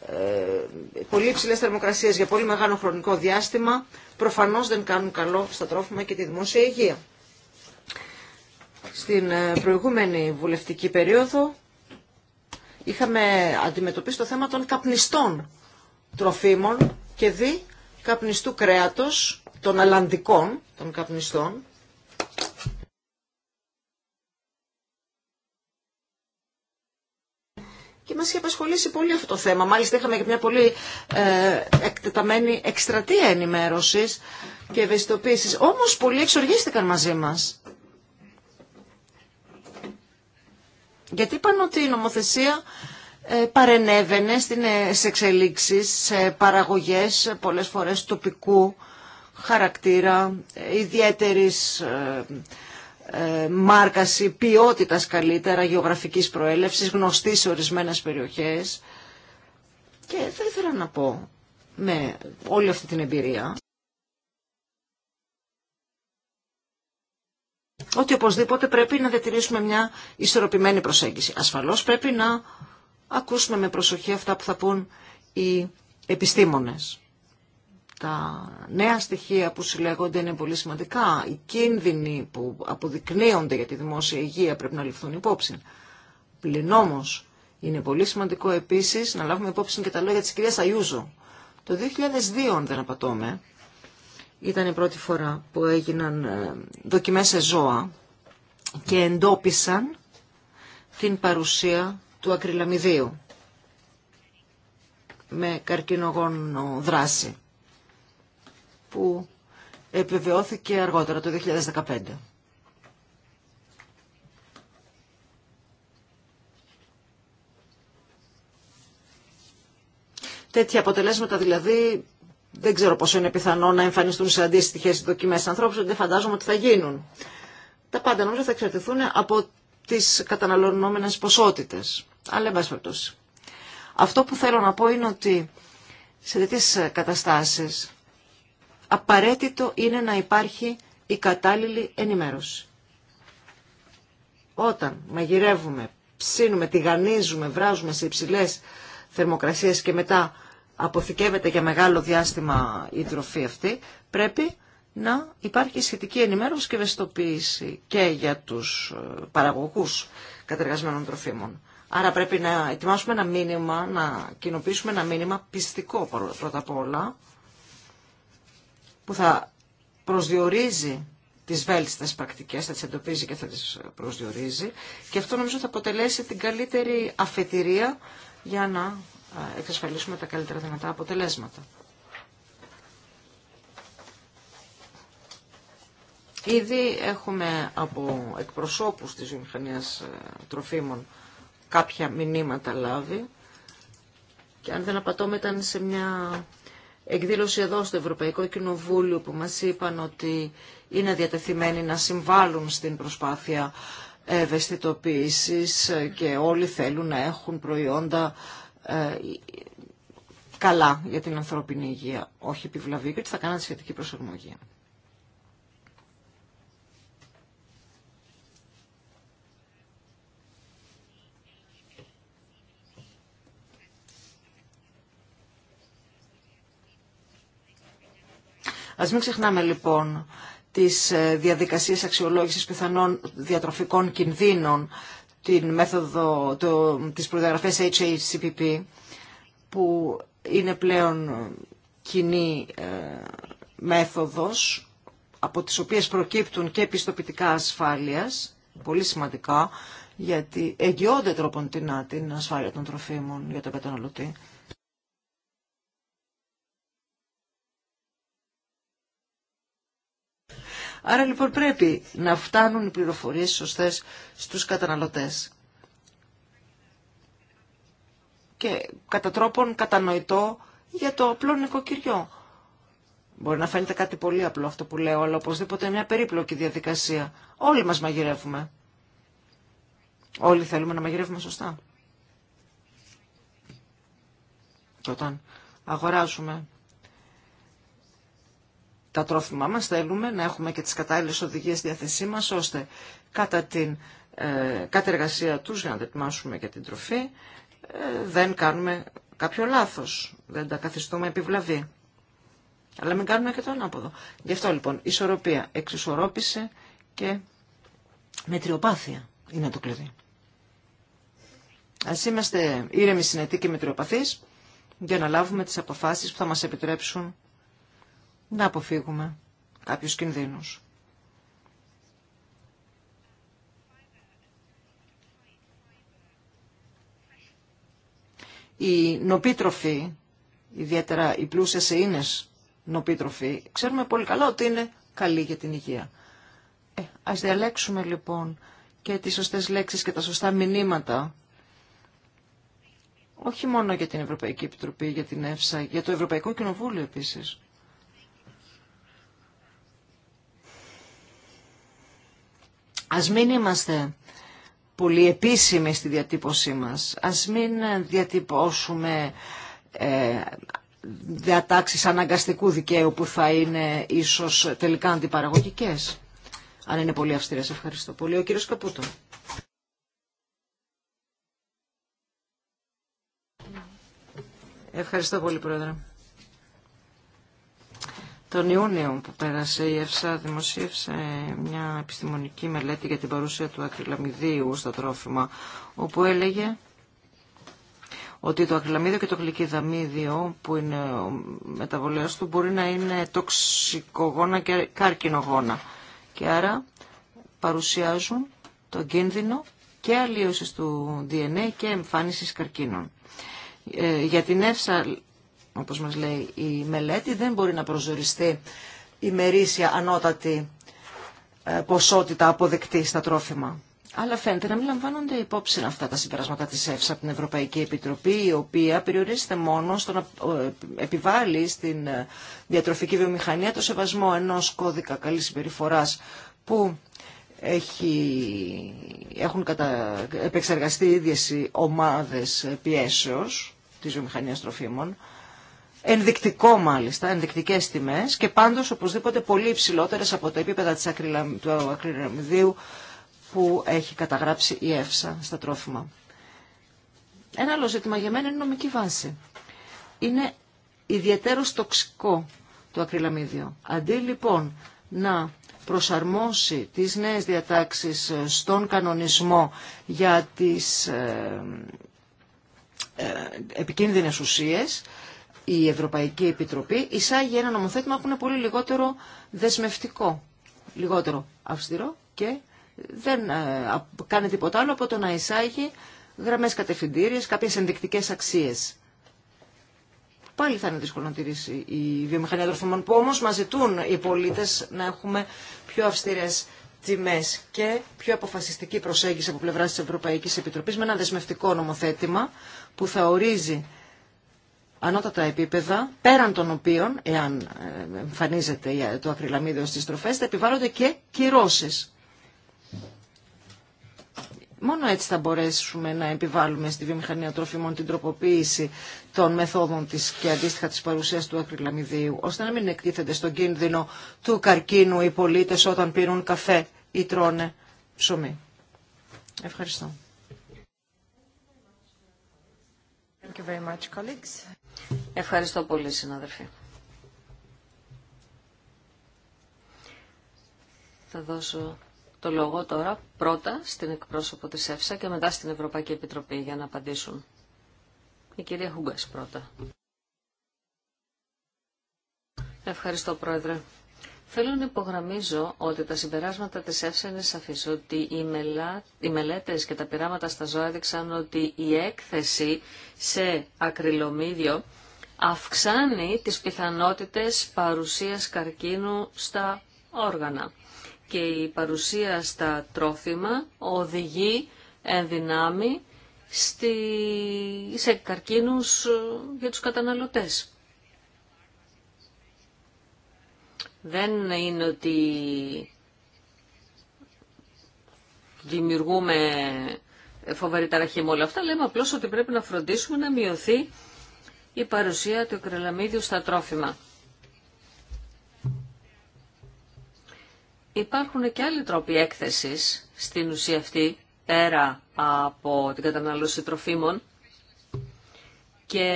Ε, πολύ ψηλές θερμοκρασίες για πολύ μεγάλο χρονικό διάστημα προφανώς δεν κάνουν καλό στα τρόφιμα και τη δημόσια υγεία. Στην ε, προηγούμενη βουλευτική περίοδο είχαμε αντιμετωπίσει το θέμα των καπνιστών τροφίμων και δι καπνιστού κρέατος των αλλαντικών των καπνιστών και μας είχε απασχολήσει πολύ αυτό το θέμα. Μάλιστα είχαμε και μια πολύ ε, εκτεταμένη εκστρατεία ενημέρωσης και ευαισθητοποίησης. Όμως πολλοί εξοργίστηκαν μαζί μας. Γιατί είπαν ότι η νομοθεσία ε, παρενέβαινε στις ε, εξελίξεις, σε παραγωγές πολλές φορές τοπικού χαρακτήρα, ε, ιδιαίτερης ε, μάρκαση ποιότητας καλύτερα, γεωγραφικής προέλευσης, γνωστή σε ορισμένες περιοχές. Και θα ήθελα να πω με όλη αυτή την εμπειρία ότι οπωσδήποτε πρέπει να διατηρήσουμε μια ισορροπημένη προσέγγιση. Ασφαλώς πρέπει να ακούσουμε με προσοχή αυτά που θα πούν οι επιστήμονες τα νέα στοιχεία που συλλέγονται είναι πολύ σημαντικά. Οι κίνδυνοι που αποδεικνύονται για τη δημόσια υγεία πρέπει να ληφθούν υπόψη. Πλην όμω, είναι πολύ σημαντικό επίση να λάβουμε υπόψη και τα λόγια τη κυρία Αιούζο. Το 2002, αν δεν απατώμε, ήταν η πρώτη φορά που έγιναν ε, δοκιμές σε ζώα και εντόπισαν την παρουσία του ακριλαμιδίου με καρκινογόνο δράση που επιβεβαιώθηκε αργότερα το 2015. Τέτοια αποτελέσματα δηλαδή δεν ξέρω πόσο είναι πιθανό να εμφανιστούν σε αντίστοιχες δοκιμές ανθρώπους, δεν φαντάζομαι ότι θα γίνουν. Τα πάντα νομίζω θα εξαρτηθούν από τις καταναλωνόμενες ποσότητες. Αλλά εν Αυτό που θέλω να πω είναι ότι σε τέτοιες καταστάσεις απαραίτητο είναι να υπάρχει η κατάλληλη ενημέρωση. Όταν μαγειρεύουμε, ψήνουμε, τηγανίζουμε, βράζουμε σε υψηλές θερμοκρασίες και μετά αποθηκεύεται για μεγάλο διάστημα η τροφή αυτή, πρέπει να υπάρχει σχετική ενημέρωση και ευαισθητοποίηση και για τους ε, παραγωγούς κατεργασμένων τροφίμων. Άρα πρέπει να ετοιμάσουμε ένα μήνυμα, να κοινοποιήσουμε ένα μήνυμα πιστικό πρώτα απ' όλα, που θα προσδιορίζει τις βέλτιστες πρακτικές, θα τις εντοπίζει και θα τις προσδιορίζει και αυτό νομίζω θα αποτελέσει την καλύτερη αφετηρία για να ε, εξασφαλίσουμε τα καλύτερα δυνατά αποτελέσματα. Ήδη έχουμε από εκπροσώπους της βιομηχανία ε, τροφίμων κάποια μηνύματα λάβει και αν δεν απατώμε ήταν σε μια εκδήλωση εδώ στο Ευρωπαϊκό Κοινοβούλιο που μας είπαν ότι είναι διατεθειμένοι να συμβάλλουν στην προσπάθεια ευαισθητοποίησης και όλοι θέλουν να έχουν προϊόντα ε, καλά για την ανθρώπινη υγεία, όχι επιβλαβή, και ότι θα κάνουν σχετική προσαρμογή. Ας μην ξεχνάμε λοιπόν τις ε, διαδικασίες αξιολόγησης πιθανών διατροφικών κινδύνων, την μέθοδο, το, της προδιαγραφής HACCP που είναι πλέον ε, κοινή ε, μέθοδος από τις οποίες προκύπτουν και επιστοπιτικά ασφάλειας, πολύ σημαντικά, γιατί εγγυώνται τρόπον την, την ασφάλεια των τροφίμων για τον καταναλωτή. Άρα λοιπόν πρέπει να φτάνουν οι πληροφορίες σωστές στους καταναλωτές. Και κατά τρόπον κατανοητό για το απλό νοικοκυριό. Μπορεί να φαίνεται κάτι πολύ απλό αυτό που λέω, αλλά οπωσδήποτε είναι μια περίπλοκη διαδικασία. Όλοι μας μαγειρεύουμε. Όλοι θέλουμε να μαγειρεύουμε σωστά. Και όταν αγοράζουμε τα τρόφιμά μας, θέλουμε να έχουμε και τις κατάλληλες οδηγίες διάθεσή μας, ώστε κατά την ε, κατεργασία τους, για να δετοιμάσουμε και την τροφή, ε, δεν κάνουμε κάποιο λάθος, δεν τα καθιστούμε επιβλαβή. Αλλά μην κάνουμε και το ανάποδο. Γι' αυτό λοιπόν ισορροπία, εξισορρόπηση και μετριοπάθεια είναι το κλειδί. Ας είμαστε ήρεμοι, συνετοί και μετριοπαθείς για να λάβουμε τις αποφάσεις που θα μας επιτρέψουν να αποφύγουμε κάποιους κινδύνους. Οι νοπίτροφοι, ιδιαίτερα οι πλούσιες σε νοπίτροφοι, ξέρουμε πολύ καλά ότι είναι καλοί για την υγεία. Ε, ας διαλέξουμε λοιπόν και τις σωστές λέξεις και τα σωστά μηνύματα, όχι μόνο για την Ευρωπαϊκή Επιτροπή, για την ΕΦΣΑ, για το Ευρωπαϊκό Κοινοβούλιο επίσης. Ας μην είμαστε πολύ επίσημοι στη διατύπωσή μας. Ας μην διατυπώσουμε ε, διατάξεις αναγκαστικού δικαίου που θα είναι ίσως τελικά αντιπαραγωγικές. Αν είναι πολύ αυστηρές. Ευχαριστώ πολύ. Ο κύριος Καπούτο. Ευχαριστώ πολύ, Πρόεδρε. Τον Ιούνιο που πέρασε η ΕΦΣΑ δημοσίευσε μια επιστημονική μελέτη για την παρουσία του ακριλαμιδίου στα τρόφιμα, όπου έλεγε ότι το ακριλαμίδιο και το γλυκιδαμίδιο που είναι ο μεταβολέας του μπορεί να είναι τοξικογόνα και καρκινογόνα και άρα παρουσιάζουν τον κίνδυνο και αλλίωσης του DNA και εμφάνισης καρκίνων. Ε, για την ΕΦΣΑ όπως μας λέει η μελέτη, δεν μπορεί να προσδιοριστεί η μερίσια ανώτατη ε, ποσότητα αποδεκτή στα τρόφιμα. Αλλά φαίνεται να μην λαμβάνονται υπόψη αυτά τα συμπεράσματα της ΕΦΣΑ από την Ευρωπαϊκή Επιτροπή, η οποία περιορίζεται μόνο στο να ε, επιβάλλει στην ε, διατροφική βιομηχανία το σεβασμό ενός κώδικα καλής συμπεριφοράς που έχει, έχουν επεξεργαστεί οι ίδιες οι ομάδες πιέσεως της βιομηχανίας τροφίμων ενδεικτικό μάλιστα, ενδεικτικές τιμές και πάντως οπωσδήποτε πολύ υψηλότερε από τα επίπεδα του ακριλαμιδίου που έχει καταγράψει η ΕΦΣΑ στα τρόφιμα. Ένα άλλο ζήτημα για μένα είναι η νομική βάση. Είναι ιδιαίτερο τοξικό το ακριλαμίδιο. Αντί λοιπόν να προσαρμόσει τις νέες διατάξεις ε, στον κανονισμό για τις ε, ε, επικίνδυνες ουσίες, η Ευρωπαϊκή Επιτροπή εισάγει ένα νομοθέτημα που είναι πολύ λιγότερο δεσμευτικό, λιγότερο αυστηρό και δεν ε, κάνει τίποτα άλλο από το να εισάγει γραμμές κατευθυντήριες, κάποιες ενδεικτικές αξίες. Πάλι θα είναι δύσκολο να τηρήσει η βιομηχανία τροφίμων που όμως μας ζητούν οι πολίτες να έχουμε πιο αυστηρές τιμές και πιο αποφασιστική προσέγγιση από πλευρά της Ευρωπαϊκής Επιτροπής με ένα δεσμευτικό νομοθέτημα που θα ορίζει ανώτατα επίπεδα, πέραν των οποίων, εάν ε, εμφανίζεται το ακριλαμίδιο στις τροφές, θα επιβάλλονται και κυρώσεις. Μόνο έτσι θα μπορέσουμε να επιβάλλουμε στη βιομηχανία τροφίμων την τροποποίηση των μεθόδων της και αντίστοιχα της παρουσίας του ακριλαμιδίου, ώστε να μην εκτίθεται στον κίνδυνο του καρκίνου οι πολίτες όταν πίνουν καφέ ή τρώνε ψωμί. Ευχαριστώ. colleagues. Ευχαριστώ πολύ συνάδελφοι. Θα δώσω το λόγο τώρα πρώτα στην εκπρόσωπο της ΕΦΣΑ και μετά στην Ευρωπαϊκή Επιτροπή για να απαντήσουν. Η κυρία Χούγκας πρώτα. Ευχαριστώ Πρόεδρε. Θέλω να υπογραμμίζω ότι τα συμπεράσματα της ΕΦΣΑ είναι σαφής, ότι οι, μελά... μελέτες και τα πειράματα στα ζώα έδειξαν ότι η έκθεση σε ακριλομίδιο αυξάνει τις πιθανότητες παρουσίας καρκίνου στα όργανα. Και η παρουσία στα τρόφιμα οδηγεί εν δυνάμει στη... σε καρκίνους ε, για τους καταναλωτές. Δεν είναι ότι δημιουργούμε φοβερή ταραχή με όλα αυτά, λέμε απλώς ότι πρέπει να φροντίσουμε να μειωθεί η παρουσία του κρελαμίδιου στα τρόφιμα. Υπάρχουν και άλλοι τρόποι έκθεσης στην ουσία αυτή, πέρα από την κατανάλωση τροφίμων και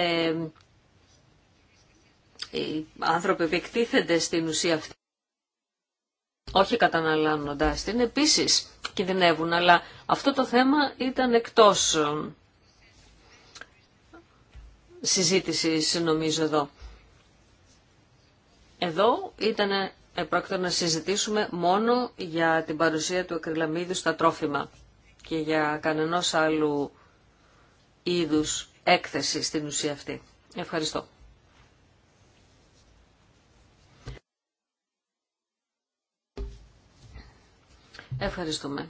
οι άνθρωποι που εκτίθενται στην ουσία αυτή, όχι καταναλώνοντας την, επίσης κινδυνεύουν, αλλά αυτό το θέμα ήταν εκτός συζήτηση νομίζω εδώ. Εδώ ήταν επρόκειτο να συζητήσουμε μόνο για την παρουσία του ακριλαμίδου στα τρόφιμα και για κανενός άλλου είδους έκθεση στην ουσία αυτή. Ευχαριστώ. Ευχαριστούμε.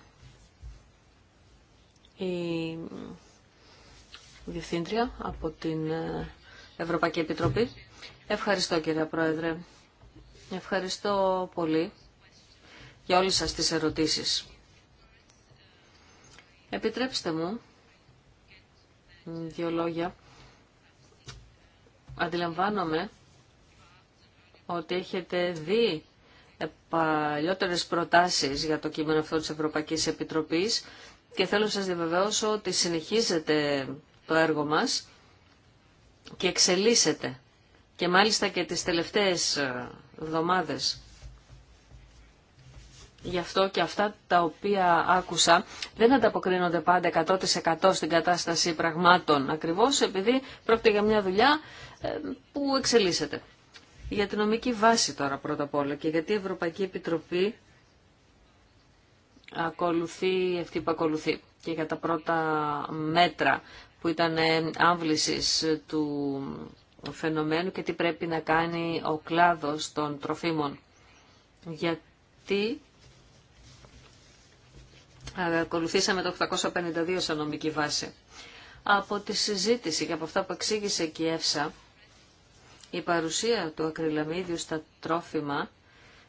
Διευθύντρια από την ε, Ευρωπαϊκή Επιτροπή. Ευχαριστώ κύριε Πρόεδρε. Ευχαριστώ πολύ για όλες σας τις ερωτήσεις. Επιτρέψτε μου δύο λόγια. Αντιλαμβάνομαι ότι έχετε δει ε, παλιότερες προτάσεις για το κείμενο αυτό της Ευρωπαϊκής Επιτροπής και θέλω να σας διαβεβαιώσω ότι συνεχίζετε το έργο μας και εξελίσσεται και μάλιστα και τις τελευταίες ε, εβδομάδες. Γι' αυτό και αυτά τα οποία άκουσα δεν ανταποκρίνονται πάντα 100% στην κατάσταση πραγμάτων, ακριβώς επειδή πρόκειται για μια δουλειά ε, που εξελίσσεται. Για την νομική βάση τώρα πρώτα απ' όλα και γιατί η Ευρωπαϊκή Επιτροπή ακολουθεί αυτή που ακολουθεί και για τα πρώτα μέτρα που ήταν ε, άμβλησης του φαινομένου και τι πρέπει να κάνει ο κλάδος των τροφίμων. Γιατί ακολουθήσαμε το 852 σαν νομική βάση. Από τη συζήτηση και από αυτά που εξήγησε και η Εύσα, η παρουσία του ακριλαμίδιου στα τρόφιμα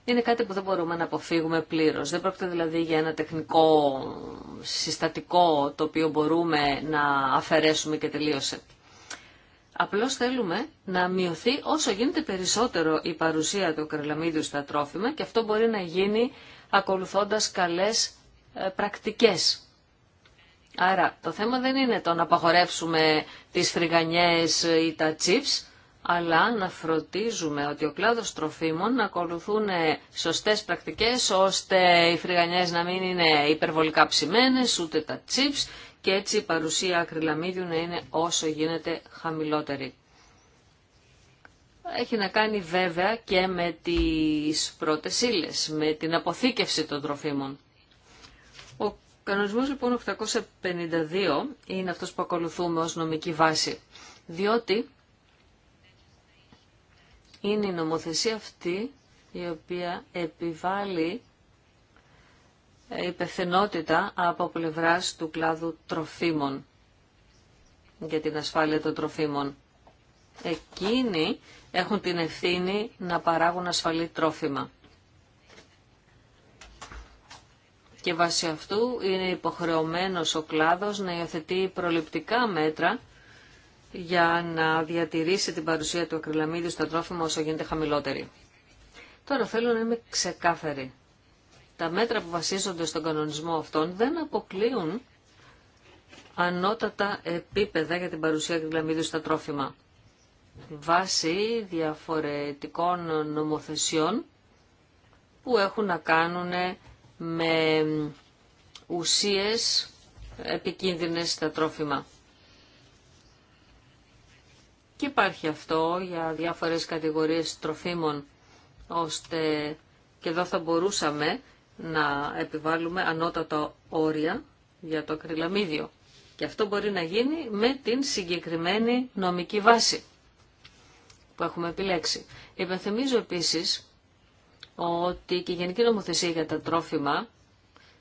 είναι κάτι που δεν μπορούμε να αποφύγουμε πλήρως. Δεν πρόκειται δηλαδή για ένα τεχνικό συστατικό το οποίο μπορούμε να αφαιρέσουμε και τελείωσε. Απλώς θέλουμε να μειωθεί όσο γίνεται περισσότερο η παρουσία του κρελαμίδιου στα τρόφιμα και αυτό μπορεί να γίνει ακολουθώντας καλές ε, πρακτικές. Άρα το θέμα δεν είναι το να απαγορεύσουμε τις φρυγανιές ή τα chips, αλλά να φροντίζουμε ότι ο κλάδος τροφίμων να ακολουθούν σωστές πρακτικές, ώστε οι φρυγανιές να μην είναι υπερβολικά ψημένες, ούτε τα τσίπς, και έτσι η παρουσία ακριλαμίδιου να είναι όσο γίνεται χαμηλότερη. Έχει να κάνει βέβαια και με τις πρώτες ύλες, με την αποθήκευση των τροφίμων. Ο κανονισμός λοιπόν 852 είναι αυτός που ακολουθούμε ως νομική βάση, διότι είναι η νομοθεσία αυτή η οποία επιβάλλει υπευθυνότητα ε, από πλευράς του κλάδου τροφίμων για την ασφάλεια των τροφίμων. Εκείνοι έχουν την ευθύνη να παράγουν ασφαλή τρόφιμα. Και βάσει αυτού είναι υποχρεωμένος ο κλάδος να υιοθετεί προληπτικά μέτρα για να διατηρήσει την παρουσία του ακρυλαμίδιου στα τρόφιμα όσο γίνεται χαμηλότερη. Τώρα θέλω να είμαι ξεκάθαρη. Τα μέτρα που βασίζονται στον κανονισμό αυτών δεν αποκλείουν ανώτατα επίπεδα για την παρουσία ακρυλαμίδιου στα τρόφιμα. Βάσει διαφορετικών νομοθεσιών που έχουν να κάνουν με ουσίες επικίνδυνες στα τρόφιμα. Και υπάρχει αυτό για διάφορες κατηγορίες τροφίμων, ώστε και εδώ θα μπορούσαμε να επιβάλλουμε ανώτατα όρια για το ακριλαμίδιο. Και αυτό μπορεί να γίνει με την συγκεκριμένη νομική βάση που έχουμε επιλέξει. Υπενθυμίζω επίσης ότι και η Γενική Νομοθεσία για τα Τρόφιμα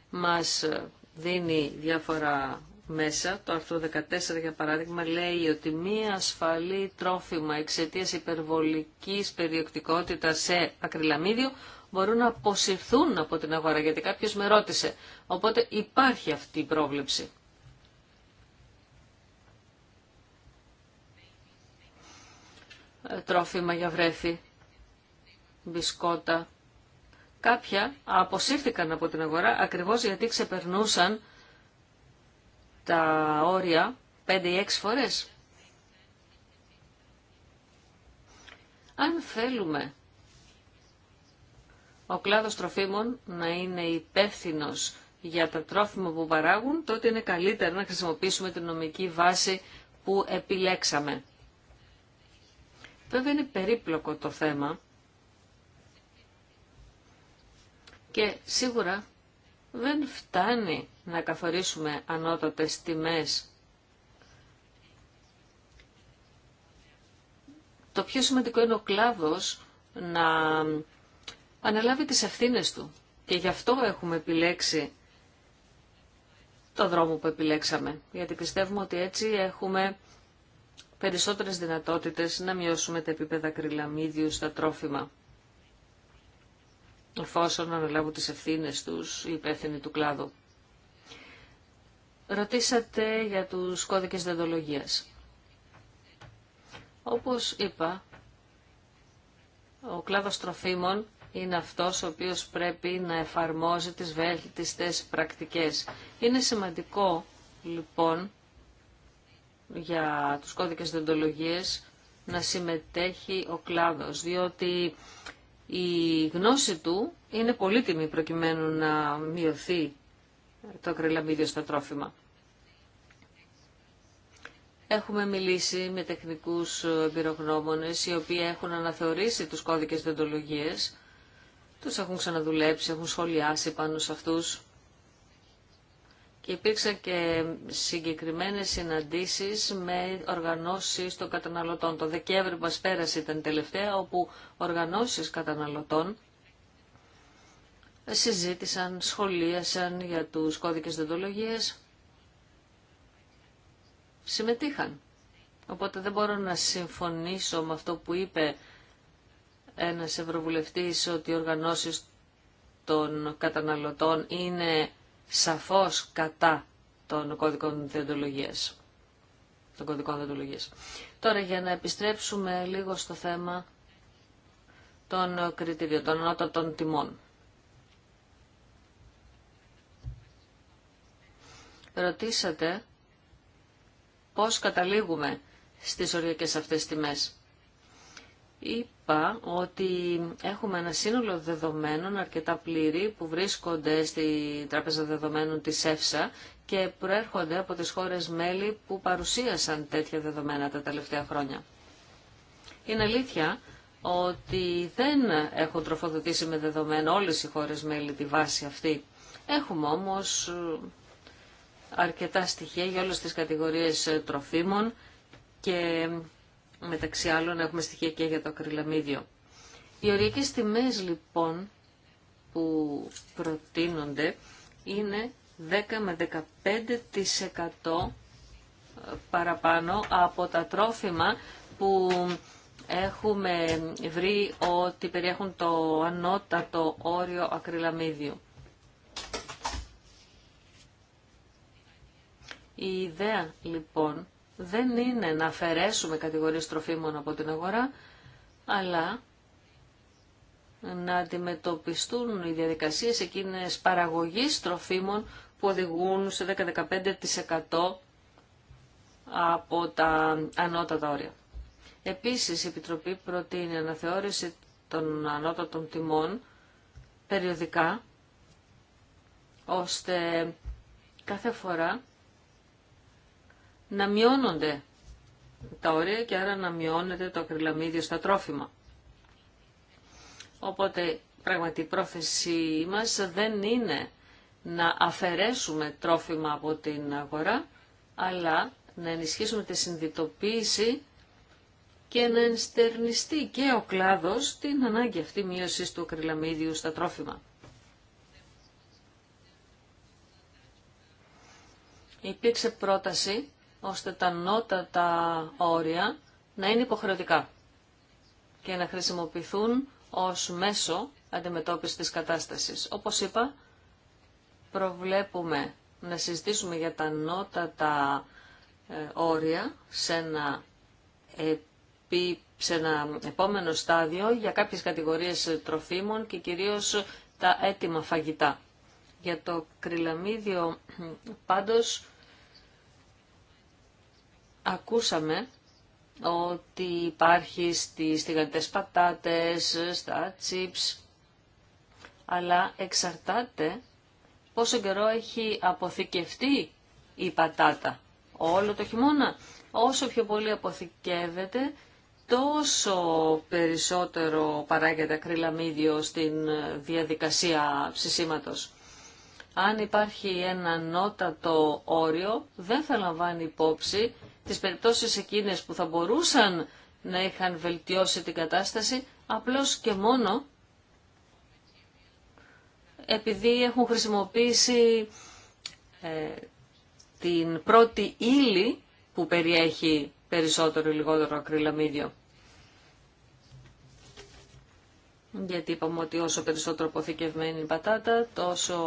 μας δίνει διάφορα μέσα, το άρθρο 14 για παράδειγμα, λέει ότι μία ασφαλή τρόφιμα εξαιτίας υπερβολικής περιοκτικότητας σε ακριλαμίδιο μπορούν να αποσυρθούν από την αγορά, γιατί κάποιος με ρώτησε. Οπότε υπάρχει αυτή η πρόβλεψη. Ε, τρόφιμα για βρέφη, μπισκότα. Κάποια αποσύρθηκαν από την αγορά ακριβώς γιατί ξεπερνούσαν τα όρια 5 ή 6 φορές. Αν θέλουμε ο κλάδος τροφίμων να είναι υπεύθυνο για τα τρόφιμα που παράγουν, τότε είναι καλύτερα να χρησιμοποιήσουμε την νομική βάση που επιλέξαμε. Βέβαια είναι περίπλοκο το θέμα και σίγουρα δεν φτάνει να καθορίσουμε ανώτατες τιμές. Το πιο σημαντικό είναι ο κλάδος να αναλάβει τις ευθύνες του. Και γι' αυτό έχουμε επιλέξει το δρόμο που επιλέξαμε. Γιατί πιστεύουμε ότι έτσι έχουμε περισσότερες δυνατότητες να μειώσουμε τα επίπεδα κρυλαμίδιου στα τρόφιμα εφόσον αναλάβουν τις ευθύνες τους οι υπεύθυνοι του κλάδου. Ρωτήσατε για τους κώδικες δεδολογίας. Όπως είπα, ο κλάδος τροφίμων είναι αυτός ο οποίος πρέπει να εφαρμόζει τις βέλτιστες πρακτικές. Είναι σημαντικό, λοιπόν, για τους κώδικες δεντολογίες να συμμετέχει ο κλάδος, διότι η γνώση του είναι πολύτιμη προκειμένου να μειωθεί το ακριλαμίδιο στα τρόφιμα. Έχουμε μιλήσει με τεχνικούς εμπειρογνώμονες οι οποίοι έχουν αναθεωρήσει τους κώδικες δεντολογίες, τους έχουν ξαναδουλέψει, έχουν σχολιάσει πάνω σε αυτούς. Και υπήρξαν και συγκεκριμένες συναντήσεις με οργανώσεις των καταναλωτών. Το Δεκέμβρη μας πέρασε ήταν τελευταία, όπου οργανώσεις καταναλωτών συζήτησαν, σχολίασαν για τους κώδικες δεδολογίες Συμμετείχαν. Οπότε δεν μπορώ να συμφωνήσω με αυτό που είπε ένας ευρωβουλευτής ότι οι οργανώσεις των καταναλωτών είναι σαφώς κατά των κώδικων διοντολογίας. Των κωδικών διοντολογίας. Τώρα για να επιστρέψουμε λίγο στο θέμα των κριτηρίων, των ανώτατων τιμών. Ρωτήσατε πώς καταλήγουμε στις οριακές αυτές τιμές. Η είπα ότι έχουμε ένα σύνολο δεδομένων αρκετά πλήρη που βρίσκονται στη Τράπεζα Δεδομένων της ΕΦΣΑ και προέρχονται από τις χώρες μέλη που παρουσίασαν τέτοια δεδομένα τα τελευταία χρόνια. Είναι αλήθεια ότι δεν έχουν τροφοδοτήσει με δεδομένα όλες οι χώρες μέλη τη βάση αυτή. Έχουμε όμως ε, αρκετά στοιχεία για όλες τις κατηγορίες ε, τροφίμων Μεταξύ άλλων έχουμε στοιχεία και για το ακριλαμίδιο. Οι οριακές τιμές λοιπόν που προτείνονται είναι 10 με 15% παραπάνω από τα τρόφιμα που έχουμε βρει ότι περιέχουν το ανώτατο όριο ακριλαμίδιου. Η ιδέα λοιπόν δεν είναι να αφαιρέσουμε κατηγορίες τροφίμων από την αγορά, αλλά να αντιμετωπιστούν οι διαδικασίες εκείνες παραγωγής τροφίμων που οδηγούν σε 10-15% από τα ανώτατα όρια. Επίσης, η Επιτροπή προτείνει αναθεώρηση των ανώτατων τιμών περιοδικά, ώστε κάθε φορά να μειώνονται τα όρια και άρα να μειώνεται το ακριλαμίδιο στα τρόφιμα. Οπότε πράγματι η πρόθεσή μας δεν είναι να αφαιρέσουμε τρόφιμα από την αγορά, αλλά να ενισχύσουμε τη συνδυτοποίηση και να ενστερνιστεί και ο κλάδος την ανάγκη αυτή μείωσης του ακριλαμίδιου στα τρόφιμα. Υπήρξε πρόταση ώστε τα νότατα όρια να είναι υποχρεωτικά και να χρησιμοποιηθούν ως μέσο αντιμετώπισης της κατάστασης. Όπως είπα, προβλέπουμε να συζητήσουμε για τα νότατα ε, όρια σε ένα, σε ένα επόμενο στάδιο για κάποιες κατηγορίες τροφίμων και κυρίως τα έτοιμα φαγητά. Για το κρυλαμίδιο πάντως Ακούσαμε ότι υπάρχει στις τηγανιτές πατάτες, στα chips, αλλά εξαρτάται πόσο καιρό έχει αποθηκευτεί η πατάτα. Όλο το χειμώνα. Όσο πιο πολύ αποθηκεύεται, τόσο περισσότερο παράγεται ακριλαμίδιο στην διαδικασία ψησίματος. Αν υπάρχει ένα νότατο όριο, δεν θα λαμβάνει υπόψη τις περιπτώσεις εκείνες που θα μπορούσαν να είχαν βελτιώσει την κατάσταση, απλώς και μόνο επειδή έχουν χρησιμοποιήσει ε, την πρώτη ύλη που περιέχει περισσότερο ή λιγότερο ακριλαμίδιο. Γιατί είπαμε ότι όσο περισσότερο αποθηκευμένη η πατάτα, τόσο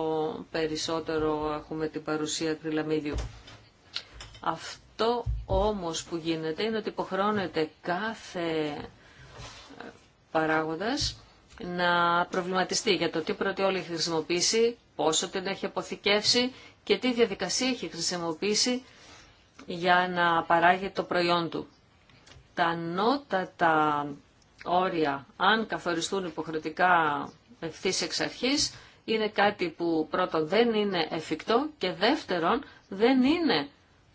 περισσότερο έχουμε την παρουσία ακριλαμίδιου. Αυτό το όμως που γίνεται είναι ότι υποχρώνεται κάθε ε, παράγοντας να προβληματιστεί για το τι όλη έχει χρησιμοποιήσει, πόσο την έχει αποθηκεύσει και τι διαδικασία έχει χρησιμοποιήσει για να παράγει το προϊόν του. Τα ανώτατα όρια, αν καθοριστούν υποχρεωτικά ευθύ εξ αρχής, είναι κάτι που πρώτον δεν είναι εφικτό και δεύτερον δεν είναι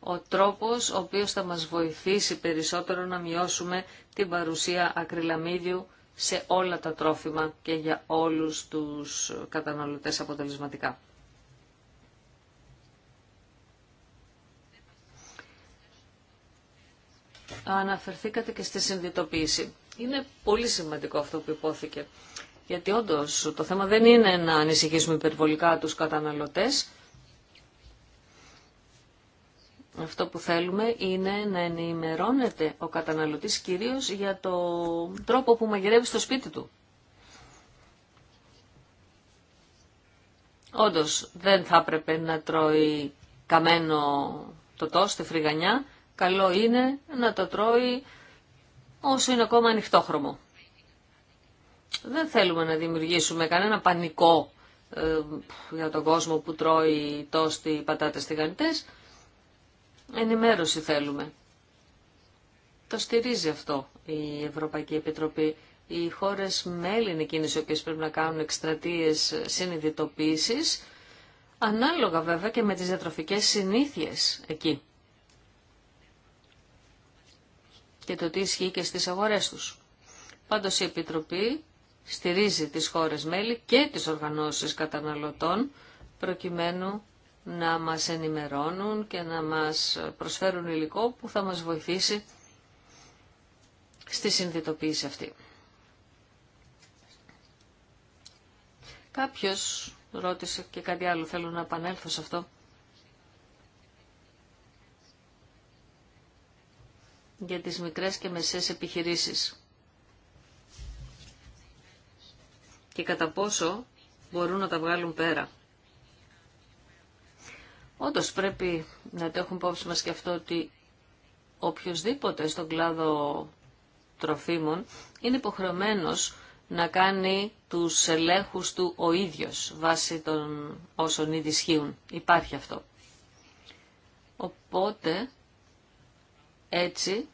ο τρόπος ο οποίος θα μας βοηθήσει περισσότερο να μειώσουμε την παρουσία ακριλαμίδιου σε όλα τα τρόφιμα και για όλους τους καταναλωτές αποτελεσματικά. Αναφερθήκατε και στη συνδυτοποίηση. Είναι πολύ σημαντικό αυτό που υπόθηκε. Γιατί όντως το θέμα δεν είναι να ανησυχήσουμε υπερβολικά τους καταναλωτές, αυτό που θέλουμε είναι να ενημερώνεται ο καταναλωτής κυρίως για το τρόπο που μαγειρεύει στο σπίτι του. Όντως δεν θα έπρεπε να τρώει καμένο το τόστ τη φρυγανιά. Καλό είναι να το τρώει όσο είναι ακόμα ανοιχτόχρωμο. Δεν θέλουμε να δημιουργήσουμε κανένα πανικό ε, για τον κόσμο που τρώει τόστι πατάτες τηγανιτές ενημέρωση θέλουμε. Το στηρίζει αυτό η Ευρωπαϊκή Επιτροπή. Οι χώρες μέλη είναι εκείνες οι οποίες πρέπει να κάνουν εκστρατείες συνειδητοποίησης, ανάλογα βέβαια και με τις διατροφικές συνήθειες εκεί. Και το τι ισχύει και στις αγορές τους. Πάντως η Επιτροπή στηρίζει τις χώρες μέλη και τις οργανώσεις καταναλωτών προκειμένου να μας ενημερώνουν και να μας προσφέρουν υλικό που θα μας βοηθήσει στη συνδυτοποίηση αυτή. Κάποιος ρώτησε και κάτι άλλο, θέλω να επανέλθω σε αυτό. για τις μικρές και μεσές επιχειρήσεις. Και κατά πόσο μπορούν να τα βγάλουν πέρα. Όντω πρέπει να το έχουν υπόψη μα και αυτό ότι οποιοδήποτε στον κλάδο τροφίμων είναι υποχρεωμένο να κάνει του ελέγχου του ο ίδιο βάσει των όσων ήδη ισχύουν. Υπάρχει αυτό. Οπότε έτσι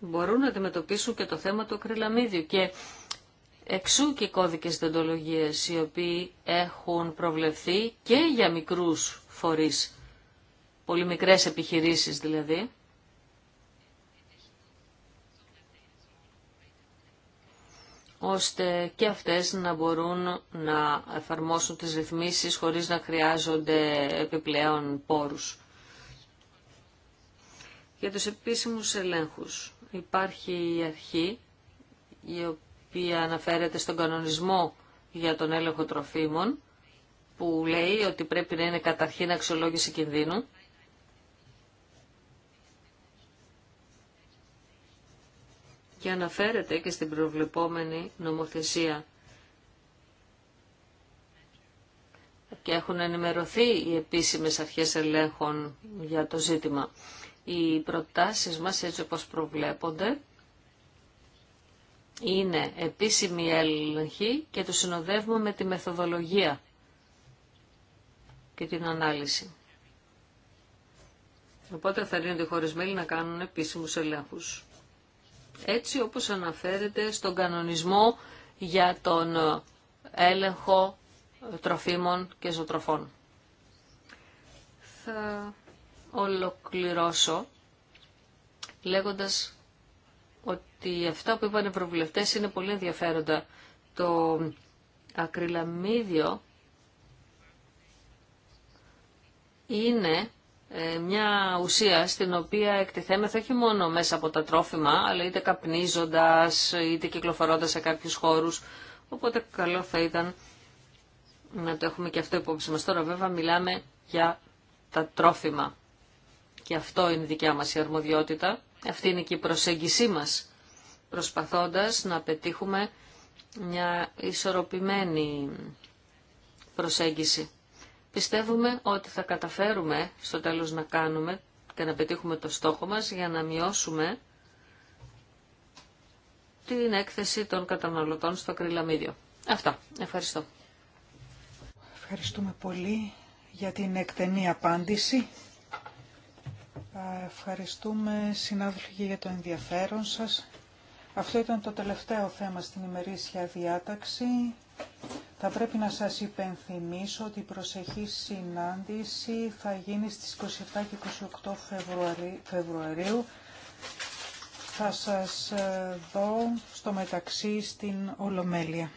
μπορούν να αντιμετωπίσουν και το θέμα του ακριλαμίδιου και εξού και οι κώδικες δεντολογίες οι οποίοι έχουν προβλεφθεί και για μικρούς φορείς, πολύ μικρές επιχειρήσεις δηλαδή. ώστε και αυτές να μπορούν να εφαρμόσουν τις ρυθμίσεις χωρίς να χρειάζονται επιπλέον πόρους. Για τους επίσημους ελέγχους υπάρχει η αρχή η οποία αναφέρεται στον κανονισμό για τον έλεγχο τροφίμων που λέει ότι πρέπει να είναι καταρχήν αξιολόγηση κινδύνου. Και αναφέρεται και στην προβλεπόμενη νομοθεσία. Και έχουν ενημερωθεί οι επίσημες αρχές ελέγχων για το ζήτημα. Οι προτάσεις μας έτσι όπως προβλέπονται είναι επίσημη έλεγχη και το συνοδεύουμε με τη μεθοδολογία και την ανάλυση. Οπότε θα λύνονται οι μέλη να κάνουν επίσημους ελέγχους. Έτσι όπως αναφέρεται στον κανονισμό για τον ε, έλεγχο τροφίμων και ζωτροφών. Θα ολοκληρώσω λέγοντας ότι αυτά που είπαν οι προβουλευτές είναι πολύ ενδιαφέροντα. Το ακριλαμίδιο είναι ε, μια ουσία στην οποία εκτιθέμεθα όχι μόνο μέσα από τα τρόφιμα, αλλά είτε καπνίζοντας, είτε κυκλοφορώντας σε κάποιους χώρους. Οπότε καλό θα ήταν να το έχουμε και αυτό υπόψη μας. Τώρα βέβαια μιλάμε για τα τρόφιμα. Και αυτό είναι η δικιά μας η αρμοδιότητα. Αυτή είναι και η προσέγγισή μας, προσπαθώντας να πετύχουμε μια ισορροπημένη προσέγγιση πιστεύουμε ότι θα καταφέρουμε στο τέλος να κάνουμε και να πετύχουμε το στόχο μας για να μειώσουμε την έκθεση των καταναλωτών στο ακριλαμίδιο. Αυτά. Ευχαριστώ. Ευχαριστούμε πολύ για την εκτενή απάντηση. Ευχαριστούμε συνάδελφοι για το ενδιαφέρον σας. Αυτό ήταν το τελευταίο θέμα στην ημερήσια διάταξη. Θα πρέπει να σας υπενθυμίσω ότι η προσεχή συνάντηση θα γίνει στις 27 και 28 Φεβρουαρίου. Θα σας ε, δω στο μεταξύ στην Ολομέλεια.